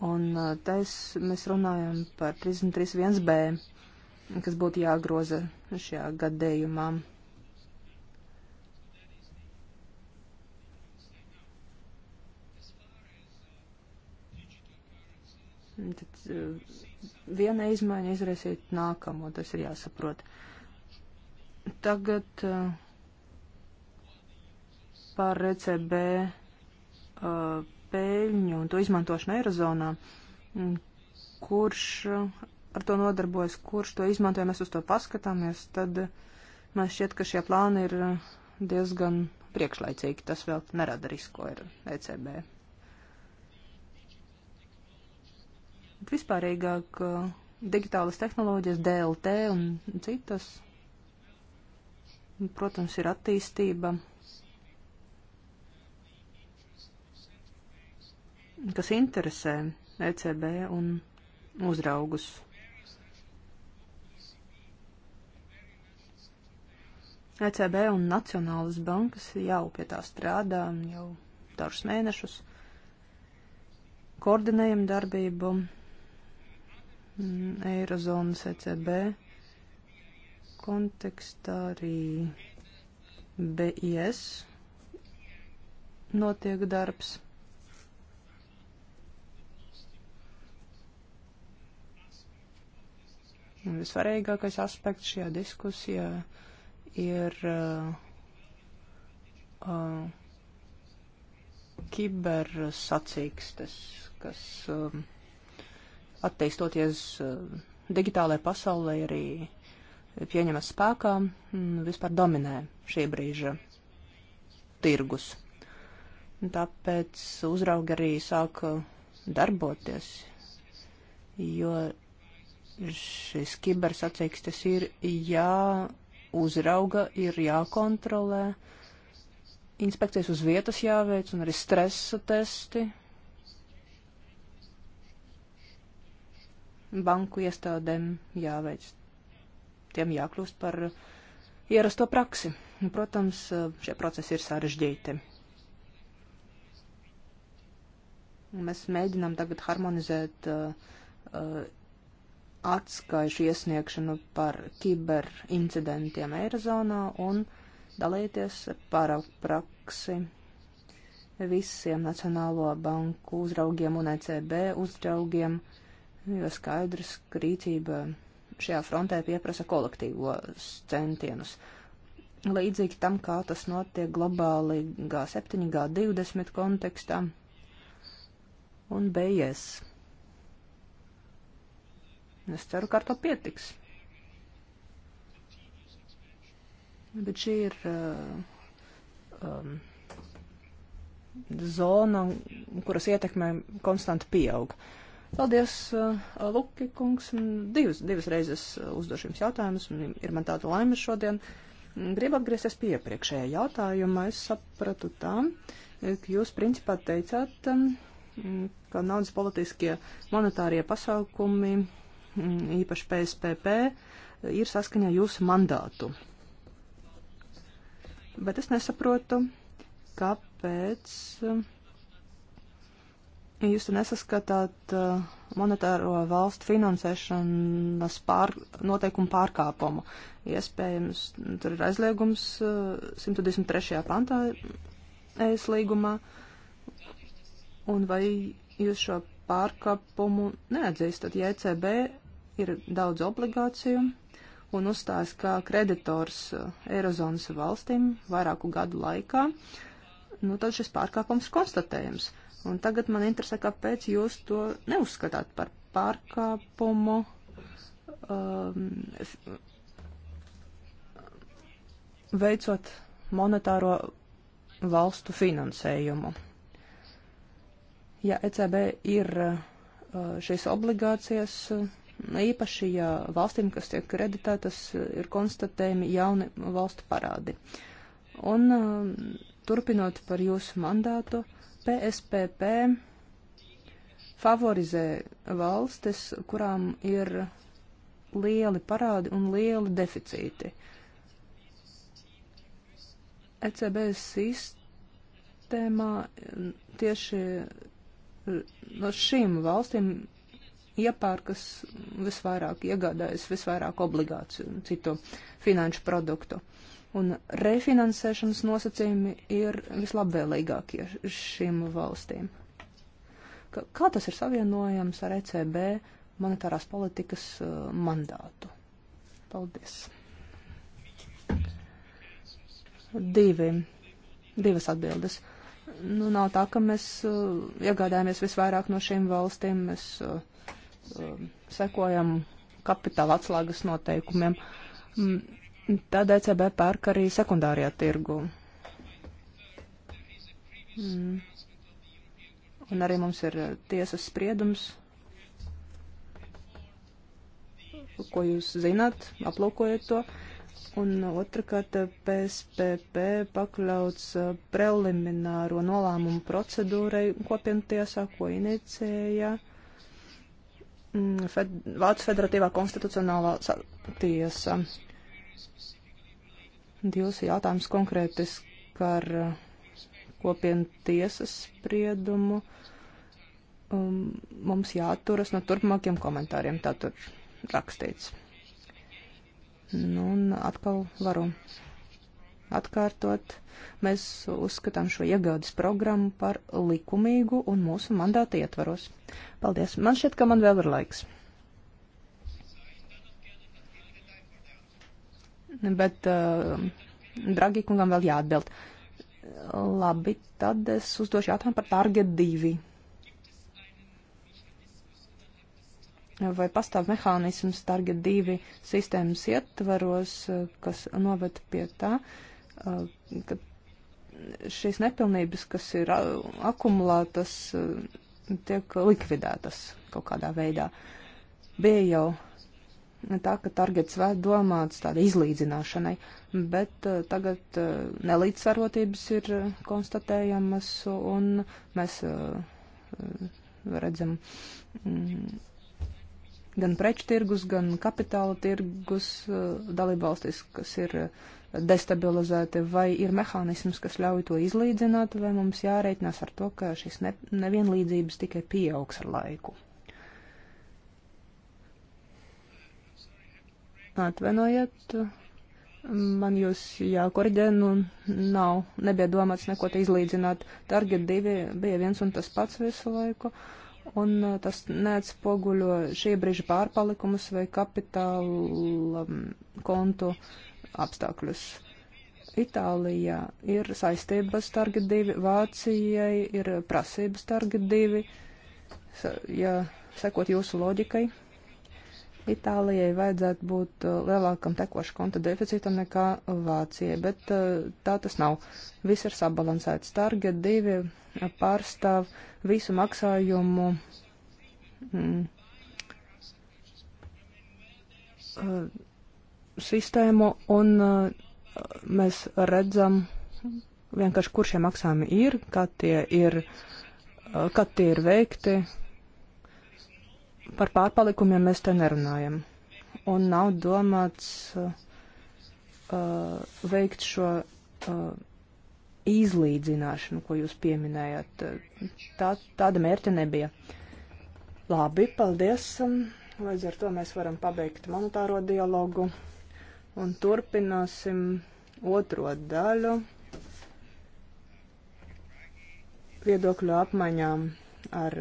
un uh, tas mēs runājam par 331b, kas būtu jāgroza šajā gadējumā. Tad, uh, viena izmaiņa izraisīt nākamo, tas ir jāsaprot. Tagad uh, par ECB uh, eh, peļņu un to izmantošanu Eirozonā, mm, kurš uh, ar to nodarbojas, kurš to izmanto, ja mēs uz to paskatāmies, tad man šķiet, ka šie plāni ir diezgan priekšlaicīgi. Tas vēl nerada risku, ko ir ECB vispārīgāk eh, digitālas tehnoloģijas, DLT un citas, protams, ir attīstība, kas interesē ECB un uzraugus. ECB un Nacionālas bankas jau pie tā strādā jau dažus mēnešus. Koordinējam darbību, Mm, Eirozonas ECB kontekstā arī BIS notiek darbs. Un visvarīgākais aspekts šajā diskusijā ir uh, uh, kibersacīkstes, kas. Uh, atteistoties eh, digitālajai pasaulē, arī pieņemas spēkā, mm, vispār dominē šī brīža tirgus. Tāpēc uzraugi arī sāk eh, darboties, jo šis kibersacikstes ir jāuzrauga, ir jākontrolē, inspekcijas uz vietas jāveic un arī stresa testi banku iestādēm jāveic. Tiem jākļūst par ierasto praksi. Protams, šie procesi ir sarežģīti. Mēs mēģinām tagad harmonizēt uh, uh atskaišu iesniegšanu par kiberincidentiem Eirozonā un dalīties ar parapraksi visiem Nacionālo banku uzraugiem un ECB uzraugiem uh, jo skaidrs, ka rīcība šajā frontē pieprasa kolektīvos centienus. Līdzīgi tam, kā tas notiek globāli G7, G20 kontekstā un BS. Es ceru, ka ar to pietiks. Bet šī ir uh, um, zona, kuras ietekmē konstanti pieaug. Uh, Paldies, uh, Luki kungs. Divas, divas reizes uh, uzdošu jums jautājumus, un ir man tāda laime šodien. Mm, Gribu atgriezties pie iepriekšējā jautājuma. Es sapratu tā, ka jūs principā teicāt, um, ka naudas politiskie monetārie pasākumi, mm, īpaši PSPP, ir saskaņā jūsu mandātu. Bet es nesaprotu, kāpēc um, īsti nesaskatāt uh, monetāro valstu finansēšanas pār, noteikumu pārkāpumu. Iespējams, tur ir aizliegums 123. Uh, pantā ES līgumā. Un vai jūs šo pārkāpumu neatzīstat, ja ECB ir daudz obligāciju un uzstājas kā kreditors uh, Eirozonas valstīm vairāku gadu laikā, nu tad šis pārkāpums konstatējams. Uh, Un tagad man interesē, kāpēc jūs to neuzskatāt par pārkāpumu. Um, veicot monetāro valstu finansējumu. Ja ECB ir uh, šīs obligācijas, uh, īpaši, ja valstīm, kas tiek kreditētas, uh, ir konstatējami jauni valstu parādi. Un um, turpinot par jūsu mandātu, uh, PSPP favorizē valstis, kurām ir lieli parādi un lieli deficīti. ECB sistēmā tieši no šīm valstīm iepērkas visvairāk, iegādājas visvairāk obligāciju un citu finanšu produktu. Uh, un refinansēšanas nosacījumi ir vislabvēlīgākie šīm valstīm. Kā tas ir savienojams ar ECB monetārās politikas uh, mandātu? Paldies. Divi, divas atbildes. Nu, nav tā, ka mēs uh, iegādājāmies visvairāk no šīm valstīm, mēs uh, uh sekojam kapitāla atslēgas noteikumiem. Mm Tad ECB pērk arī sekundārajā tirgu. Mm. Un arī mums ir eh, tiesas spriedums, ko jūs zināt, aplūkojiet to. Un otrkārt, PSPP eh, pakļauts eh, prelimināro nolēmumu procedūrai kopienu tiesā, ko inicēja. Mm, Fed, Vācu federatīvā konstitucionālā tiesa. Jūsu jautājums konkrēti skar eh, kopienu tiesas spriedumu. Um, mums jāatturas no turpmākiem komentāriem, tā tur rakstīts. Nu, un atkal varu atkārtot, mēs uzskatām šo iegādes programmu par likumīgu un mūsu mandāta ietvaros. Paldies. Man šķiet, ka man vēl ir laiks. bet uh, Dragi kungam vēl jāatbild. Labi, tad es uzdošu jautājumu par Target 2. Vai pastāv mehānisms Target 2 sistēmas ietvaros, kas noved pie tā, uh, ka šīs nepilnības, kas ir akumulētas, uh, tiek likvidētas kaut kādā veidā. Bija jau tā ka targets vēl domāts tāda izlīdzināšanai, bet uh, tagad uh, nelīdzsvarotības ir uh, konstatējamas un mēs redzam mm, gan preču tirgus, gan kapitāla tirgus dalībvalstis, kas ir destabilizēti, vai ir mehānisms, kas ļauj to izlīdzināt, vai mums jārēķinās ar to, ka šis ne, nevienlīdzības tikai pieaugs ar laiku. Atvainojiet, man jūs jākorģē, nu nav, nebija domāts neko te izlīdzināt. Target 2 bija viens un tas pats visu laiku, un uh, tas neatspoguļo šī brīža pārpalikumus vai kapitāla mm, kontu apstākļus. Itālijā ir saistības target 2, Vācijai ir prasības target 2, ja sekot jūsu loģikai, Itālijai vajadzētu būt uh, lielākam tekošu konta deficītam nekā Vācijai, bet uh, tā tas nav. Viss ir sabalansēts. Target 2 uh, pārstāv visu maksājumu mm, sistēmu, un mēs redzam vienkārši, kur šie maksājumi ir, kad tie ir, kad tie ir veikti Par pārpalikumiem mēs te nerunājam. Un nav domāts uh, uh veikt šo uh, izlīdzināšanu, ko jūs pieminējat. Tā, tāda mērķa nebija. Labi, paldies. Um, līdz ar to mēs varam pabeigt monetāro dialogu un turpināsim otro daļu viedokļu apmaiņām ar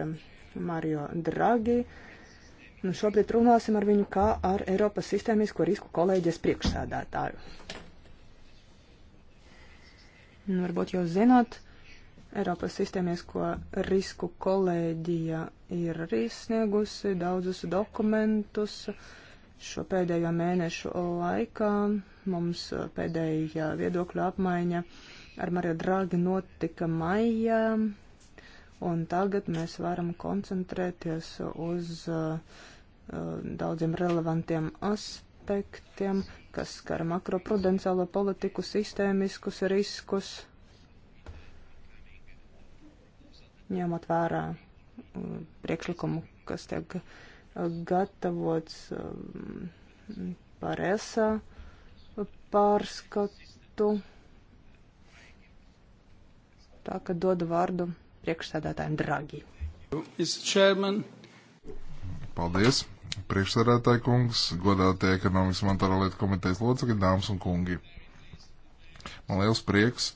Mario Dragi. Nu, šobrīd runāsim ar viņu kā ar Eiropas sistēmisko risku kolēģijas priekšsēdētāju. Nu, varbūt jūs zināt, Eiropas sistēmisko risku kolēģija ir arī sniegusi daudzus dokumentus šo pēdējo mēnešu laikā. Mums pēdējā viedokļa apmaiņa ar Mariju Dragi notika maijā un tagad mēs varam koncentrēties uz uh, daudziem relevantiem aspektiem, kas skar makroprudenciālo politiku, sistēmiskus riskus, ņemot vērā uh, priekšlikumu, kas tiek uh, gatavots um, par ESA pārskatu. Tā ka dodu vārdu priekšsēdētājiem Dragi. Paldies, priekšsēdētāji kungs, godātie ekonomikas monetāra lietu komitejas locekļi, dāmas un kungi. Man liels prieks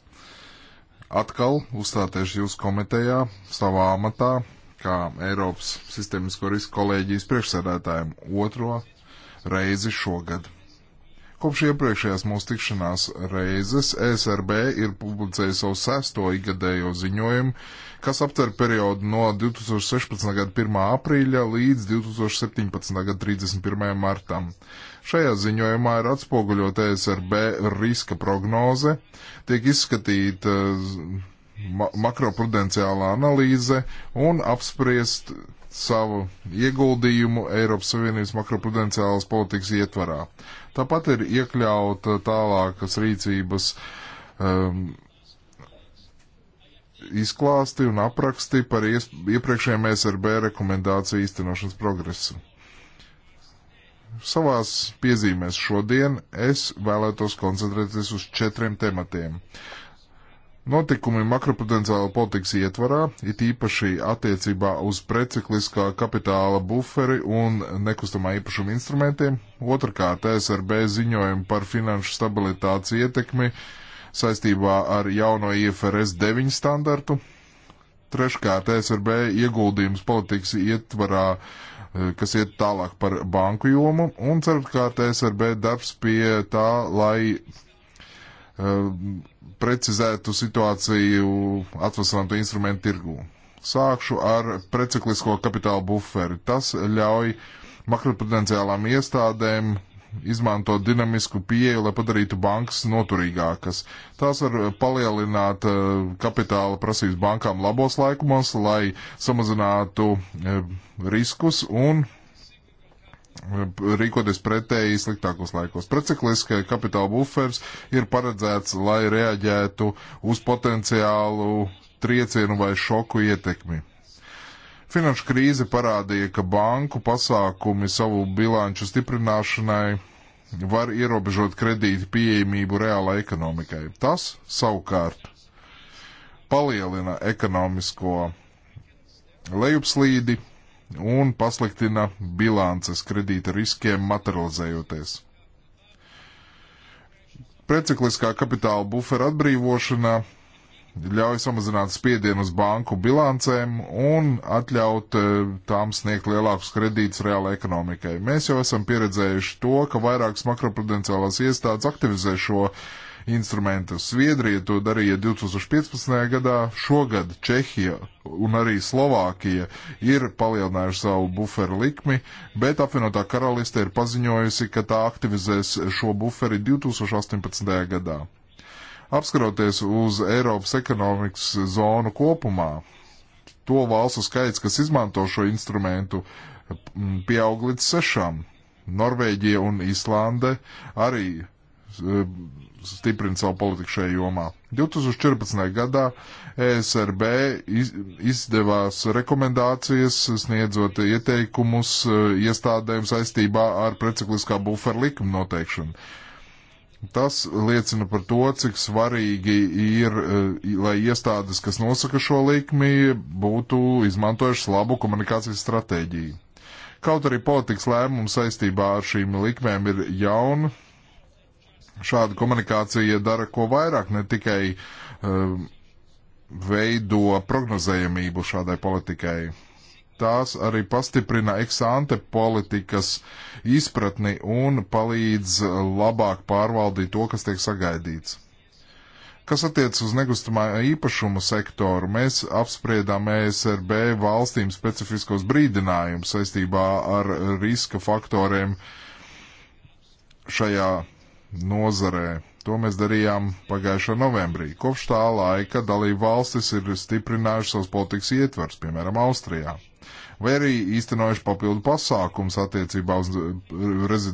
atkal uzstāties jūsu komitejā savā amatā kā Eiropas sistēmisko risku kolēģijas priekšsēdētājiem otro reizi šogad. Kopš iepriekšējās mūsu tikšanās reizes ESRB ir publicējis savu sesto ikgadējo ziņojumu, kas aptver periodu no 2016. gada 1. aprīļa līdz 2017. gada 31. martam. Šajā ziņojumā ir atspoguļota ESRB riska prognoze, tiek izskatīta uh, ma makroprudenciālā analīze un apspriest savu ieguldījumu Eiropas Savienības makroprudenciālas politikas ietvarā. Tāpat ir iekļauta tālākas rīcības um, izklāsti un apraksti par iepriekšējiem SRB rekomendāciju īstenošanas progresu. Savās piezīmēs šodien es vēlētos koncentrēties uz četriem tematiem. Uh, Notikumi makroprudenciāla politikas ietvarā, it īpaši attiecībā uz precikliskā kapitāla buferi un nekustamā īpašuma instrumentiem, otrkārt SRB ziņojumu par finanšu stabilitātes ietekmi saistībā ar jauno IFRS 9 standartu, treškārt SRB ieguldījums politikas ietvarā, eh, kas iet tālāk par banku jomu, un ceturtkārt SRB darbs pie tā, lai uh, precizētu situāciju atvasinātu instrumentu tirgū. Sākšu ar preciklisko kapitālu buferi. Tas ļauj makroprudenciālām iestādēm izmantot dinamisku pieeju, lai padarītu bankas noturīgākas. Tās var palielināt eh, kapitāla prasības bankām labos laikumos, lai samazinātu eh, riskus un rīkoties pretēji sliktākos laikos. Precikliskai kapitāla buferis ir paredzēts, lai reaģētu uz potenciālu triecienu vai šoku ietekmi. Finanšu krīze parādīja, ka banku pasākumi savu bilanču stiprināšanai var ierobežot kredīti pieejamību reālai ekonomikai. Tas savukārt palielina ekonomisko lejupslīdi un pasliktina bilances kredīta riskiem materializējoties. Precikliskā kapitāla bufera atbrīvošana ļauj samazināt spiedienu uz banku bilancēm un atļaut e, tām sniegt lielākus kredītus reālai ekonomikai. Mēs jau esam pieredzējuši to, ka vairākas makroprudenciālās iestādes aktivizē šo uh, instrumentu. Sviedrija to darīja 2015. gadā, šogad Čehija un arī Slovākija ir palielinājuši savu buferu likmi, bet apvienotā karaliste ir paziņojusi, ka tā aktivizēs šo buferi 2018. gadā. Apskaroties uz Eiropas ekonomikas zonu kopumā, to valstu skaits, kas izmanto šo instrumentu, pieaug līdz sešām. Norvēģija un Īslande arī stiprina savu politiku šajā jomā. 2014. gadā ESRB izdevās rekomendācijas, sniedzot ieteikumus e, iestādēm saistībā ar precikliskā buferu likuma noteikšanu. Tas liecina par to, cik svarīgi ir, e, lai iestādes, kas nosaka šo likmi, būtu izmantojušas labu komunikācijas stratēģiju. Kaut arī politikas lēmumu saistībā ar šīm likmēm ir jauna, šāda komunikācija dara ko vairāk, ne tikai um, veido prognozējamību šādai politikai. Tās arī pastiprina eksante politikas izpratni un palīdz labāk pārvaldīt to, kas tiek sagaidīts. Kas attiecas uz negustamā īpašuma sektoru, mēs apspriedām ESRB valstīm specifiskos brīdinājumus saistībā ar riska faktoriem šajā nozarē. To mēs darījām pagājušo novembrī. Kopš tā laika dalību valstis ir stiprinājuši savus politikas ietvers, piemēram, Austrijā. Vai arī īstenojuši papildu pasākums attiecībā uz eh,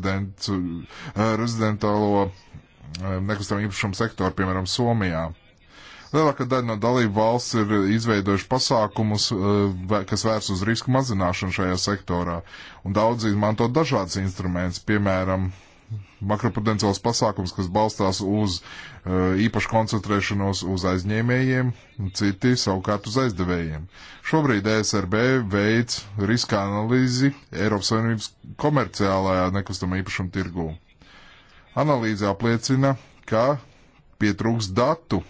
eh, rezidentālo eh, nekustamā īpašuma sektoru, piemēram, Somijā. Lielākā daļa no dalību valsts ir izveidojuši pasākumus, kas vērs uz risku mazināšanu šajā sektorā, un daudz izmanto dažādas instrumentus, piemēram, makroprudenciāls pasākums, kas balstās uz uh, īpašu koncentrēšanos uz aizņēmējiem, citi savukārt uz aizdevējiem. Šobrīd ESRB veids riska analīzi Eiropas Savienības komerciālajā nekustamā īpašuma tirgū. Analīze apliecina, ka pietrūks datu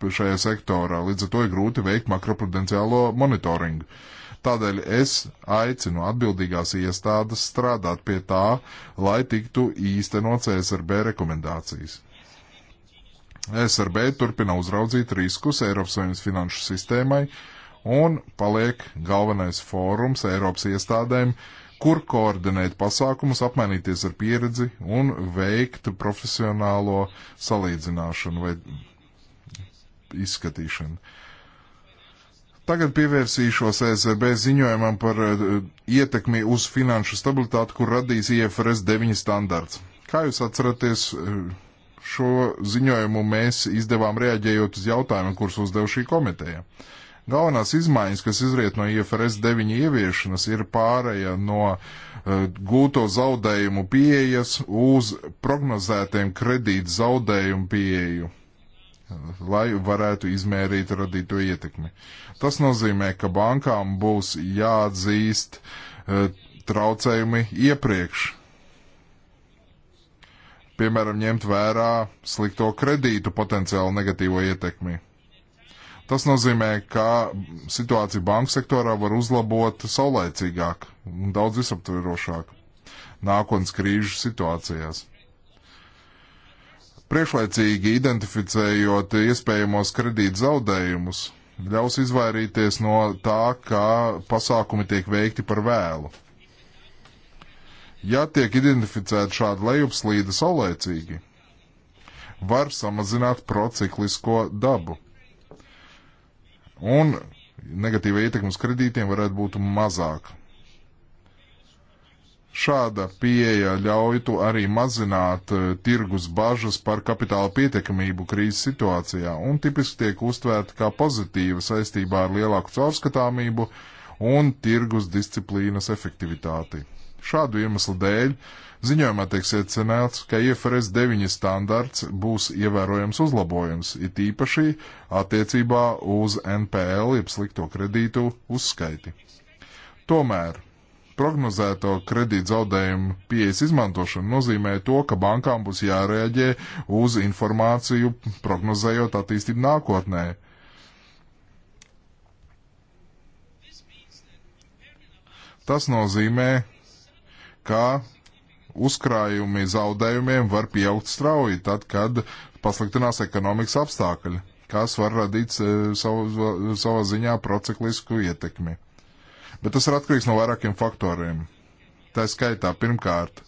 šajā sektorā, līdz ar to ir grūti veikt makroprudenciālo monitoringu. Uh, Tādēļ es aicinu atbildīgās iestādes strādāt pie tā, lai tiktu īstenot CSRB rekomendācijas. SRB turpina uzraudzīt riskus Eiropas Savienības finanšu sistēmai un paliek galvenais fórums Eiropas iestādēm, kur koordinēt pasākumus, apmainīties ar pieredzi un veikt profesionālo salīdzināšanu vai izskatīšanu. Tagad pievērsīšos ESRB ziņojumam par eh, ietekmi uz finanšu stabilitāti, kur radīs IFRS 9 standarts. Kā jūs atceraties, eh, šo ziņojumu mēs izdevām reaģējot uz jautājumiem, kurus uzdev šī komiteja. Galvenās izmaiņas, kas izriet no IFRS 9 ieviešanas, ir pāreja no uh, gūto zaudējumu pieejas uz prognozētiem kredīt zaudējumu pieeju lai varētu izmērīt radīto ietekmi. Tas nozīmē, ka bankām būs jāatzīst e, traucējumi iepriekš. Piemēram, ņemt vērā slikto kredītu potenciālu negatīvo ietekmi. Tas nozīmē, ka situācija banku sektorā var uzlabot saulēcīgāk un daudz visaptverošāk nākotnes krīžu situācijās priekšlaicīgi identificējot iespējamos kredīt zaudējumus, ļaus izvairīties no tā, ka pasākumi tiek veikti par vēlu. Ja tiek identificēta šāda lejupslīde saulēcīgi, var samazināt prociklisko dabu. Un negatīva ietekme uz kredītiem varētu būt mazāka. Šāda pieeja ļautu arī mazināt e, tirgus bažas par kapitāla pietiekamību krīzes situācijā un tipiski tiek uztvērta kā pozitīva saistībā ar lielāku caurskatāmību un tirgus disciplīnas efektivitāti. Šādu iemeslu dēļ ziņojumā tiek secināts, ka IFRS 9 standarts būs ievērojams uzlabojums, it īpaši attiecībā uz NPL jeb slikto kredītu uzskaiti. Tomēr prognozēto kredīt zaudējumu pieejas izmantošana nozīmē to, ka bankām būs jārēģē uz informāciju, prognozējot attīstību nākotnē. Tas nozīmē, ka uzkrājumi zaudējumiem var pieaugt strauji, tad, kad pasliktinās ekonomikas apstākļi, kas var radīt e, savu, savā ziņā prociklisku ietekmi. Bet tas ir atkarīgs no vairākiem faktoriem. Tā skaitā pirmkārt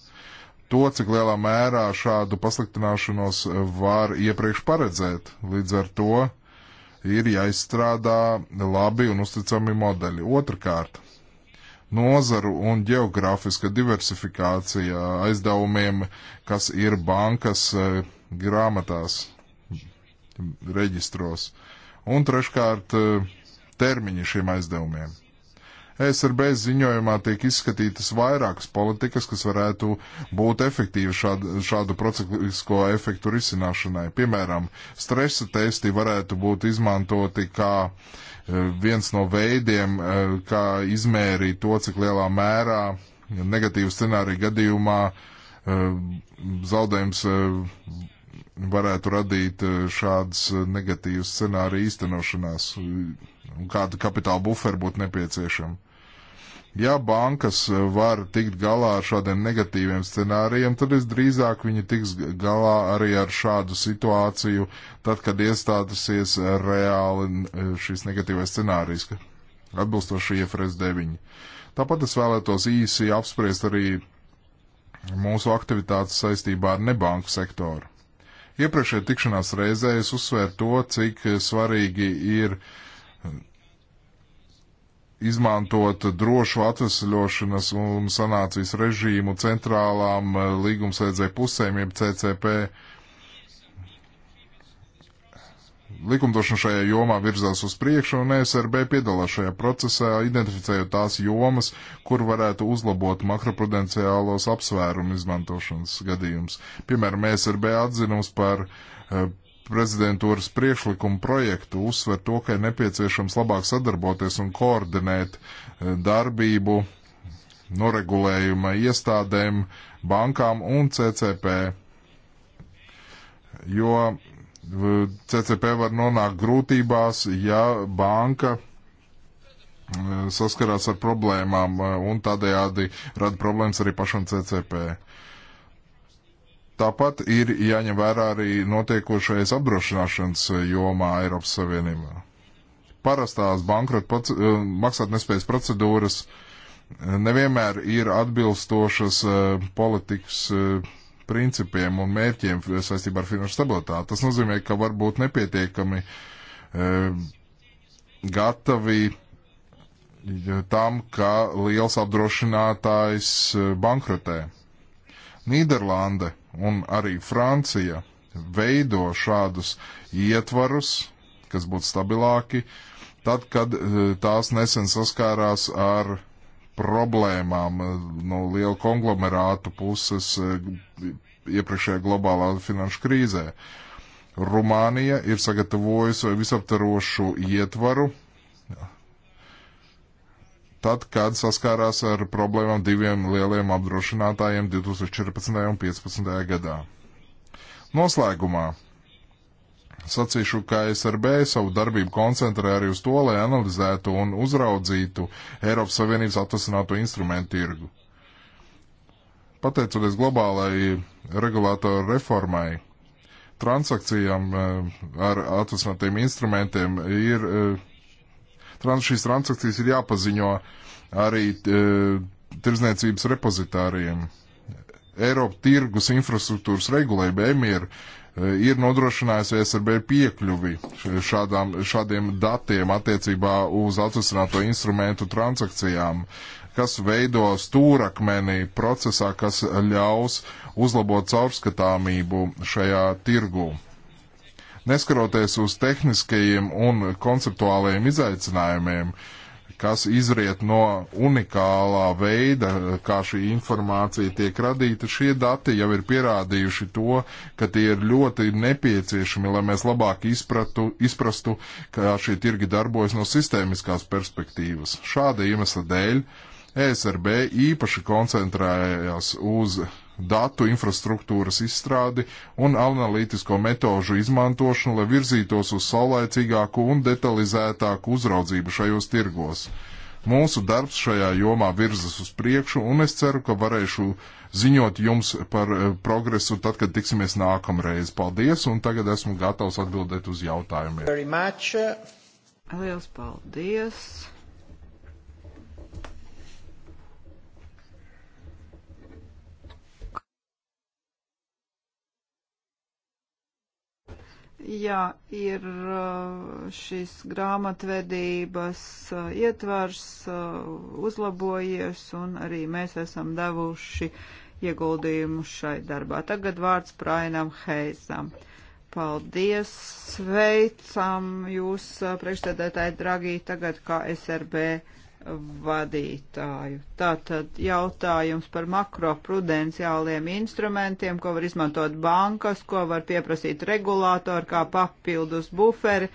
to, cik lielā mērā šādu pasliktināšanos var iepriekš paredzēt. Līdz ar to ir jāizstrādā labi un uzticami modeļi. Otrakārt, nozaru un geogrāfiska diversifikācija aizdevumiem, kas ir bankas e, grāmatās, reģistros. Un treškārt, e, termiņi šiem aizdevumiem. SRB ziņojumā tiek izskatītas vairākas politikas, kas varētu būt efektīvas šādu, šādu prociklisko efektu risināšanai. Piemēram, stresa testi varētu būt izmantoti kā e, viens no veidiem, e, kā izmērīt to, cik lielā mērā negatīvu scenāriju gadījumā e, zaudējums varētu radīt e, šādas e, negatīvas scenārija īstenošanās un kāda kapitāla buferi būtu nepieciešama. Ja bankas e, var tikt galā ar šādiem negatīviem scenārijiem, tad visdrīzāk viņi tiks galā arī ar šādu situāciju, tad, kad iestādusies reāli šis negatīvais scenārijs, atbilstoši IFRS 9. Tāpat es vēlētos īsi apspriest arī mūsu aktivitātes saistībā ar nebanku sektoru. Iepriekšējā tikšanās reizē es uzsvēru to, cik svarīgi ir izmantot drošu atvesļošanas un sanācijas režīmu centrālām eh, līgumslēdzēju pusēm, jeb CCP likumdošana šajā jomā virzās uz priekšu, un e SRB piedalās šajā procesā, identificējot tās jomas, kur varētu uzlabot makroprudenciālos apsvērumu izmantošanas gadījumus. Piemēram, e SRB atzinums par uh, prezidentūras priekšlikumu projektu uzsver to, ka ir nepieciešams labāk sadarboties un koordinēt uh, darbību noregulējuma iestādēm, bankām un CCP jo CCP var nonākt grūtībās, ja banka eh, saskarās ar problēmām eh, un tādējādi rada problēmas arī pašam CCP. Tāpat ir jāņem vērā arī notiekošais apdrošināšanas jomā Eiropas Savienībā. Parastās bankrota eh, maksātnespējas procedūras nevienmēr ir atbilstošas politikas principiem un mērķiem saistībā ar finanšu stabilitāti. Tas nozīmē, ka var būt nepietiekami e, gatavi tam, ka liels apdrošinātājs e, bankrotē. Nīderlande un arī Francija veido šādus ietvarus, kas būtu stabilāki, tad, kad e, tās nesen saskārās ar problēmām eh, no liela konglomerātu puses eh, iepriekšējā globālā finanšu krīzē. Rumānija ir sagatavojusi visaptarošu ietvaru tad, kad saskārās ar problēmām diviem lieliem apdrošinātājiem 2014. un 2015. gadā. Noslēgumā Sacīšu, ka SRB savu darbību koncentrē arī uz to, lai analizētu un uzraudzītu Eiropas Savienības atvasināto instrumentu tirgu. Pateicoties globālai regulātoru reformai, transakcijām eh, ar atvasinātiem instrumentiem ir, eh, trans, šīs transakcijas ir jāpaziņo arī eh, tirzniecības repozitāriem. Eiropa tirgus infrastruktūras regulēja BMIR Eh, ir nodrošinājusi SRB piekļuvi eh, šādām, šādiem datiem attiecībā uz atvesināto instrumentu transakcijām, kas veido stūrakmenī procesā, kas ļaus uzlabot caurskatāmību šajā tirgū. Neskaroties uz tehniskajiem un konceptuālajiem izaicinājumiem, uh, kas izriet no unikālā veida, kā šī informācija tiek radīta. Šie dati jau ir pierādījuši to, ka tie ir ļoti nepieciešami, lai mēs labāk izpratu, izprastu, kā šie tirgi darbojas no sistēmiskās perspektīvas. Šāda iemesla dēļ ESRB īpaši koncentrējās uz datu infrastruktūras izstrādi un analītisko metožu izmantošanu, lai virzītos uz saulēcīgāku un detalizētāku uzraudzību šajos tirgos. Mūsu darbs šajā jomā virzas uz priekšu, un es ceru, ka varēšu ziņot jums par eh, progresu tad, kad tiksimies nākamreiz. Paldies, un tagad esmu gatavs atbildēt uz jautājumiem. Liels paldies! Jā, ir uh, šis grāmatvedības uh, ietvars uh, uzlabojies un arī mēs esam devuši ieguldījumu šai darbā. Tagad vārds Prainam Heizam. Paldies! Sveicam jūs, priekšstādētāji Dragī, tagad kā SRB vadītāju. Tātad jautājums par makroprudenciāliem instrumentiem, ko var izmantot bankas, ko var pieprasīt regulātori kā papildus buferi,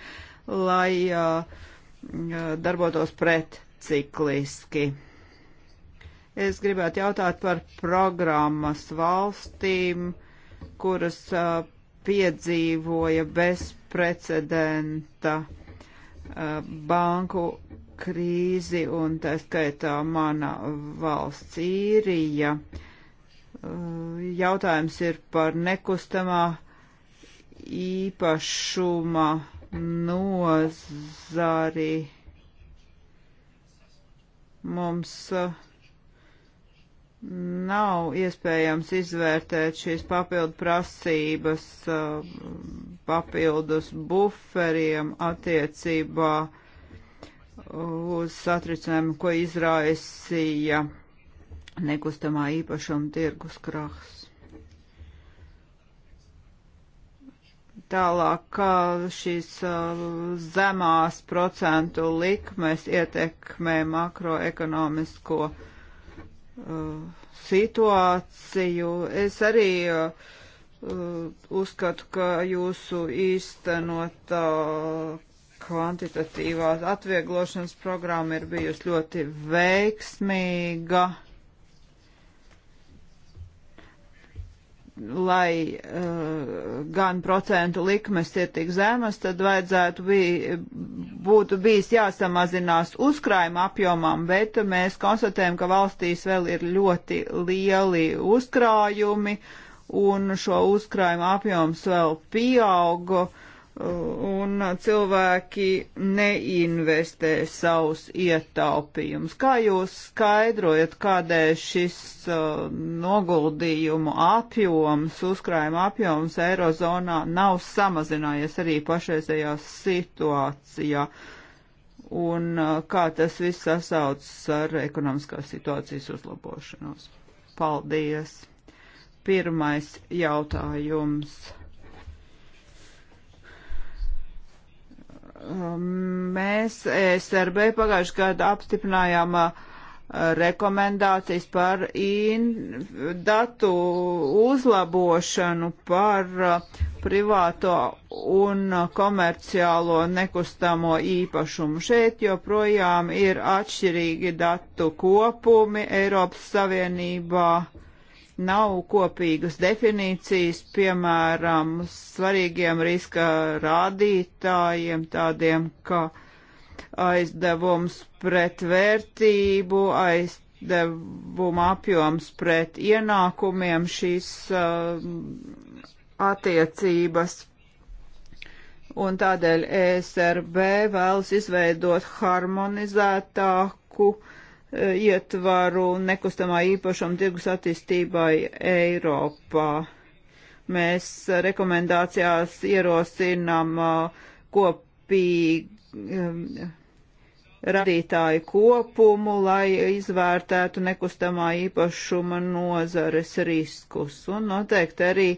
lai uh, uh darbotos pret cikliski. Es gribētu jautāt par programmas valstīm, kuras uh, piedzīvoja bezprecedenta uh, banku krīzi, un tā skaitā mana valsts īrija. Uh, jautājums ir par nekustamā īpašuma nozari. Mums uh, nav iespējams izvērtēt šīs papildu prasības uh, papildus buferiem attiecībā uz satricinājumu, ko izraisīja nekustamā īpašuma tirgus krahs. Tālāk šīs zemās procentu likmes ietekmē makroekonomisko situāciju. Es arī uzskatu, ka jūsu īstenotā kvantitatīvās atvieglošanas programma ir bijusi ļoti veiksmīga, lai uh, gan procentu likmes ir tik zemas, tad vajadzētu bij, būtu bijis jāsamazinās uzkrājuma apjomam, bet mēs konstatējam, ka valstīs vēl ir ļoti lieli uzkrājumi, un šo uzkrājuma apjoms vēl pieauga un cilvēki neinvestē savus ietaupījumus. Kā jūs skaidrojat, kādēļ šis uh, noguldījumu apjoms, uzkrājuma apjoms Eirozonā nav samazinājies arī pašreizējā situācijā? Un uh, kā tas viss sasaucas ar ekonomiskās situācijas uzlabošanos? Paldies! Pirmais jautājums Um, mēs SRB pagājušajā gadā apstiprinājām uh, rekomendācijas par in, datu uzlabošanu par uh, privāto un komerciālo nekustamo īpašumu. Šeit joprojām ir atšķirīgi datu kopumi Eiropas Savienībā. Uh, nav kopīgas definīcijas, piemēram, svarīgiem riska rādītājiem, tādiem kā aizdevums pret vērtību, aizdevuma apjoms pret ienākumiem, šīs uh, attiecības un tādēļ ESRB vēlas izveidot harmonizētāku uh, Eh, ietvaru nekustamā īpašuma tirgus attīstībai Eiropā. Mēs eh, rekomendācijās ierosinām eh, kopīgi radītāju kopumu, lai izvērtētu nekustamā īpašuma nozares riskus un noteikti arī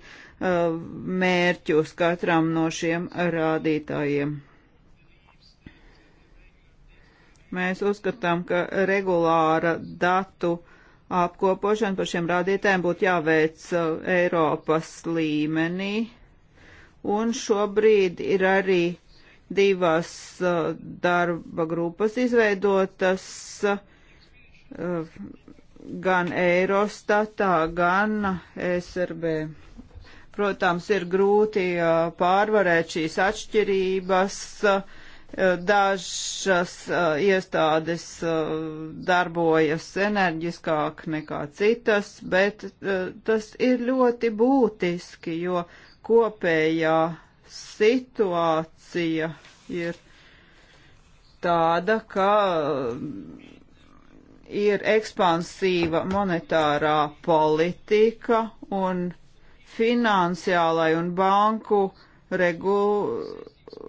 mērķus katram no šiem rādītājiem. Mēs uzskatām, ka regulāra datu apkopošana par šiem rādītājiem būtu jāveic uh, Eiropas līmenī. Un šobrīd ir arī divas uh, darba grupas izveidotas uh, gan Eirostatā, gan SRB. Protams, ir grūti pārvarēt šīs atšķirības. Uh, Eh, dažas uh, iestādes uh, darbojas enerģiskāk nekā citas, bet uh, tas ir ļoti būtiski, jo kopējā situācija ir tāda, ka ir ekspansīva monetārā politika un finansiālai un banku regulējumi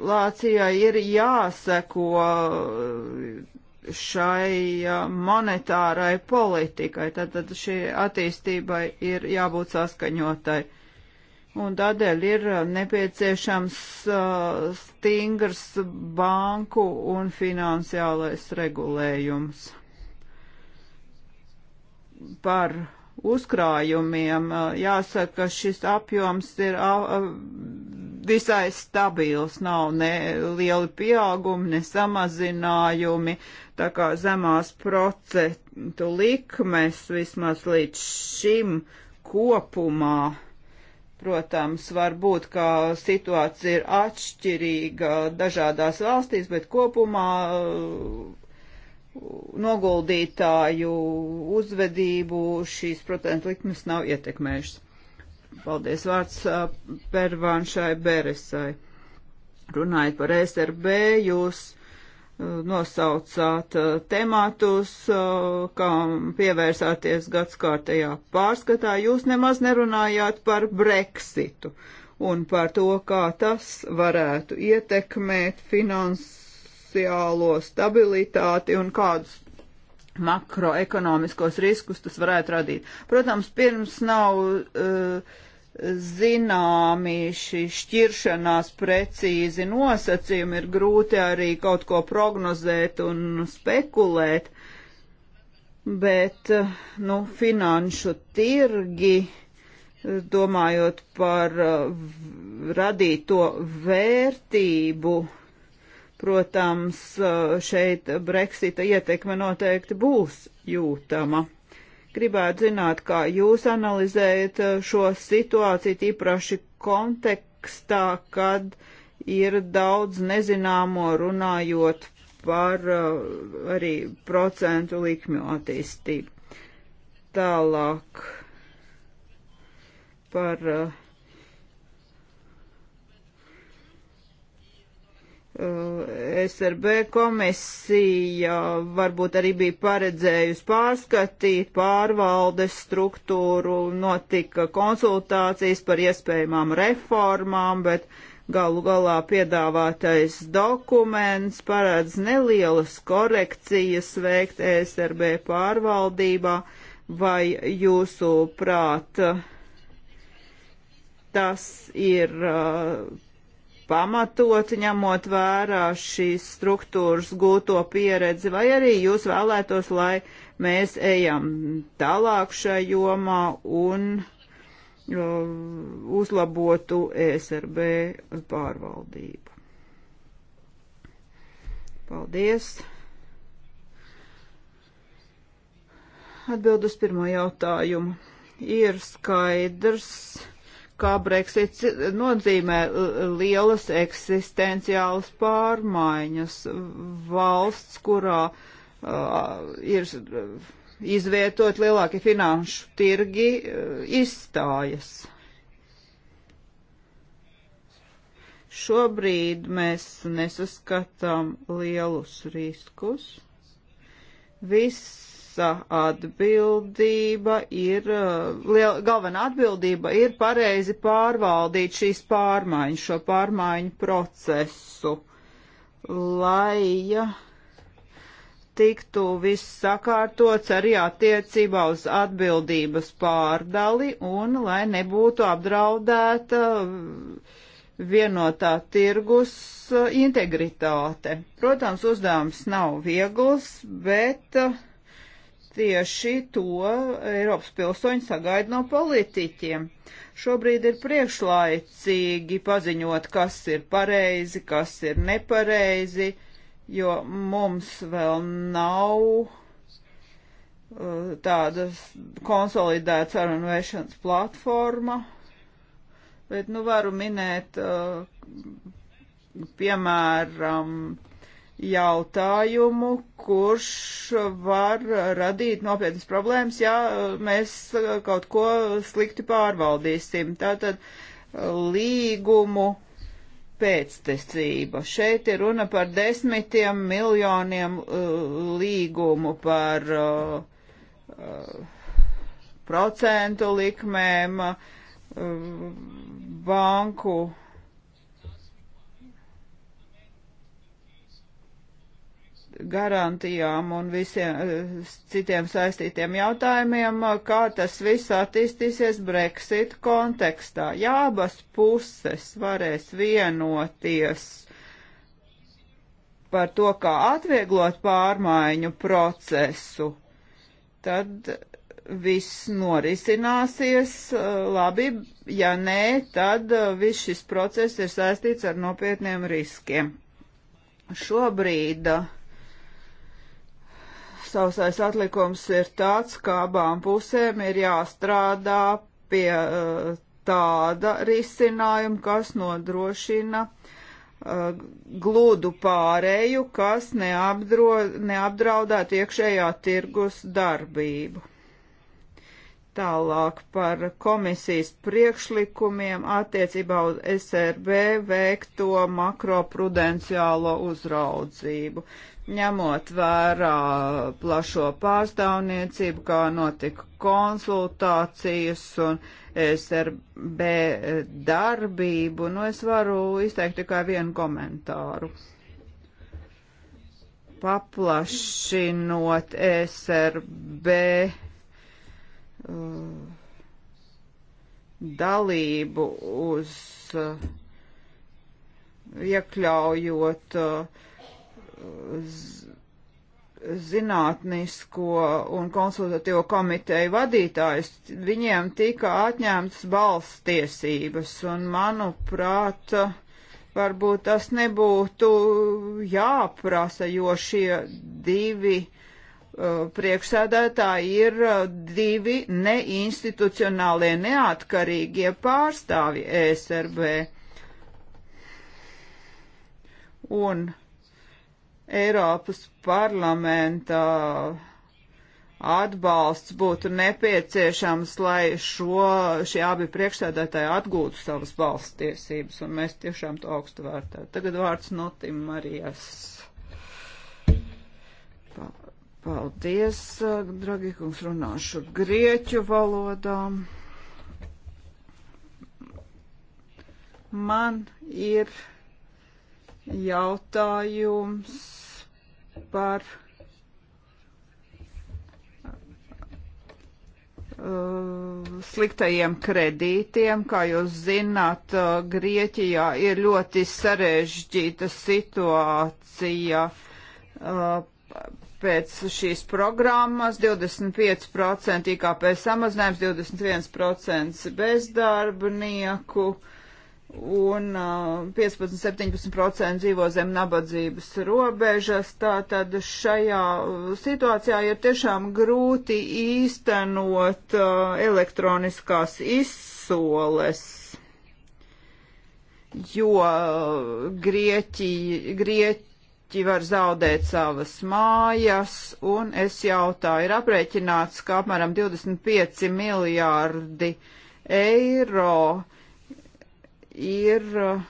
Lācijai ir jāseko uh, šai uh, monetārai politikai, tad, tad šī attīstībai ir jābūt saskaņotai. Un tādēļ ir uh, nepieciešams stingrs banku un finansiālais regulējums. Par uzkrājumiem jāsaka, ka šis apjoms ir visai stabils, nav ne lieli pieaugumi, ne samazinājumi, tā kā zemās procentu likmes vismaz līdz šim kopumā. Protams, var būt, ka situācija ir atšķirīga dažādās valstīs, bet kopumā uh, noguldītāju uzvedību šīs procentu likmes nav ietekmējušas. Paldies vārds pervāņšai Beresai. Runājot par SRB, jūs nosaucāt tematus, kam pievērsāties gadskārtajā pārskatā. Jūs nemaz nerunājāt par Brexitu un par to, kā tas varētu ietekmēt finansiālo stabilitāti un kādus makroekonomiskos riskus tas varētu radīt. Protams, pirms nav uh, zināmi šī šķiršanās precīzi nosacījumi, ir grūti arī kaut ko prognozēt un spekulēt, bet, uh, nu, finanšu tirgi, domājot par uh, radīto vērtību, uh, Protams, eh, šeit Brexita ietekme noteikti būs jūtama. Gribētu zināt, kā jūs analizējat eh, šo situāciju tīpaši kontekstā, kad ir daudz nezināmo runājot par eh, arī procentu likmju attīstību. Tālāk par uh, Eh, SRB komisija varbūt arī bija paredzējusi pārskatīt pārvaldes struktūru, notika konsultācijas par iespējamām reformām, bet galu galā piedāvātais dokuments paredz nelielas korekcijas veikt e SRB pārvaldībā, vai jūsu prāt tas ir uh, pamatoti, ņemot vērā šīs struktūras gūto pieredzi, vai arī jūs vēlētos, lai mēs ejam tālāk šajā jomā un uh, uzlabotu ESRB pārvaldību. Paldies! Atbild uz pirmo jautājumu. Ir skaidrs ka Brexits nozīmē e, lielas eksistenciālas pārmaiņas. Valsts, kurā uh, ir izvietot lielākie finanšu tirgi, uh, izstājas. Šobrīd mēs nesaskatām lielus riskus. Viss atbildība ir, eh, liel, galvenā atbildība ir pareizi pārvaldīt šīs pārmaiņas, šo pārmaiņu procesu, lai tiktu viss sakārtots arī attiecībā uz atbildības pārdali un lai nebūtu apdraudēta vienotā tirgus eh, integritāte. Protams, uzdevums nav viegls, bet uh, Tieši to Eiropas pilsoņi sagaida no politiķiem. Šobrīd ir priekšlaicīgi paziņot, kas ir pareizi, kas ir nepareizi, jo mums vēl nav uh, tādas konsolidētas sarunu vešanas platforma, bet nu varu minēt, uh, piemēram, jautājumu, kurš var radīt nopietnas problēmas, ja mēs kaut ko slikti pārvaldīsim. Tātad uh, līgumu pēctecība. Šeit ir runa par desmitiem miljoniem uh, līgumu par uh, procentu likmēm, banku garantijām un visiem eh, citiem saistītiem jautājumiem, eh, kā tas viss attīstīsies Brexit kontekstā. Ja abas puses varēs vienoties par to, kā atvieglot pārmaiņu procesu, tad viss norisināsies eh, labi, ja nē, tad viss šis process ir saistīts ar nopietniem riskiem. Šobrīd uh, sausais atlikums ir tāds, ka abām pusēm ir jāstrādā pie uh, tāda risinājuma, kas nodrošina uh, gludu pārēju, kas neapdro, neapdraudētu iekšējā tirgus darbību. Tālāk par komisijas priekšlikumiem attiecībā uz SRB veikto makroprudenciālo uzraudzību ņemot vērā plašo pārstāvniecību, kā notika konsultācijas un SRB darbību, nu es varu izteikt tikai vienu komentāru. Paplašinot SRB uh, dalību uz uh, iekļaujot uh, zinātnisko un konsultatīvo komiteju vadītājus, viņiem tika atņemtas balss tiesības, un manuprāt, varbūt tas nebūtu jāprasa, jo šie divi uh, priekšsēdētāji ir uh, divi neinstitucionālie neatkarīgie pārstāvji ESRB. Un Eiropas parlamenta atbalsts būtu nepieciešams, lai šo, šie abi priekšsēdētāji atgūtu savas valsts tiesības, un mēs tiešām to augstu vērtētu. Tagad vārds Notim Marijas. Paldies, dragi kungs, runāšu grieķu valodām. Man ir jautājums par uh, sliktajiem kredītiem. Kā jūs zināt, uh, Grieķijā ir ļoti sarežģīta situācija uh, pēc šīs programmas 25% IKP samazinājums, 21% bezdarbnieku. Uh, un 15-17% dzīvo zem nabadzības robežas. Tātad šajā situācijā ir tiešām grūti īstenot elektroniskās izsoles, jo Grieķi, Grieķi var zaudēt savas mājas, un es jautāju, ir aprēķināts, ka apmēram 25 miljārdi eiro ir uh,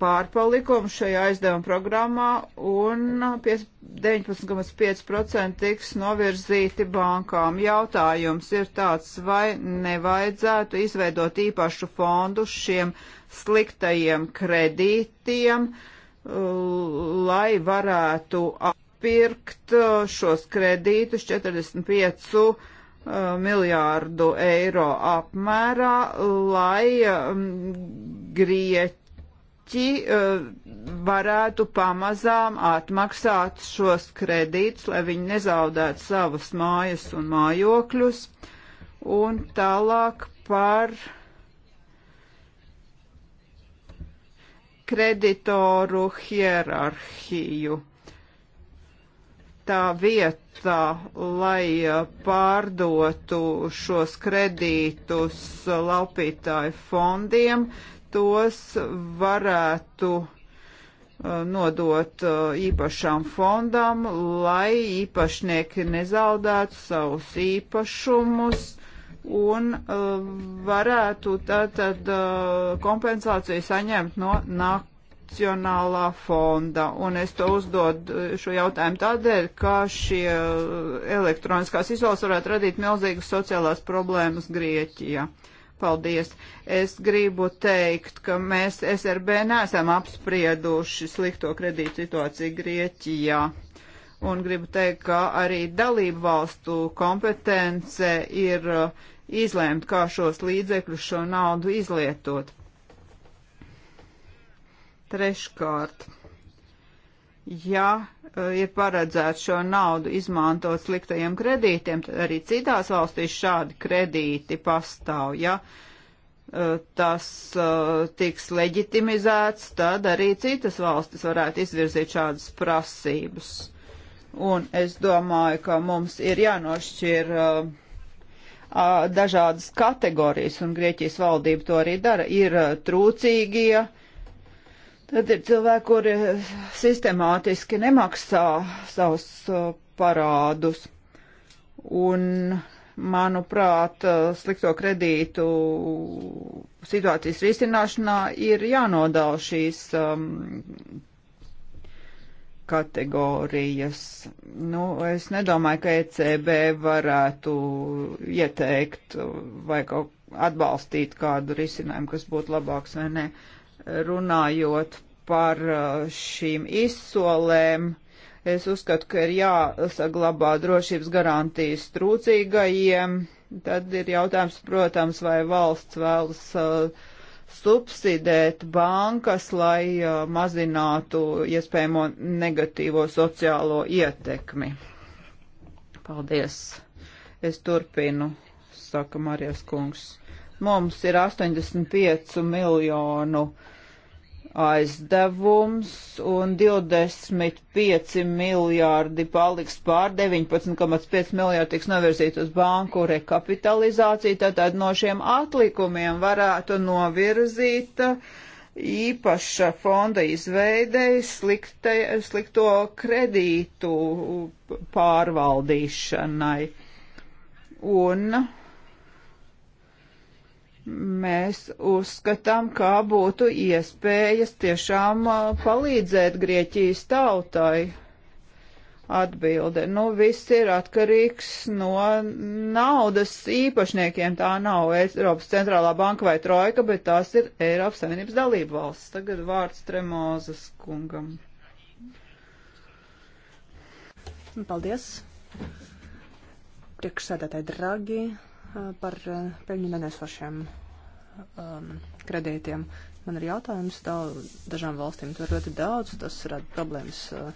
pārpalikums šajā aizdevuma programmā un 19,5% uh, tiks novirzīti bankām. Jautājums ir tāds, vai nevajadzētu izveidot īpašu fondu šiem sliktajiem kredītiem, uh, lai varētu apirkt šos kredītus 45 Uh, miljārdu eiro apmērā, lai um, Grieķi uh, varētu pamazām atmaksāt šos kredītus, lai viņi nezaudētu savas mājas un mājokļus. Un tālāk par kreditoru hierarhiju tā vietā, lai pārdotu šos kredītus laupītāju fondiem, tos varētu nodot īpašam fondam, lai īpašnieki nezaudētu savus īpašumus un varētu tātad kompensāciju saņemt no nāk Nacionālā fonda. Un es to uzdodu eh, šo jautājumu tādēļ, ka šie eh, elektroniskās izvēles varētu radīt milzīgas sociālās problēmas Grieķijā. Paldies. Es gribu teikt, ka mēs SRB neesam apsprieduši slikto kredītu situāciju Grieķijā un gribu teikt, ka arī dalību valstu kompetence ir eh, izlēmt, kā šos līdzekļus, šo naudu izlietot. Treškārt, ja eh, ir paredzēts šo naudu izmantot sliktajiem kredītiem, tad arī citās valstīs šādi kredīti pastāv. Ja eh, tas eh, tiks leģitimizēts, tad arī citas valstis varētu izvirzīt šādas prasības. Un es domāju, ka mums ir jānošķir uh, dažādas kategorijas, un Grieķijas valdība to arī dara. Ir trūcīgie, Tad ir cilvēki, kuri eh, sistemātiski nemaksā savus eh, parādus. Un, manuprāt, eh, slikto kredītu situācijas risināšanā ir jānodala šīs um, kategorijas. Nu, es nedomāju, ka ECB varētu ieteikt vai kaut atbalstīt kādu risinājumu, kas būtu labāks vai nē. Uh, runājot par uh, šīm izsolēm. Es uzskatu, ka ir jāsaglabā drošības garantijas trūcīgajiem. Tad ir jautājums, protams, vai valsts vēlas uh, subsidēt bankas, lai uh, mazinātu iespējamo negatīvo sociālo ietekmi. Paldies. Es turpinu, saka Marijas kungs. Mums ir 85 miljonu uh, aizdevums un 25 miljārdi paliks pār 19,5 miljārdi tiks novirzīt uz banku rekapitalizāciju, tātad no šiem atlikumiem varētu novirzīt īpaša fonda izveidei slikte, slikto kredītu pārvaldīšanai. Un mēs uzskatām, kā būtu iespējas tiešām uh, palīdzēt Grieķijas tautai. Atbilde. Nu, viss ir atkarīgs no naudas īpašniekiem. Tā nav Eiropas centrālā banka vai trojka, bet tās ir Eiropas Savienības dalība valsts. Tagad vārds Tremozes kungam. Paldies. Priekšsēdētāji Dragi, par eh, peļņu nenesošiem um, kredītiem. Man ir jautājums, daudz, dažām valstīm tur ļoti daudz, tas rada problēmas uh,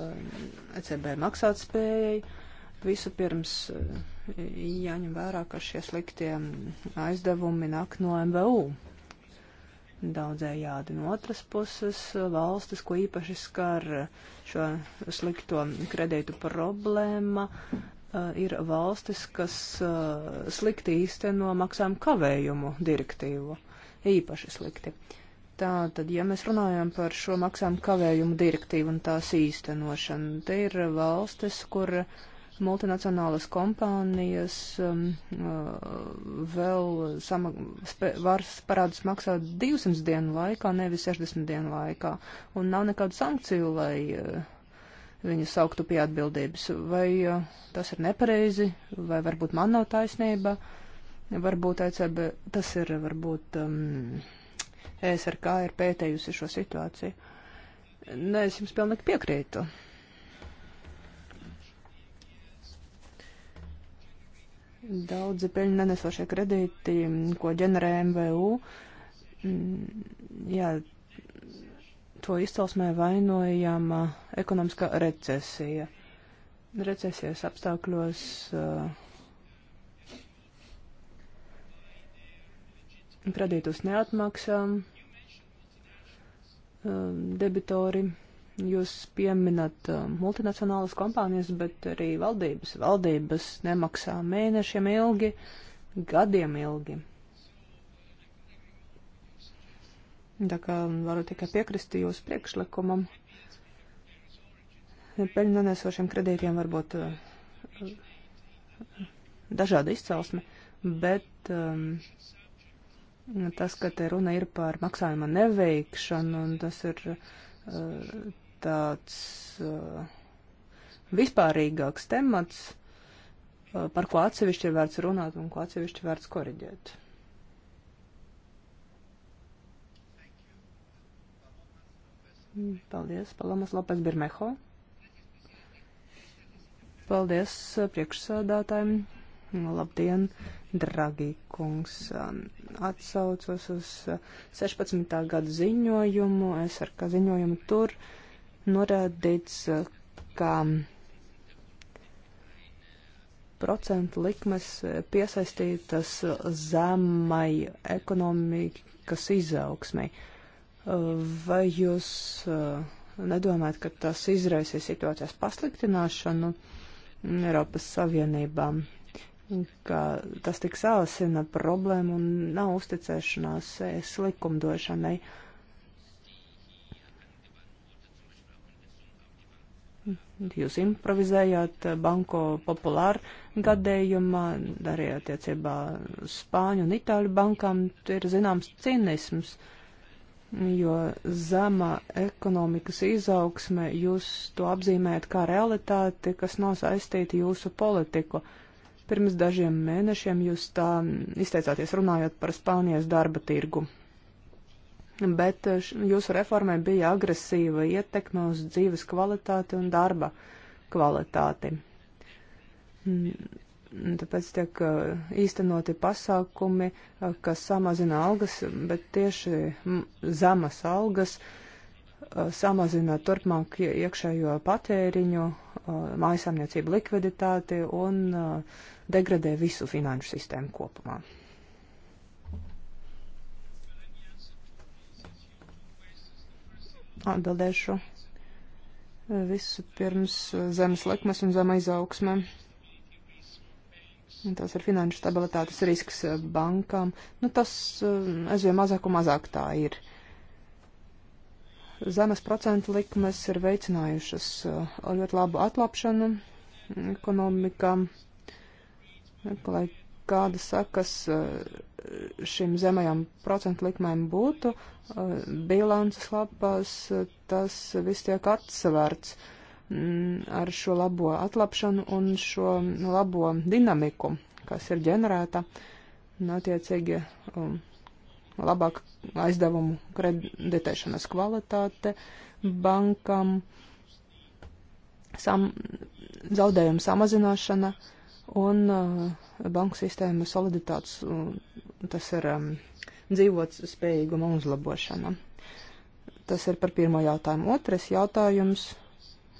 eh, ECB maksātspējai. Visu pirms uh, jāņem vērā, ka šie sliktie aizdevumi nāk no MVU. Daudzējādi no otras puses valstis, ko īpaši skar šo slikto kredītu problēma, Eh, ir valstis, kas eh, slikti īsteno maksājumu kavējumu direktīvu. Īpaši slikti. Tātad, ja mēs runājam par šo maksājumu kavējumu direktīvu un tās īstenošanu, te ir valstis, kur multinacionālas kompānijas um, eh, vēl sama, spē, var parādus maksāt 200 dienu laikā, nevis 60 dienu laikā, un nav nekādu sankciju, lai uh, viņu sauktu pie atbildības. Vai uh, tas ir nepareizi, vai varbūt man nav taisnība, varbūt ECB, tas ir varbūt um, ESRK ir pētējusi šo situāciju. Nē, es jums pilnīgi piekrītu. Daudzi peļņu nenesošie kredīti, ko ģenerē MVU, mm, jā, to izcelsmē vainojama ekonomiskā recesija. Recesijas apstākļos uh, kredītus neatmaksā uh, debitori. Jūs pieminat uh, multinacionālas kompānijas, bet arī valdības. Valdības nemaksā mēnešiem ilgi, gadiem ilgi. Tā kā varu tikai piekrist jūsu priekšlikumam. Peļņu nenesošiem kredītiem var būt eh, dažāda izcelsme, bet um, tas, ka te runa ir par maksājuma neveikšanu, un tas ir uh, tāds uh, vispārīgāks temats, uh, par ko atsevišķi ir vērts runāt un ko atsevišķi vērts koriģēt. Paldies, Palamas Lopes Birmeho. Paldies priekšsādātājiem. Labdien, dragi kungs. Atsaucos uz 16. gadu ziņojumu. Es ar kā ziņojumu tur norādīts, ka procentu likmes piesaistītas zemai ekonomikas izaugsmai. Uh, Vai jūs uh, nedomājat, ka tas izraisīs situācijas pasliktināšanu Eiropas Savienībā, ka tas tik sāsina problēmu un nav uzticēšanās es likumdošanai? Jūs improvizējāt banko populāru gadējumā, arī attiecībā Spāņu un Itāļu bankām ir zināms cinisms. Uh, jo zema ekonomikas izaugsme jūs to apzīmējat kā realitāti, kas nav saistīta jūsu politiku. Pirms dažiem mēnešiem jūs tā izteicāties runājot par Spānijas darba tirgu. Bet eh, jūsu reformai bija agresīva ietekme uz dzīves kvalitāti un darba kvalitāti. Mm, Tāpēc tiek īstenoti pasākumi, kas samazina algas, bet tieši zemas algas samazina turpmāk iekšējo patēriņu, mājasamniecību likviditāti un degradē visu finanšu sistēmu kopumā. Atbildēšu visu pirms zemes likmes un zema izaugsme. Tas ir finanšu stabilitātes risks eh, bankām. Nu, tas eh, aizvien mazāk un mazāk tā ir. Zemes procentu likmes ir veicinājušas eh, ļoti labu atlapšanu ekonomikām, lai kādas sakas šīm zemajām procentu likmēm būtu bilances lapās, tas viss tiek atsvērts. Mm, ar šo labo atlapšanu un šo labo dinamiku, kas ir ģenerēta, un attiecīgi um, labāk aizdevumu kreditēšanas kvalitāte bankam, sam, zaudējumu samazināšana un uh, banku sistēma soliditātes, uh, tas ir um, dzīvot spējīguma uzlabošana. Tas ir par pirmo jautājumu. Otrais jautājums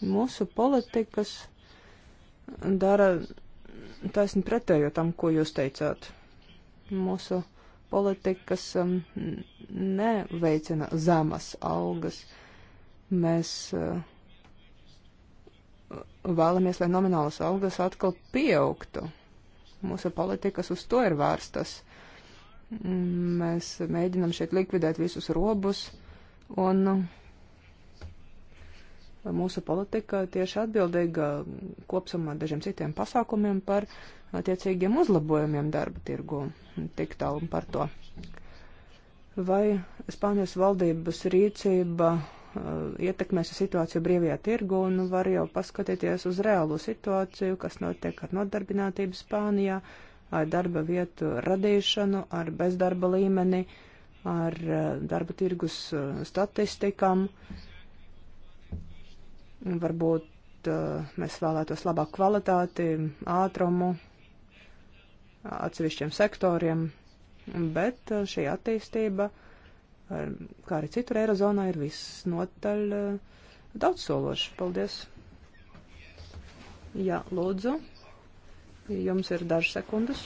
Mūsu politikas dara taisni pretējo tam, ko jūs teicāt. Mūsu politikas um, neveicina zemas algas. Mēs uh, vēlamies, lai nominālas algas atkal pieaugtu. Mūsu politikas uz to ir vērstas. Mēs mēģinam šeit likvidēt visus robus un mūsu politika tieši atbildīga kopsumā dažiem citiem pasākumiem par attiecīgiem uzlabojumiem darba tirgu. Tik tālu par to. Vai Spānijas valdības rīcība uh, ietekmēs situāciju brīvajā tirgu un var jau paskatīties uz reālo situāciju, kas notiek ar nodarbinātību Spānijā, ar darba vietu radīšanu, ar bezdarba līmeni, ar uh, darba tirgus uh, statistikām. Uh, Varbūt uh, mēs vēlētos labāku kvalitāti, ātrumu atsevišķiem sektoriem, bet eh, šī attīstība, kā arī citur Eirozonā, ir visnotaļ eh, daudzsološa. Paldies! Jā, lūdzu, jums ir dažas sekundes.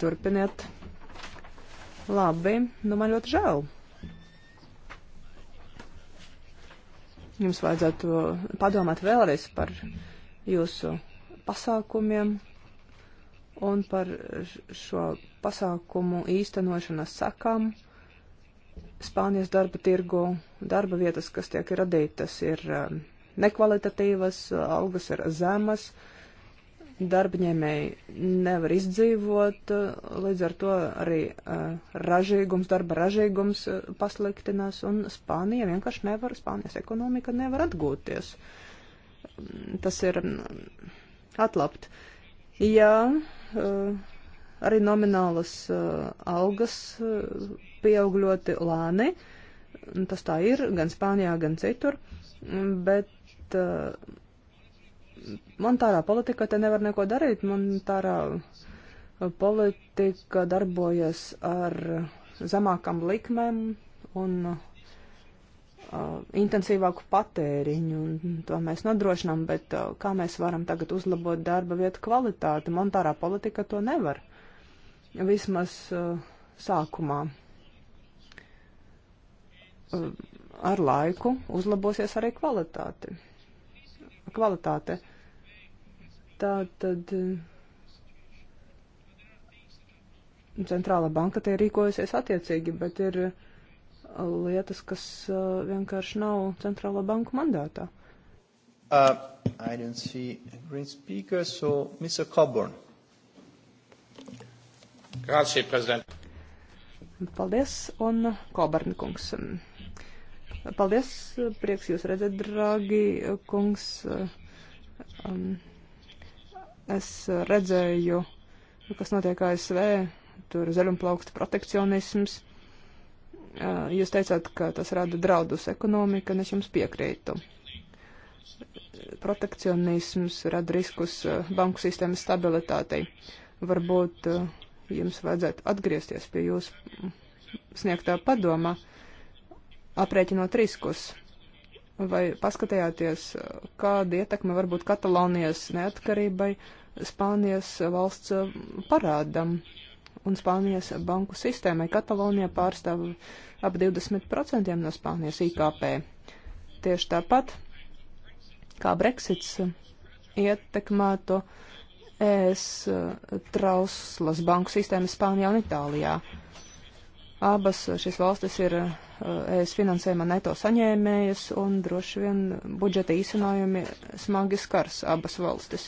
Turpiniet. Labi, nu man ļoti žēl. Jums vajadzētu padomāt vēlreiz par jūsu pasākumiem un par šo pasākumu īstenošanas sakām. Spānijas darba tirgu darba vietas, kas tiek radītas, ir um, nekvalitatīvas, algas ir zemas, uh, darbņēmēji nevar izdzīvot, eh, līdz ar to arī eh, ražīgums, darba ražīgums eh, pasliktinās, un Spānija vienkārši nevar, Spānijas ekonomika nevar atgūties. Mm, tas ir mm, atlapt. Jā, arī nominālas algas pieaug ļoti lēni, tas tā ir gan Spānijā, gan citur, mm, bet monetārā politika te nevar neko darīt. Monetārā uh, politika darbojas ar zemākām likmēm un uh, intensīvāku patēriņu, un to mēs nodrošinām, bet uh, kā mēs varam tagad uzlabot darba vietu kvalitāti? Monetārā politika to nevar. Vismaz uh, sākumā. Uh, ar laiku uzlabosies arī kvalitāte. kvalitāte. Uh, Tā tad eh, centrāla banka tie rīkojusies attiecīgi, bet ir eh, lietas, kas eh, vienkārši nav centrāla banka mandātā. Uh, I don't see a green speaker, so Mr. Coburn. Grazie, prezident. Paldies, un Kobarni kungs. Paldies, prieks jūs redzēt, draugi kungs. Um, Es redzēju, kas notiek ASV, tur zaļumplaukta protekcionisms. Jūs teicāt, ka tas rada draudus ekonomika, un es jums piekrītu. Protekcionisms rada riskus banku sistēmas stabilitātei. Varbūt jums vajadzētu atgriezties pie jūsu sniegtā padoma, aprēķinot riskus Vai paskatījāties, kāda ietekme var būt Katalonijas neatkarībai Spānijas valsts parādam un Spānijas banku sistēmai? Katalonija pārstāv ap 20% no Spānijas IKP. Tieši tāpat kā Brexits ietekmēto ES trauslas banku sistēmas Spānijā un Itālijā. Abas šīs valstis ir eh, ES finansējuma neto saņēmējas, un droši vien budžeta īsinājumi smagi skars abas valstis.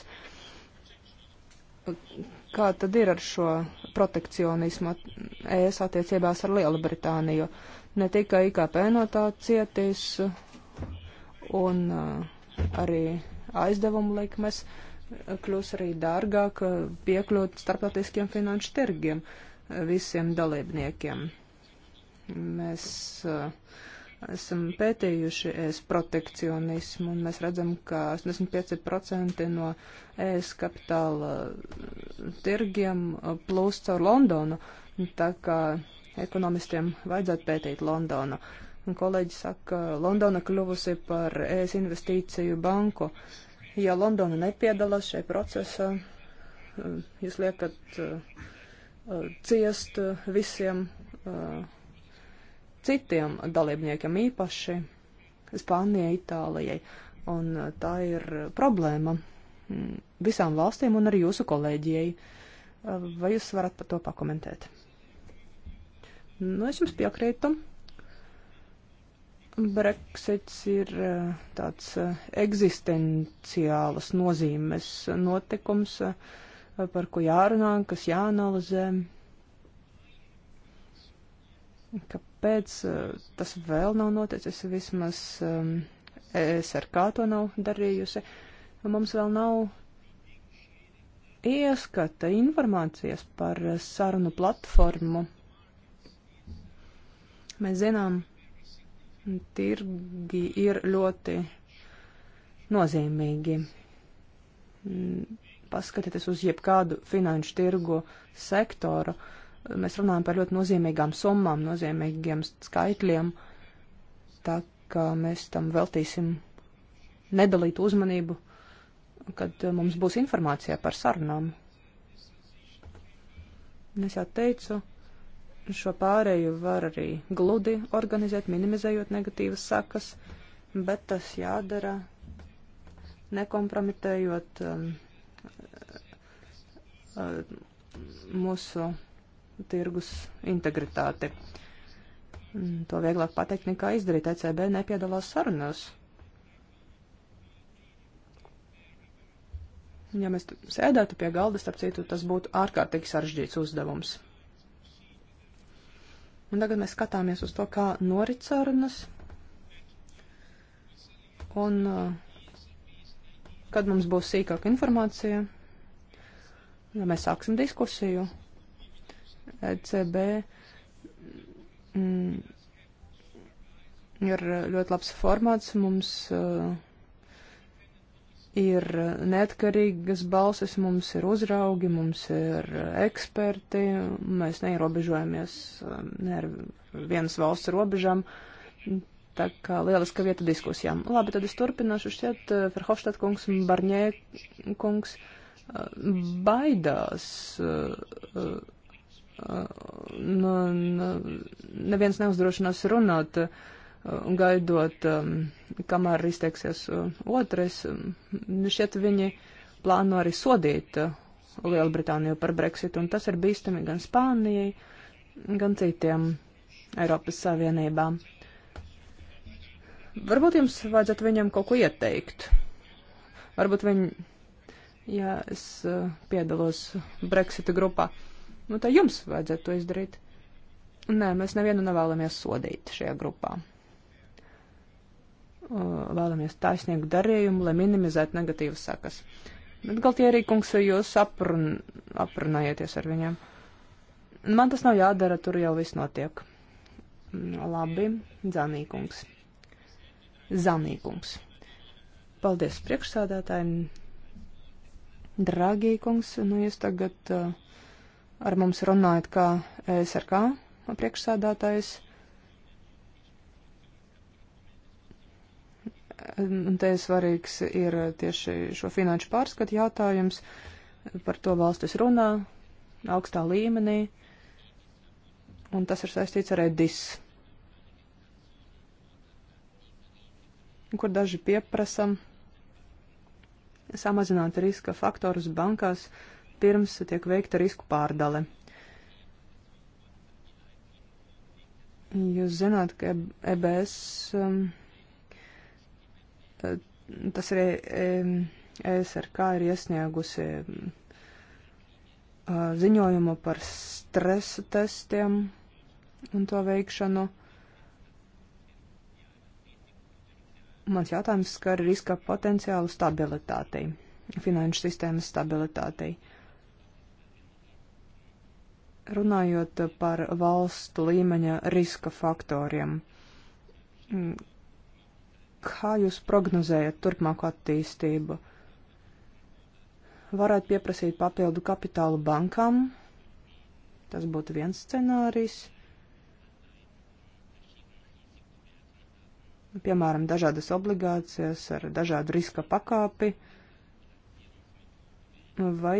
Kā tad ir ar šo protekcionismu ES attiecībās ar Lielbritāniju? Ne tikai IKP no tā cietīs, un eh, arī aizdevumu likmes kļūs arī dārgāk piekļūt starptautiskiem finanšu tirgiem visiem dalībniekiem. Mēs uh, esam pētījuši es protekcionismu, un mēs redzam, ka 85% no es kapitāla uh, tirgiem uh, plūst caur Londonu, tā kā ekonomistiem vajadzētu pētīt Londonu. Un kolēģi saka, Londona kļuvusi par es investīciju banku. Ja Londona nepiedalās šajā procesā, uh, jūs liekat ciest visiem citiem dalībniekiem īpaši Spānijai, Itālijai. Un uh, tā ir problēma mm, visām valstīm un arī jūsu kolēģijai. Uh, vai jūs varat par to pakomentēt? Nu, es jums piekrītu. Brexits ir uh, tāds eksistenciālas nozīmes notikums, par ko jārunā, kas jāanalizē. Kāpēc eh, tas vēl nav noticis? Vismaz um, ehm, e SRK to nav darījusi. Mums vēl nav ieskata informācijas par sarunu platformu. Mēs zinām, tirgi ir ļoti nozīmīgi. Mm, paskatieties uz jebkādu finanšu tirgu sektoru. Uh, Mēs runājam par ļoti nozīmīgām summām, nozīmīgiem skaitļiem, tā kā mēs tam veltīsim nedalītu uzmanību, kad mums būs informācija par sarunām. Es jau teicu, šo pārēju var arī gludi organizēt, minimizējot negatīvas sakas, bet tas jādara nekompromitējot um, uh, mūsu tirgus integritāti. To vieglāk pateikt nekā izdarīt. ECB nepiedalās sarunās. Ja mēs sēdētu pie galda, starp citu, tas būtu ārkārtīgi sarežģīts uzdevums. Un tagad mēs skatāmies uz to, kā norit sarunas. Un uh, kad mums būs sīkāka informācija, ja mēs sāksim diskusiju, ECB mm, ir ļoti labs formāts. Mums uh, ir neatkarīgas balsis, mums ir uzraugi, mums ir eksperti. Mēs neierobežojamies uh, ne ar vienas valsts robežām. Tā kā lieliska vieta diskusijām. Labi, tad es turpināšu šķiet, uh, e, Ferhofstadt kungs un Barņē kungs baidās. Uh, uh, Nu, nu, neviens neuzdrošinās runāt, gaidot, um, kamēr izteiksies um, otrais. Um, šķiet, viņi plāno arī sodīt uh, Lielbritāniju par Brexit, un tas ir bīstami gan Spānijai, gan citiem Eiropas Savienībām. Varbūt jums vajadzētu viņam kaut ko ieteikt. Varbūt viņi, ja es uh, piedalos Brexita grupā. Uh, Nu, tā jums vajadzētu to izdarīt. Nē, mēs nevienu nevēlamies sodīt šajā grupā. Vēlamies taisnīgu darījumu, lai minimizētu negatīvas sakas. Bet Galtieri kungs, jūs aprun, aprunājieties ar viņiem. Man tas nav jādara, tur jau viss notiek. Labi, Zanīkungs. Zanīkungs. Paldies priekšsādātājiem. Dragīkungs, nu jūs tagad. Uh, ar mums runājat kā SRK priekšsādātājs. Un te svarīgs ir tieši šo finanšu pārskatu jautājums, par to valstis runā, augstā līmenī, un tas ir saistīts ar EDIS. kur daži pieprasa samazināt riska faktorus bankās, uh, pirms tiek veikta risku pārdale. Jūs zināt, ka EBS, um, eh, tas arī ESRK e ir iesniegusi um, ziņojumu par stresa testiem un to veikšanu. Mans jautājums skar riska potenciālu stabilitātei, finanšu sistēmas stabilitātei. Uh, Runājot par valstu līmeņa riska faktoriem, mm, kā jūs prognozējat turpmāko attīstību? Varētu pieprasīt papildu kapitālu bankām, tas būtu viens scenārijs. Piemēram, dažādas obligācijas ar dažādu riska pakāpi, vai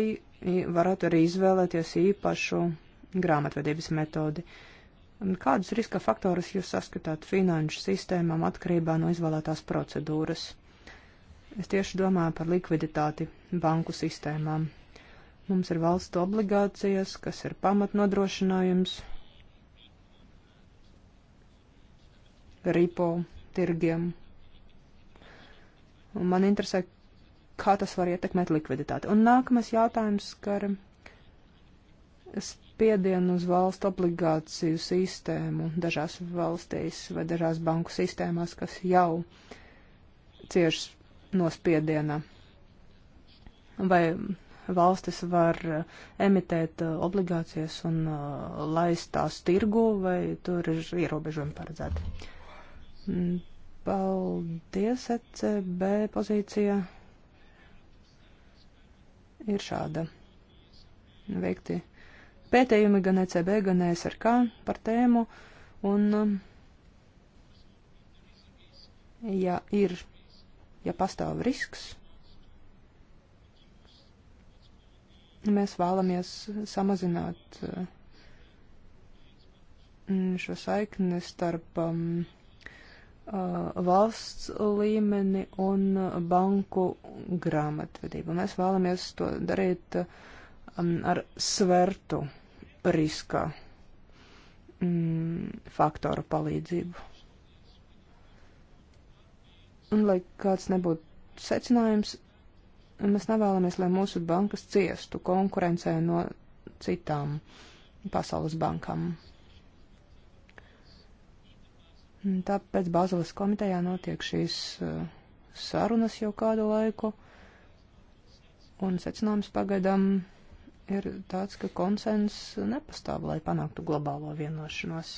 varētu arī izvēlēties īpašu grāmatvedības metodi. Kādus riska faktorus jūs saskatāt finanšu sistēmām atkarībā no izvēlētās procedūras? Es tieši domāju par likviditāti banku sistēmām. Mums ir valstu obligācijas, kas ir pamatnodrošinājums ripo tirgiem. Un man interesē, kā tas var ietekmēt likviditāti. Un nākamais jautājums, ka spiedienu uz valstu obligāciju sistēmu dažās valstīs vai dažās banku sistēmās, kas jau cieš no spiediena. Vai valstis var emitēt uh, obligācijas un uh, laist tās tirgu, vai tur ir ierobežojumi paredzēti? Mm, paldies, ECB pozīcija ir šāda. Veikti pētījumi gan ECB, gan ESRK par tēmu. Un, um, ja ir, ja pastāv risks, mēs vēlamies samazināt uh, šo saikni starp um, uh, valsts līmeni un uh, banku grāmatvedību. Mēs vēlamies to darīt uh, ar svertu riska mm, faktoru palīdzību. Un, lai kāds nebūtu secinājums, mēs nevēlamies, lai mūsu bankas ciestu konkurencē no citām pasaules bankām. Tāpēc Bāzeles komitejā notiek šīs uh, sarunas jau kādu laiku, un secinājums pagaidām ir tāds, ka konsens nepastāv, lai panāktu globālo vienošanos.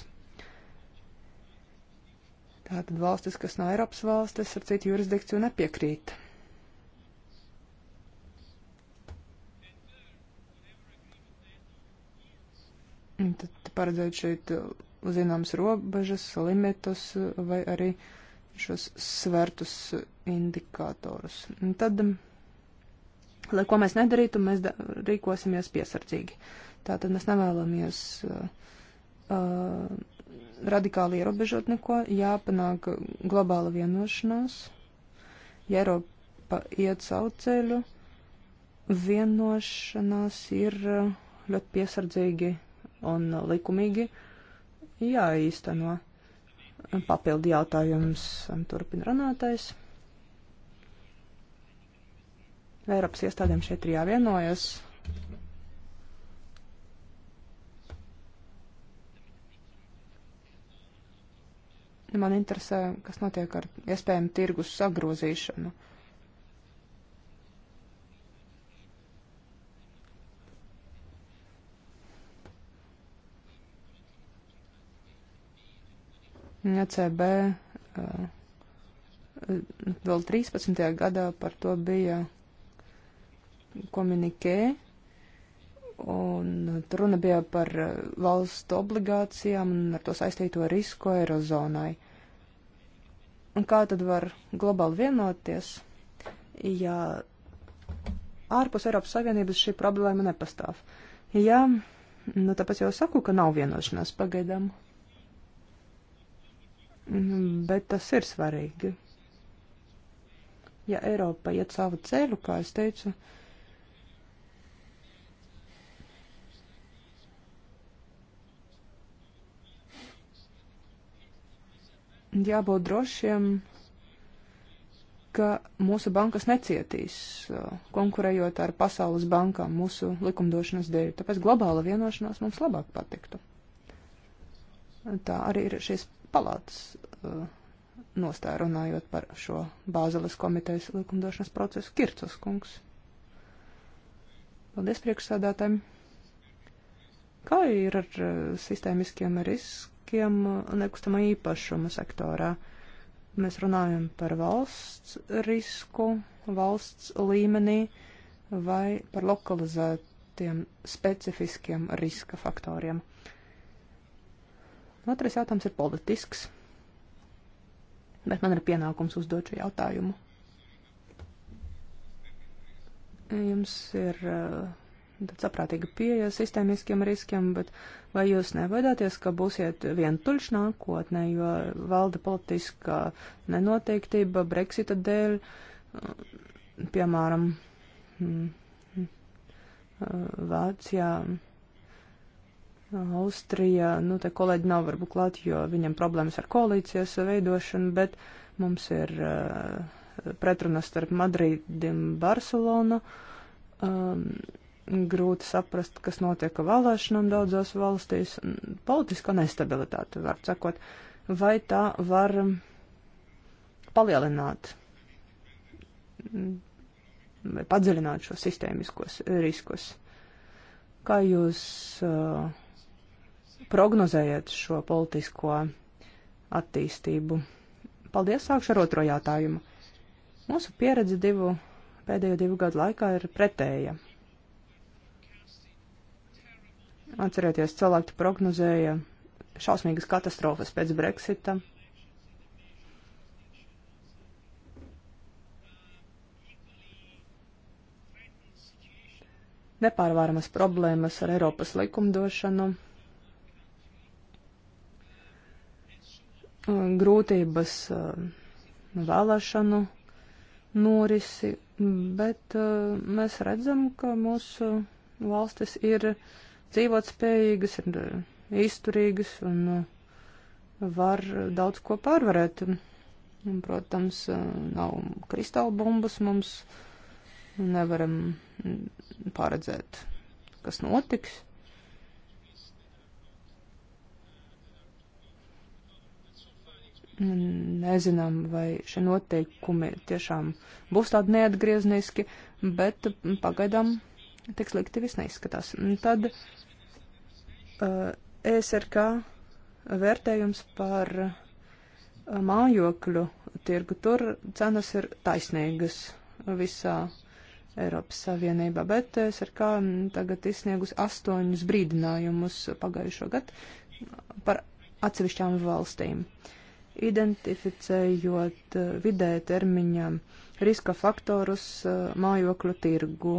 Tātad valstis, kas nav Eiropas valstis, ar citu jurisdikciju nepiekrīt. Un tad paredzēt šeit zināmas robežas, limitus vai arī šos svērtus indikātorus. Un tad Lai ko mēs nedarītu, mēs da rīkosimies piesardzīgi. Tātad mēs nevēlamies uh, uh, radikāli ierobežot neko, jāpanāk globāla vienošanās, ja Eiropa iet savu ceļu, vienošanās ir uh, ļoti piesardzīgi un likumīgi jāīsteno. Papildi jautājums um, turpina runātais. Eiropas iestādēm šeit ir jāvienojas. Man interesē, kas notiek ar iespējamu tirgus sagrozīšanu. ECB uh, uh, vēl 13. gadā par to bija komunikē, un tur runa bija par eh, valstu obligācijām un ar to saistīto risku eirozonai. Un kā tad var globāli vienoties, ja ārpus Eiropas Savienības šī problēma nepastāv? Jā, nu tāpēc jau saku, ka nav vienošanās pagaidām. Mm, bet tas ir svarīgi. Ja Eiropa iet savu ceļu, kā es teicu, uh, jābūt drošiem, ka mūsu bankas necietīs, uh, konkurējot ar pasaules bankām mūsu likumdošanas dēļ. Tāpēc globāla vienošanās mums labāk patiktu. Tā arī ir šīs palātas uh, nostāja runājot par šo Bāzeles komitejas likumdošanas procesu Kircos kungs. Paldies priekšsādātājiem. Kā ir ar uh, sistēmiskiem riskiem? cilvēkiem nekustamā īpašuma sektorā. Mēs runājam par valsts risku, valsts līmenī vai par lokalizētiem specifiskiem riska faktoriem. Otrais jautājums ir politisks, bet man ir pienākums uzdot šo jautājumu. Jums ir uh, tad saprātīga pieeja sistēmiskiem riskiem, bet vai jūs nebaidāties, ka būsiet vientuļš nākotnē, jo valda politiskā nenoteiktība Brexita dēļ, uh, piemēram, mm, uh, Vācijā, Austrijā, nu te kolēģi nav varbūt klāt, jo viņam problēmas ar koalīcijas veidošanu, bet mums ir uh, pretrunas starp Madrīdi un Barcelonu. Um, grūti saprast, kas notiek vēlēšanām daudzās valstīs, politiska nestabilitāte, var sakot, vai tā var palielināt vai padziļināt šo sistēmiskos riskus. Kā jūs uh, prognozējat šo politisko attīstību? Paldies, sākšu ar otro jautājumu. Mūsu pieredze divu, pēdējo divu gadu laikā ir pretēja Atcerieties, cilvēki prognozēja šausmīgas katastrofas pēc Brexita. Nepārvaramas problēmas ar Eiropas likumdošanu, grūtības uh, vēlēšanu norisi, bet uh, mēs redzam, ka mūsu valstis ir dzīvot spējīgas, ir eh, izturīgas un eh, var daudz ko pārvarēt. Un, protams, eh, nav kristāla bumbas mums, nevaram mm, paredzēt, kas notiks. nezinām, vai šie noteikumi tiešām būs tādi neatgriezniski, bet mm, pagaidām tik slikti viss neizskatās. Tad ESRK eh, e vērtējums par eh, mājokļu tirgu. Tur cenas ir taisnīgas visā Eiropas Savienībā, bet es ar kā tagad izsniegus astoņus brīdinājumus pagājušo gadu par atsevišķām valstīm, identificējot eh, vidē termiņā riska faktorus mājokļu tirgu.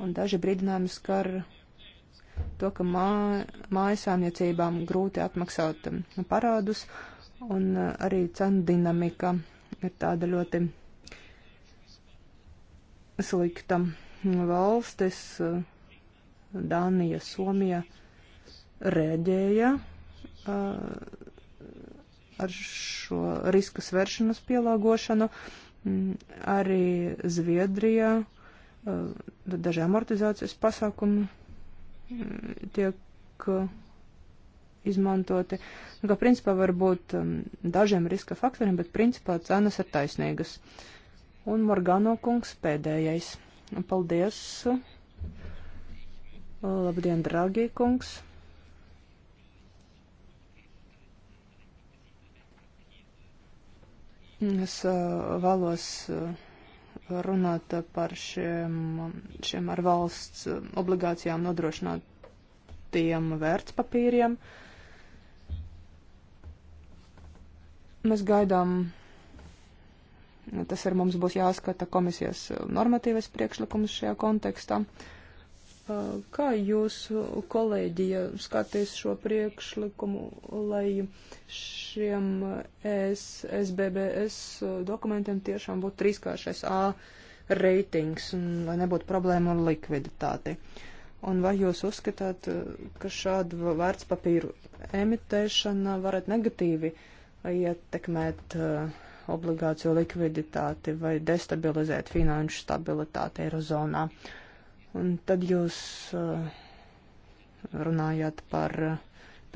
Un daži brīdinājumi skar to, ka mā, mājasāmniecībām grūti atmaksāt um, parādus, un uh, arī cenu dinamika ir tāda ļoti slikta. Valstis, uh, Dānija, Somija rēģēja uh, ar šo riska svēršanas pielāgošanu, mm, arī Zviedrijā daži amortizācijas pasākumi tiek eh, izmantoti. Nu, kā principā var būt um, dažiem riska faktoriem, bet principā cenas ir taisnīgas. Un Morgano kungs pēdējais. Paldies. Labdien, draugi kungs. Es uh, vēlos. Uh, runāt par šiem, šiem ar valsts obligācijām nodrošinātiem vērtspapīriem. Mēs gaidām, tas ir mums būs jāskata komisijas normatīvas priekšlikums šajā kontekstā. Uh, Kā jūsu kolēģija skatīs šo priekšlikumu, lai šiem SBBS dokumentiem tiešām būtu trīskāršais A reitings un lai nebūtu problēma ar likviditāti? Un vai jūs uzskatāt, ka šādu vērtspapīru emitēšana varētu negatīvi ietekmēt uh, obligāciju likviditāti vai destabilizēt finanšu stabilitāti Eirozonā? Uh, Un tad jūs uh, runājāt par uh,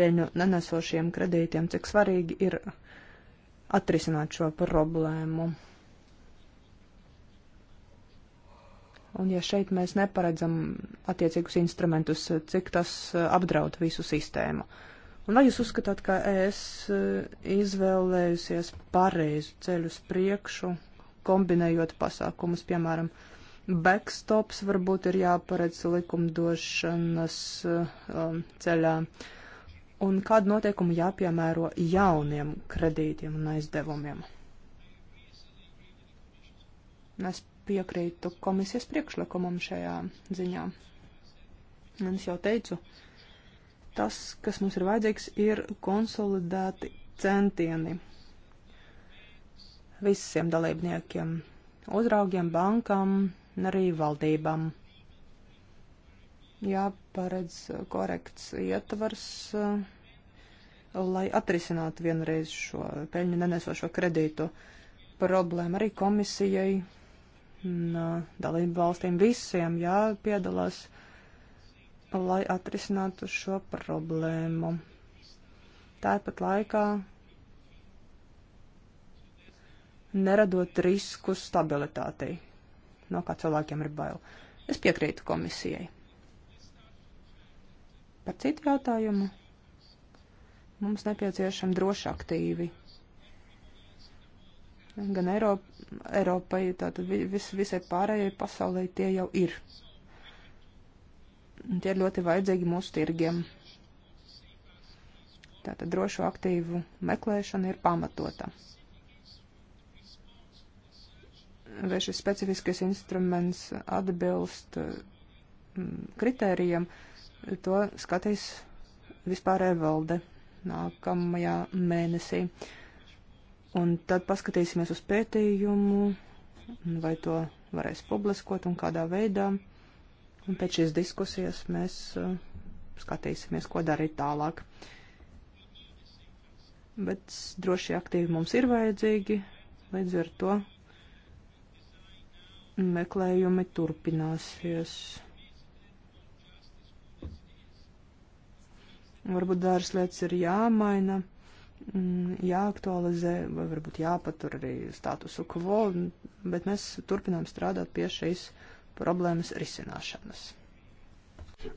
peļņu nenesošiem kredītiem, cik svarīgi ir atrisināt šo problēmu. Un ja šeit mēs neparedzam attiecīgus instrumentus, cik tas uh, apdraud visu sistēmu. Un vai jūs uzskatāt, ka es izvēlējusies pareizu ceļu uz priekšu, kombinējot pasākumus, piemēram, uh, Backstops varbūt ir jāparedz likumdošanas um, ceļā. Un kādu noteikumu jāpiemēro jauniem kredītiem un aizdevumiem? Es piekrītu komisijas priekšlikumam šajā ziņā. Un es jau teicu, tas, kas mums ir vajadzīgs, ir konsolidēti centieni visiem dalībniekiem, uzraugiem, bankām, un arī valdībām. Jāparedz korekts ietvars, eh, lai atrisinātu vienreiz šo peļņu nenesošo kredītu problēmu arī komisijai un eh, dalību valstīm visiem jāpiedalās, lai atrisinātu šo problēmu. Tāpat laikā neradot risku stabilitātei no kā cilvēkiem ir bail. Es piekrītu komisijai. Par citu jautājumu mums nepieciešami droši aktīvi. Gan Eiropa, Eiropai, tātad vis, visai pārējai pasaulē tie jau ir. Tie ir ļoti vajadzīgi mūsu tirgiem. Tātad drošu aktīvu meklēšana ir pamatota vai šis specifiskais instruments atbilst mm, kritērijam, to skatīs vispār Evalde nākamajā mēnesī. Un tad paskatīsimies uz pētījumu, vai to varēs publiskot un kādā veidā. Un pēc šīs diskusijas mēs eh, skatīsimies, ko darīt tālāk. Bet droši aktīvi mums ir vajadzīgi, līdz ar to meklējumi turpināsies. Varbūt dažas lietas ir jāmaina, mm, jāaktualizē, vai varbūt jāpatur arī statusu quo, bet mēs turpinām strādāt pie šīs problēmas risināšanas.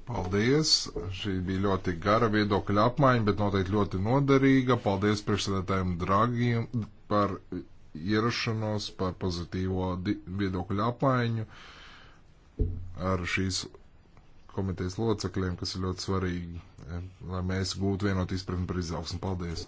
Paldies! Šī bija ļoti gara viedokļa apmaiņa, bet noteikti ļoti noderīga. Paldies priekšsēdētājiem Dragiem par ierašanos, par pozitīvo viedokļu apmaiņu ar šīs komitejas locekļiem, kas ir ļoti svarīgi, eh, lai mēs gūtu vienotu izpratni par izaugsmu. Paldies!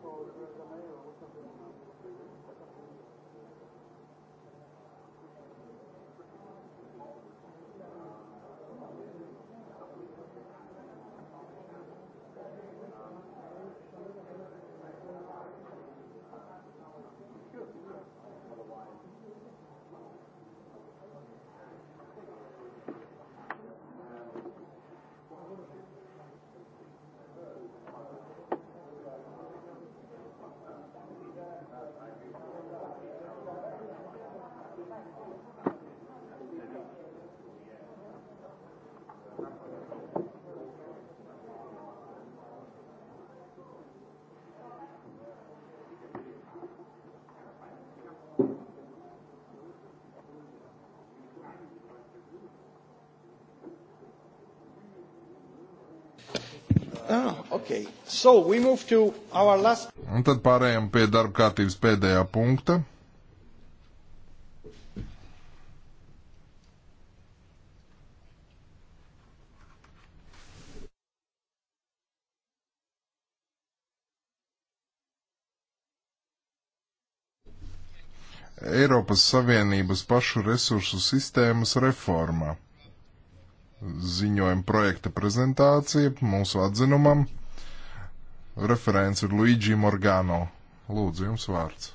Gracias. Ah, okay. so last... Un tad pārējām pie darba kārtības pēdējā punkta. Eiropas Savienības pašu resursu sistēmas reformā ziņojuma projekta prezentācija mūsu atzinumam. Referents ir Luigi Morgano. Lūdzu, jums vārds.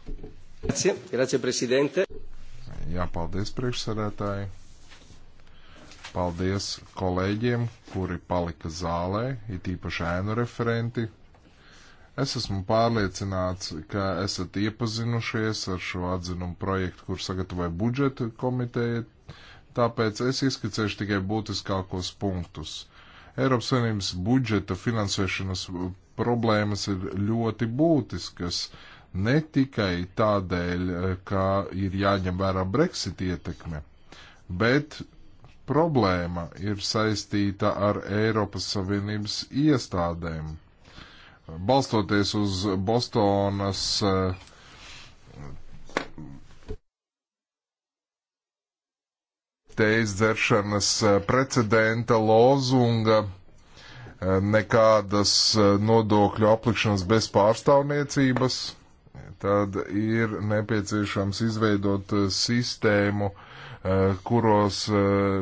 Grazie, grazie, prezidente. Jā, paldies priekšsēdētāji. Paldies kolēģiem, kuri palika zālē, it īpaši ēnu referenti. Es esmu pārliecināts, ka esat iepazinušies ar šo atzinumu projektu, kur sagatavoja budžeta komiteja tāpēc es izskicēšu tikai būtiskākos punktus. Eiropas Savienības budžeta finansēšanas problēmas ir ļoti būtiskas, ne tikai tādēļ, ka ir jāņem vērā Brexit ietekme, bet problēma ir saistīta ar Eiropas Savienības iestādēm. Balstoties uz Bostonas uh, teiz dzeršanas precedenta lozunga nekādas nodokļu aplikšanas bez pārstāvniecības, tad ir nepieciešams izveidot sistēmu, kuros,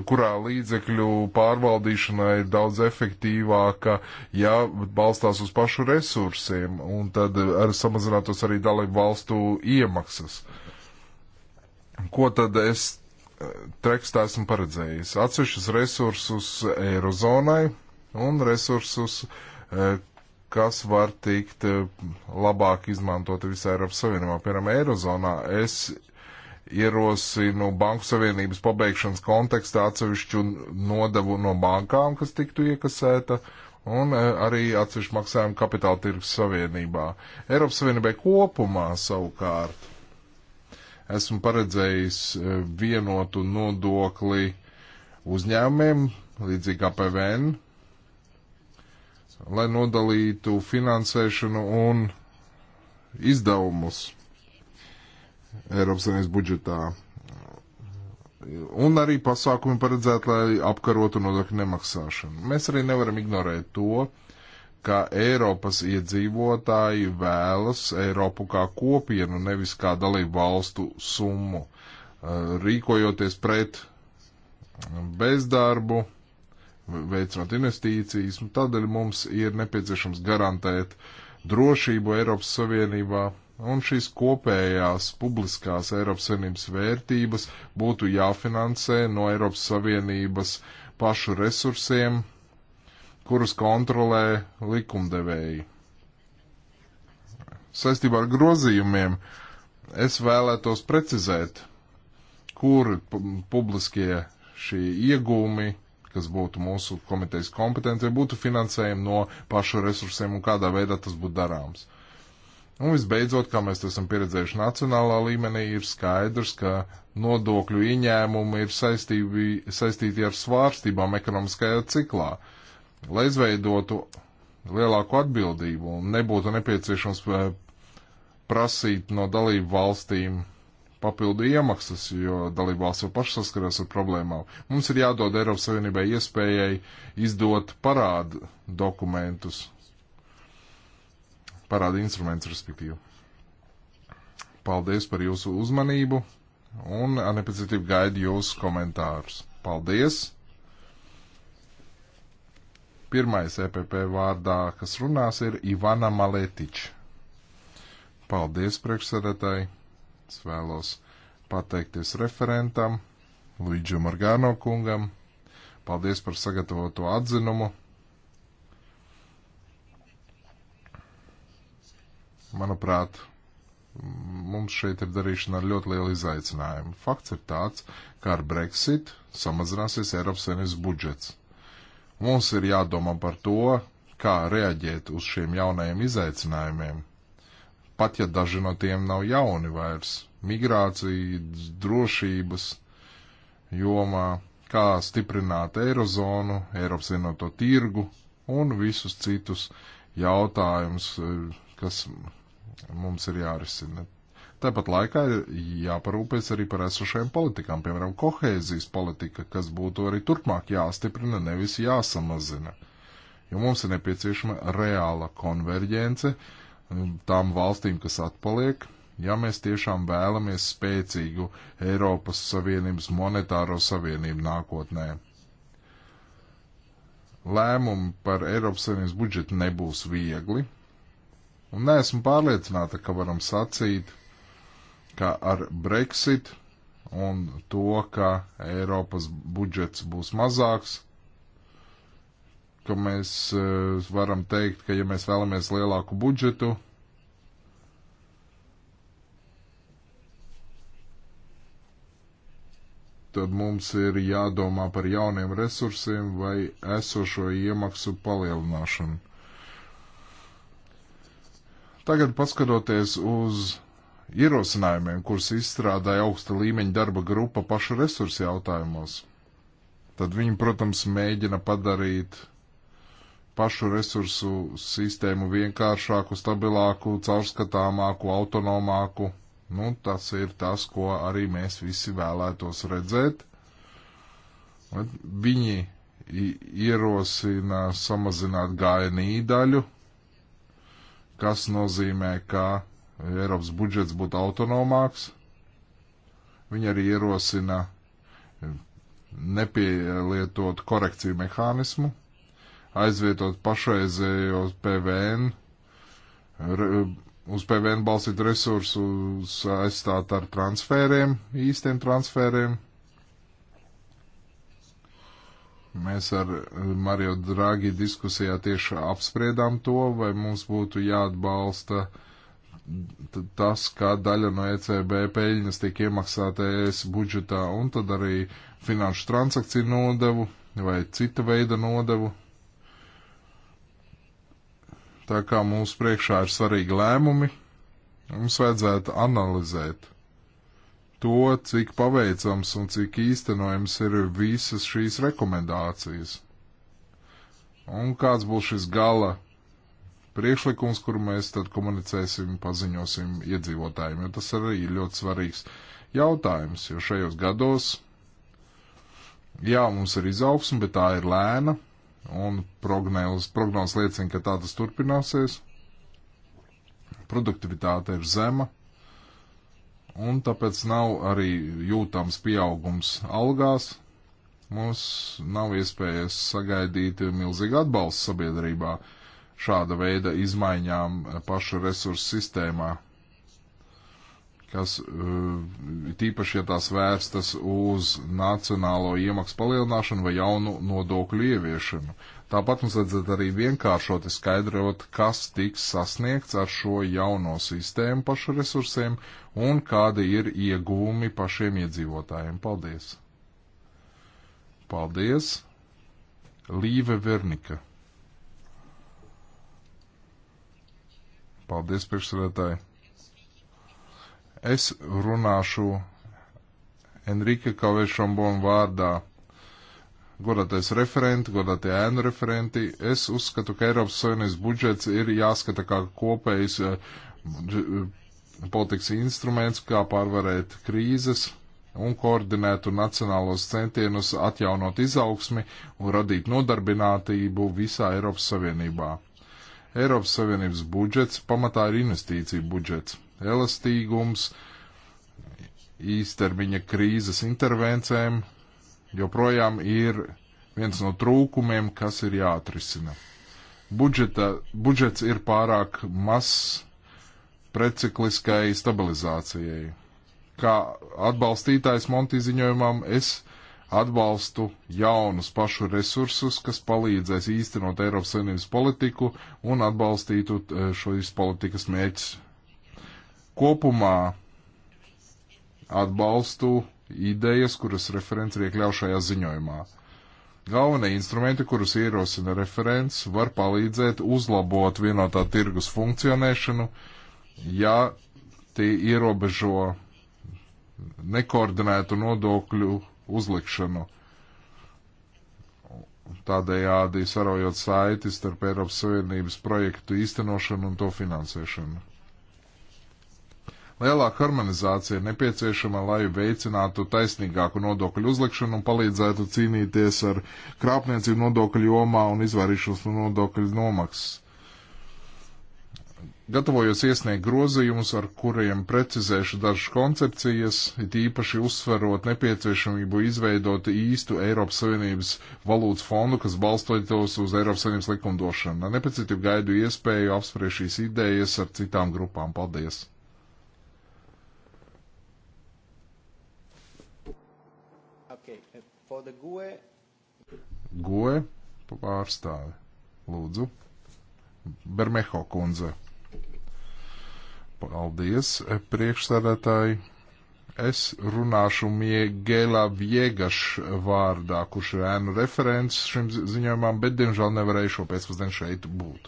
kurā līdzekļu pārvaldīšana ir daudz efektīvāka, ja balstās uz pašu resursiem, un tad ar samazinātos arī dalību valstu iemaksas. Ko tad es tekstā esmu paredzējis atsevišķus resursus Eirozonai un resursus, e, kas var tikt e, labāk izmantoti visā Eiropas Savienībā. Piemēram, Eirozonā es ierosinu Banku Savienības pabeigšanas kontekstā atsevišķu nodevu no bankām, kas tiktu iekasēta, un e, arī atsevišķu maksājumu kapitāla tirgus savienībā. Eiropas Savienībai kopumā savukārt esmu paredzējis e, vienotu nodokli uzņēmumiem, līdzīgi kā PVN, lai nodalītu finansēšanu un izdevumus Eiropas Savienības budžetā. Un arī pasākumi paredzēti, lai apkarotu nodokļu nemaksāšanu. Mēs arī nevaram ignorēt to, ka Eiropas iedzīvotāji vēlas Eiropu kā kopienu, nevis kā dalību valstu summu, eh, rīkojoties pret bezdarbu, veicinot investīcijas, un tādēļ mums ir nepieciešams garantēt drošību Eiropas Savienībā, un šīs kopējās publiskās Eiropas Savienības vērtības būtu jāfinansē no Eiropas Savienības pašu resursiem, kurus kontrolē likumdevēji. Saistībā ar grozījumiem es vēlētos precizēt, kur publiskie šie iegūmi, kas būtu mūsu komitejas kompetencija, būtu finansējumi no pašu resursiem un kādā veidā tas būtu darāms. Un visbeidzot, kā mēs to esam pieredzējuši nacionālā līmenī, ir skaidrs, ka nodokļu ieņēmumi ir saistīvi, saistīti ar svārstībām ekonomiskajā ciklā. Uh, lai izveidotu lielāku atbildību un nebūtu nepieciešams eh, prasīt no dalību valstīm papildu iemaksas, jo dalību valsts jau paši saskarās ar problēmām. Mums ir jādod Eiropas Savienībai iespējai izdot parādu dokumentus, parādu instrumentus, respektīvi. Paldies par jūsu uzmanību un ar nepacietību gaidu jūsu komentārus. Paldies! Pirmais EPP vārdā, kas runās, ir Ivana Maletič. Paldies, priekšsēdētāji! Es vēlos pateikties referentam, Luidžu Morgāno kungam. Paldies par sagatavoto atzinumu. Manuprāt, mums šeit ir darīšana ar ļoti lielu izaicinājumu. Fakts ir tāds, ka ar Brexit samazināsies Eiropas Savienības budžets. Mums ir jādomā par to, kā reaģēt uz šiem jaunajiem izaicinājumiem. Pat ja daži no tiem nav jauni vairs - migrācija, drošības jomā, kā stiprināt eirozonu, Eiropas vienoto tirgu un visus citus jautājumus, eh, kas mums ir jārisina. Tāpat laikā jāparūpēs arī par esošajām politikām, piemēram, kohēzijas politika, kas būtu arī turpmāk jāstiprina, nevis jāsamazina. Jo mums ir nepieciešama reāla konverģence mm, tām valstīm, kas atpaliek, ja mēs tiešām vēlamies spēcīgu Eiropas Savienības monetāro savienību nākotnē. Lēmumi par Eiropas Savienības budžetu nebūs viegli, un neesmu pārliecināta, ka varam sacīt, ka ar Brexit un to, ka Eiropas budžets būs mazāks, ka mēs e, varam teikt, ka ja mēs vēlamies lielāku budžetu, tad mums ir jādomā par jauniem resursiem vai esošo iemaksu palielināšanu. Tagad paskatoties uz ierosinājumiem, kurus izstrādāja augsta līmeņa darba grupa pašu resursu jautājumos, tad viņi, protams, mēģina padarīt pašu resursu sistēmu vienkāršāku, stabilāku, caurskatāmāku, autonomāku. Nu, tas ir tas, ko arī mēs visi vēlētos redzēt. Viņi ierosina samazināt gājienī daļu, kas nozīmē, ka Eiropas budžets būtu autonomāks. Viņi arī ierosina nepielietot korekciju mehānismu, aizvietot pašreizējo PVN, uz PVN balstīt resursus aizstāt ar transfēriem, īstiem transfēriem. Mēs ar Mario Draghi diskusijā tieši apspriedām to, vai mums būtu jāatbalsta uh, tas, ka daļa no ECB peļņas tiek iemaksāta ES budžetā un tad arī finanšu transakciju nodevu vai cita veida nodevu. Tā kā mūsu priekšā ir svarīgi lēmumi, mums vajadzētu analizēt to, cik paveicams un cik īstenojams ir visas šīs rekomendācijas. Un kāds būs šis gala priekšlikums, kuru mēs tad komunicēsim, paziņosim iedzīvotājiem, jo tas arī ir ļoti svarīgs jautājums, jo šajos gados, jā, mums ir izaugsme, bet tā ir lēna, un prognozes liecina, ka tā tas turpināsies. Produktivitāte ir zema, un tāpēc nav arī jūtams pieaugums algās. Mums nav iespējas sagaidīt milzīgu atbalstu sabiedrībā. Uh, šāda veida izmaiņām pašu resursu sistēmā, kas eh, tīpaši, ja tās vērstas uz nacionālo iemaksu palielināšanu vai jaunu nodokļu ieviešanu. Tāpat mums vajadzētu arī vienkāršot un skaidrot, kas tiks sasniegts ar šo jauno sistēmu pašu resursiem un kādi ir iegūmi pašiem iedzīvotājiem. Paldies! Paldies! Līve Vernika. Paldies, priekšsēdētāji. Es runāšu Enrika Kavešombona vārdā. Godātais referenti, godātie ēnu referenti, es uzskatu, ka Eiropas Savienības budžets ir jāskata kā kopējs eh, eh, politikas instruments, kā pārvarēt krīzes un koordinētu nacionālos centienus atjaunot izaugsmi un radīt nodarbinātību visā Eiropas Savienībā. Eiropas Savienības budžets pamatā ir investīcija budžets. Elastīgums, īstermiņa krīzes intervencēm joprojām ir viens no trūkumiem, kas ir jāatrisina. Budžeta, budžets ir pārāk mazs precikliskai stabilizācijai. Kā atbalstītājs Monti ziņojumam, es atbalstu jaunus pašu resursus, kas palīdzēs īstenot Eiropas Savienības politiku un atbalstītu eh, šīs politikas mērķis. Kopumā atbalstu idejas, kuras referents ir iekļauts šajā ziņojumā. Galvenie instrumenti, kurus ierosina referents, var palīdzēt uzlabot vienotā tirgus funkcionēšanu, ja tie ierobežo nekoordinētu nodokļu uzlikšanu, tādējādi sarojot saiti starp Eiropas Savienības projektu īstenošanu un to finansēšanu. Lielāka harmonizācija ir nepieciešama, lai veicinātu taisnīgāku nodokļu uzlikšanu un palīdzētu cīnīties ar krāpniecību nodokļu jomā un izvairīšanos no nodokļu nomaksas. Gatavojos iesniegt grozījumus, ar kuriem precizēšu dažas koncepcijas, it īpaši uzsverot nepieciešamību izveidot īstu Eiropas Savienības valūtas fondu, kas balstotos uz Eiropas Savienības likumdošanu. Ar nepacietību gaidu iespēju apspriest šīs idejas ar citām grupām. Paldies! for the GUE. GUE pārstāvi. Lūdzu. Bermeho kundze. Paldies, eh, priekšsēdētāji. Es runāšu Miegela Viegaša vārdā, kurš ir ēnu referents šim ziņojumam, bet diemžēl nevarēju šo pēcpusdienu šeit būt.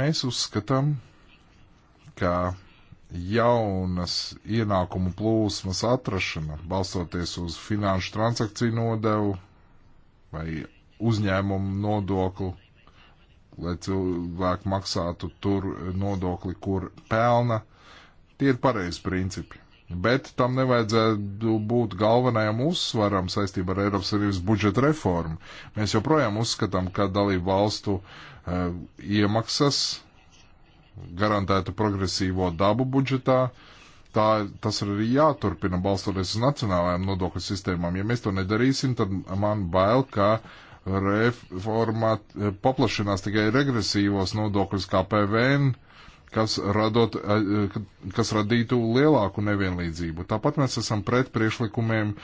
Mēs uzskatām, ka jaunas ienākumu plūsmas atrašana, balstoties uz finanšu transakciju nodevu vai uzņēmumu nodokli, lai cilvēki maksātu tur nodokli, kur pelna. Tie ir pareizi principi. Bet tam nevajadzētu būt galvenajam uzsvaram saistībā ar Eiropas Savienības budžeta reformu. Mēs joprojām uzskatām, ka dalību valstu uh, iemaksas garantētu progresīvo dabu budžetā. Tā, tas arī jāturpina balstoties uz nacionālajām nodokļu sistēmām. Ja mēs to nedarīsim, tad man bail, ka uh, reforma eh, paplašinās tikai regresīvos nodokļus kā PVN, kas, radot, eh, eh, kas radītu lielāku nevienlīdzību. Tāpat mēs esam pret priekšlikumiem,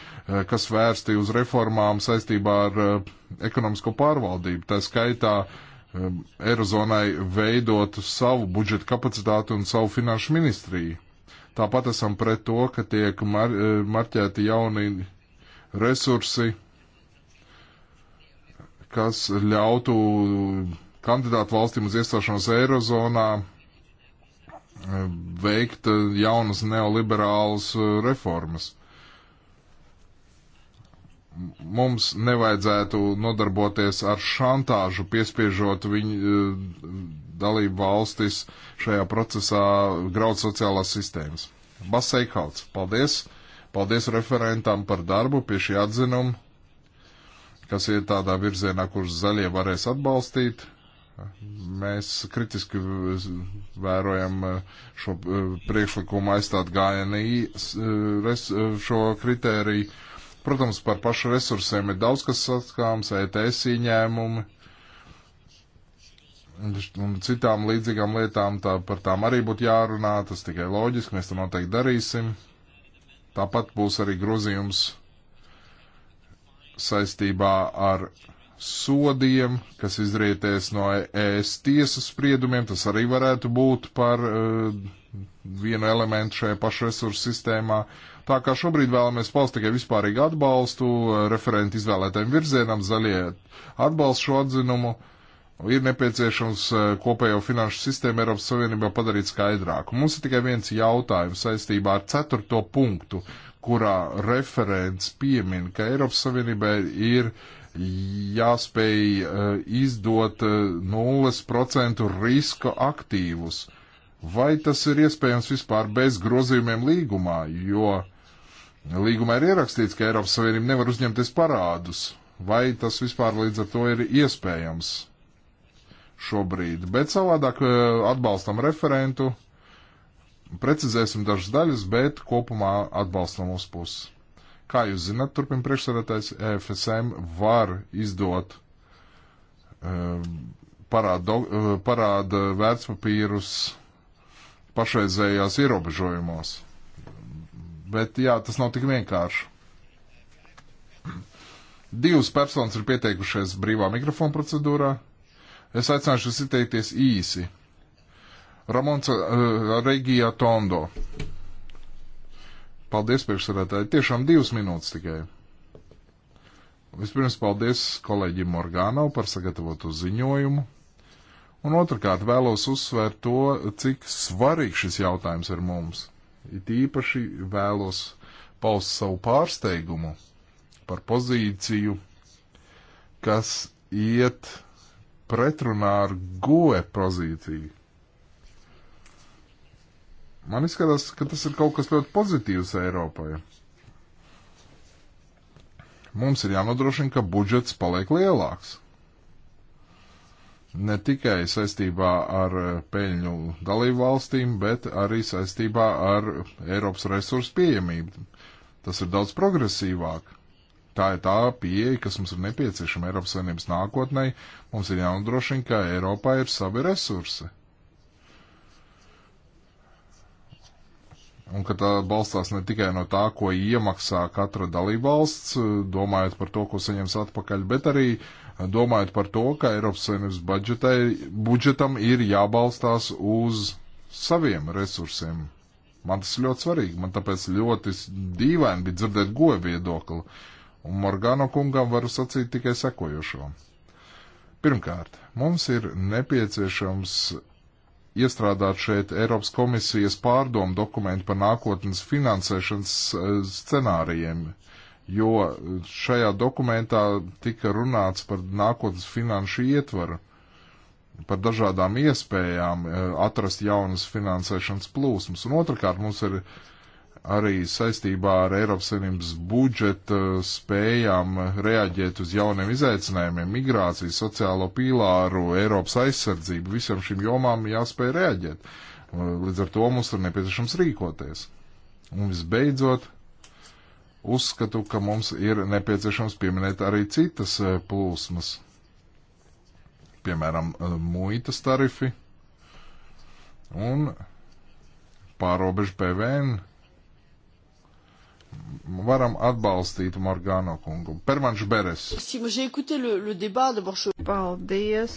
kas vērsti uz reformām saistībā ar ekonomisko pārvaldību. Tā skaitā Eirozonai veidot savu budžeta kapacitāti un savu finanšu ministriju. Tāpat esam pret to, ka tiek mar marķēti jauni resursi kas ļautu kandidātu valstīm uz iestāšanos Eirozonā eh, veikt eh, jaunas neoliberālas eh, reformas. Mums nevajadzētu nodarboties ar šantāžu, piespiežot viņu dalību valstis šajā procesā graud sociālās sistēmas. Baseikalts, paldies! Paldies referentam par darbu pie šī atzinuma kas ir tādā virzienā, kurš zaļie varēs atbalstīt. Mēs kritiski vērojam eh, šo eh, priekšlikumu aizstāt GNI eh, šo kritēriju. Protams, par pašu resursiem ir daudz kas sakāms, ETS ieņēmumi un citām līdzīgām lietām, tā, par tām arī būtu jārunā, tas tikai loģiski, mēs to noteikti darīsim. Tāpat būs arī grozījums saistībā ar sodiem, kas izrietēs no ES tiesas spriedumiem. Tas arī varētu būt par uh, vienu elementu šajā pašresursu sistēmā. Tā kā šobrīd vēlamies paust tikai vispārīgu atbalstu eh, referentu izvēlētajiem virzienam, zaļie atbalsta šo atzinumu. Ir nepieciešams eh, kopējo finanšu sistēmu Eiropas Savienībā padarīt skaidrāku. Mums ir tikai viens jautājums saistībā ar ceturto punktu, kurā referents piemin, ka Eiropas Savienībai ir jāspēj eh, izdot 0% eh, riska aktīvus. Vai tas ir iespējams vispār bez grozījumiem līgumā, jo līgumā ir ierakstīts, ka Eiropas Savienība nevar uzņemties parādus? Vai tas vispār līdz ar to ir iespējams šobrīd? Bet savādāk eh, atbalstam referentu precizēsim dažas daļas, bet kopumā atbalsts no mūsu puses. Kā jūs zināt, turpin priekšsēdētājs EFSM var izdot um, parāda, uh, parāda vērtspapīrus pašreizējās ierobežojumos. Bet jā, tas nav tik vienkārši. Divas personas ir pieteikušies brīvā mikrofona procedūrā. Es aicināšu jūs izteikties īsi. Ramons uh, Regija Tondo. Paldies, priekšsēdētāji. Tiešām divas minūtes tikai. Vispirms paldies kolēģim Morgānau par sagatavotu ziņojumu. Un otrkārt vēlos uzsvērt to, cik svarīgs šis jautājums ir mums. It īpaši vēlos paust savu pārsteigumu par pozīciju, kas iet pretrunā ar goe pozīciju. Man izskatās, ka tas ir kaut kas ļoti pozitīvs Eiropai. Mums ir jānodrošina, ka budžets paliek lielāks. Ne tikai saistībā ar peļņu dalību valstīm, bet arī saistībā ar Eiropas resursu pieejamību. Tas ir daudz progresīvāk. Tā ir tā pieeja, kas mums ir nepieciešama Eiropas Savienības nākotnē. Mums ir jānodrošina, ka Eiropā ir savi resursi. un ka tā balstās ne tikai no tā, ko iemaksā katra dalībvalsts, domājot par to, ko saņems atpakaļ, bet arī domājot par to, ka Eiropas Savienības budžetam ir jābalstās uz saviem resursiem. Man tas ļoti svarīgi, man tāpēc ļoti dīvaini bija dzirdēt goja viedokli, un Morgano kungam varu sacīt tikai sekojošo. Pirmkārt, mums ir nepieciešams iestrādāt šeit Eiropas komisijas pārdomu dokumentu par nākotnes finansēšanas eh, scenārijiem, jo šajā dokumentā tika runāts par nākotnes finanšu ietvaru, par dažādām iespējām eh, atrast jaunas finansēšanas plūsmas. Un otrkārt mums ir uh, arī saistībā ar Eiropas Savienības budžeta spējām reaģēt uz jauniem izaicinājumiem, migrāciju, sociālo pīlāru, Eiropas aizsardzību, visam šim jomām jāspēj reaģēt. Līdz ar to mums ir nepieciešams rīkoties. Un visbeidzot, uzskatu, ka mums ir nepieciešams pieminēt arī citas eh, plūsmas, piemēram, eh, muitas tarifi un pārobežu PVN varam atbalstīt Morgāno kungu. Permanš Beres. Paldies.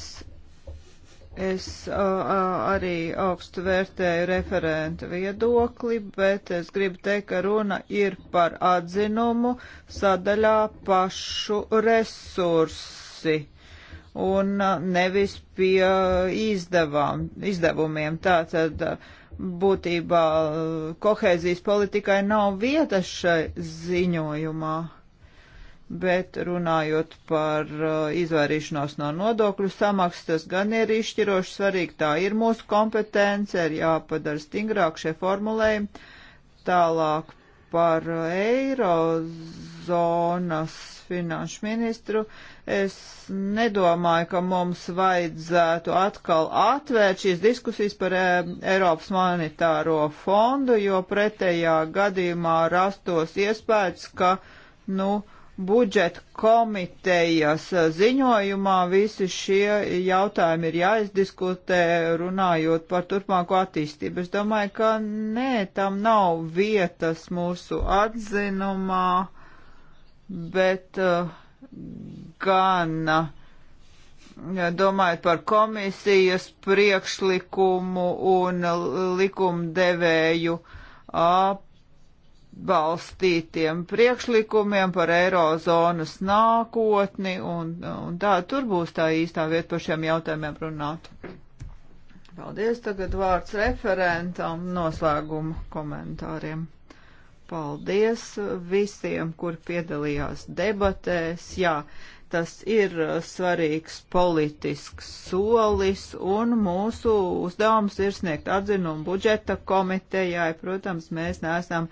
Es uh, arī augstu vērtēju referenta viedokli, bet es gribu teikt, ka runa ir par atzinumu sadaļā pašu resursi un nevis pie izdevām, izdevumiem. Tātad uh, būtībā eh, kohēzijas politikai nav vietas šai ziņojumā bet runājot par uh, izvairīšanos no nodokļu samaksas, tas gan ir izšķiroši svarīgi. Tā ir mūsu kompetence, ir jāpadara stingrāk šie formulējumi. Tālāk par eirozonas finanšu ministru Es nedomāju, ka mums vajadzētu atkal atvērt šīs diskusijas par e, Eiropas monetāro fondu, jo pretējā gadījumā rastos iespējas, ka, nu, budžeta komitejas ziņojumā visi šie jautājumi ir jāizdiskutē, runājot par turpmāko attīstību. Es domāju, ka nē, tam nav vietas mūsu atzinumā, bet uh, gan domājot par komisijas priekšlikumu un likumdevēju balstītiem priekšlikumiem par eirozonas nākotni, un, un tā tur būs tā īstā vieta par šiem jautājumiem runāt. Paldies, tagad vārds referentam noslēguma komentāriem. Paldies visiem, kur piedalījās debatēs. Jā, tas ir uh, svarīgs politisks solis, un mūsu uzdevums ir sniegt atzinumu budžeta komitejai. Protams, mēs neesam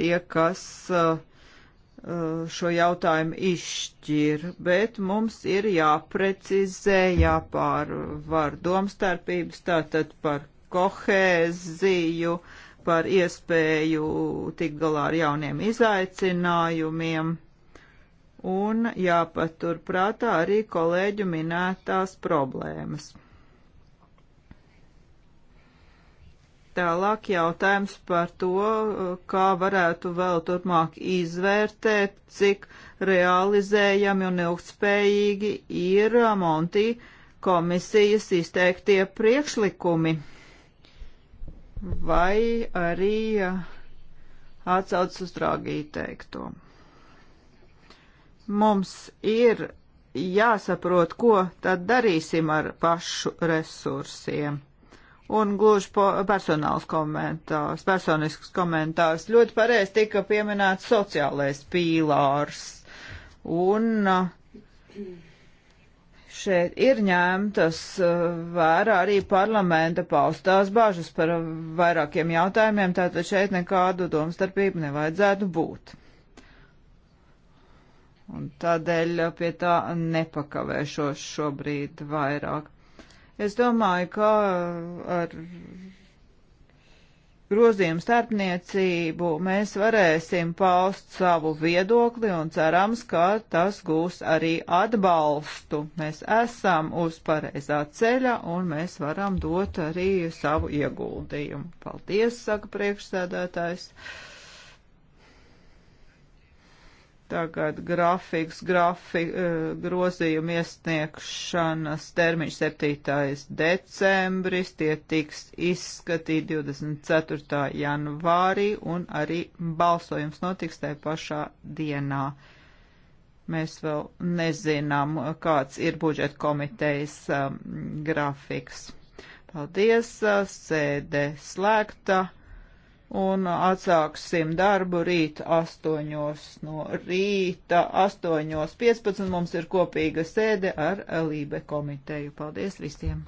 tie, kas uh, uh, šo jautājumu izšķir, bet mums ir jāprecizē, jāpārvar domstarpības tātad par kohēziju, par iespēju tikt galā ar jauniem izaicinājumiem un jāpatur prātā arī kolēģu minētās problēmas. Tālāk jautājums par to, kā varētu vēl turpmāk izvērtēt, cik realizējami un ilgspējīgi ir Monti komisijas izteiktie priekšlikumi. Vai arī atsauc uz drāgī teikto. Mums ir jāsaprot, ko tad darīsim ar pašu resursiem. Un gluži personāls komentārs, personisks komentārs. Ļoti pareizi tika pieminēts sociālais pīlārs. Un uh, šeit ir ņemtas uh, vērā arī parlamenta paustās bāžas par vairākiem jautājumiem, tātad šeit nekādu domstarpību nevajadzētu būt. Un tādēļ pie tā nepakavēšos šobrīd vairāk. Es domāju, ka ar grozījumu starpniecību mēs varēsim paust savu viedokli un cerams, ka tas gūs arī atbalstu. Mēs esam uz pareizā ceļa un mēs varam dot arī savu ieguldījumu. Paldies, saka priekšsēdētājs. Uh, Tagad grafiks, grafi, e, grozījuma iesniegšanas termiņš 7. decembris, tie tiks izskatīti 24. janvārī un arī balsojums notiks tajā pašā dienā. Mēs vēl nezinām, kāds ir budžeta komitejas um, grafiks. Paldies, e, sēde slēgta un atsāksim darbu rīt 8 no rīta. 8.15 mums ir kopīga sēde ar Lībe komiteju. Paldies visiem!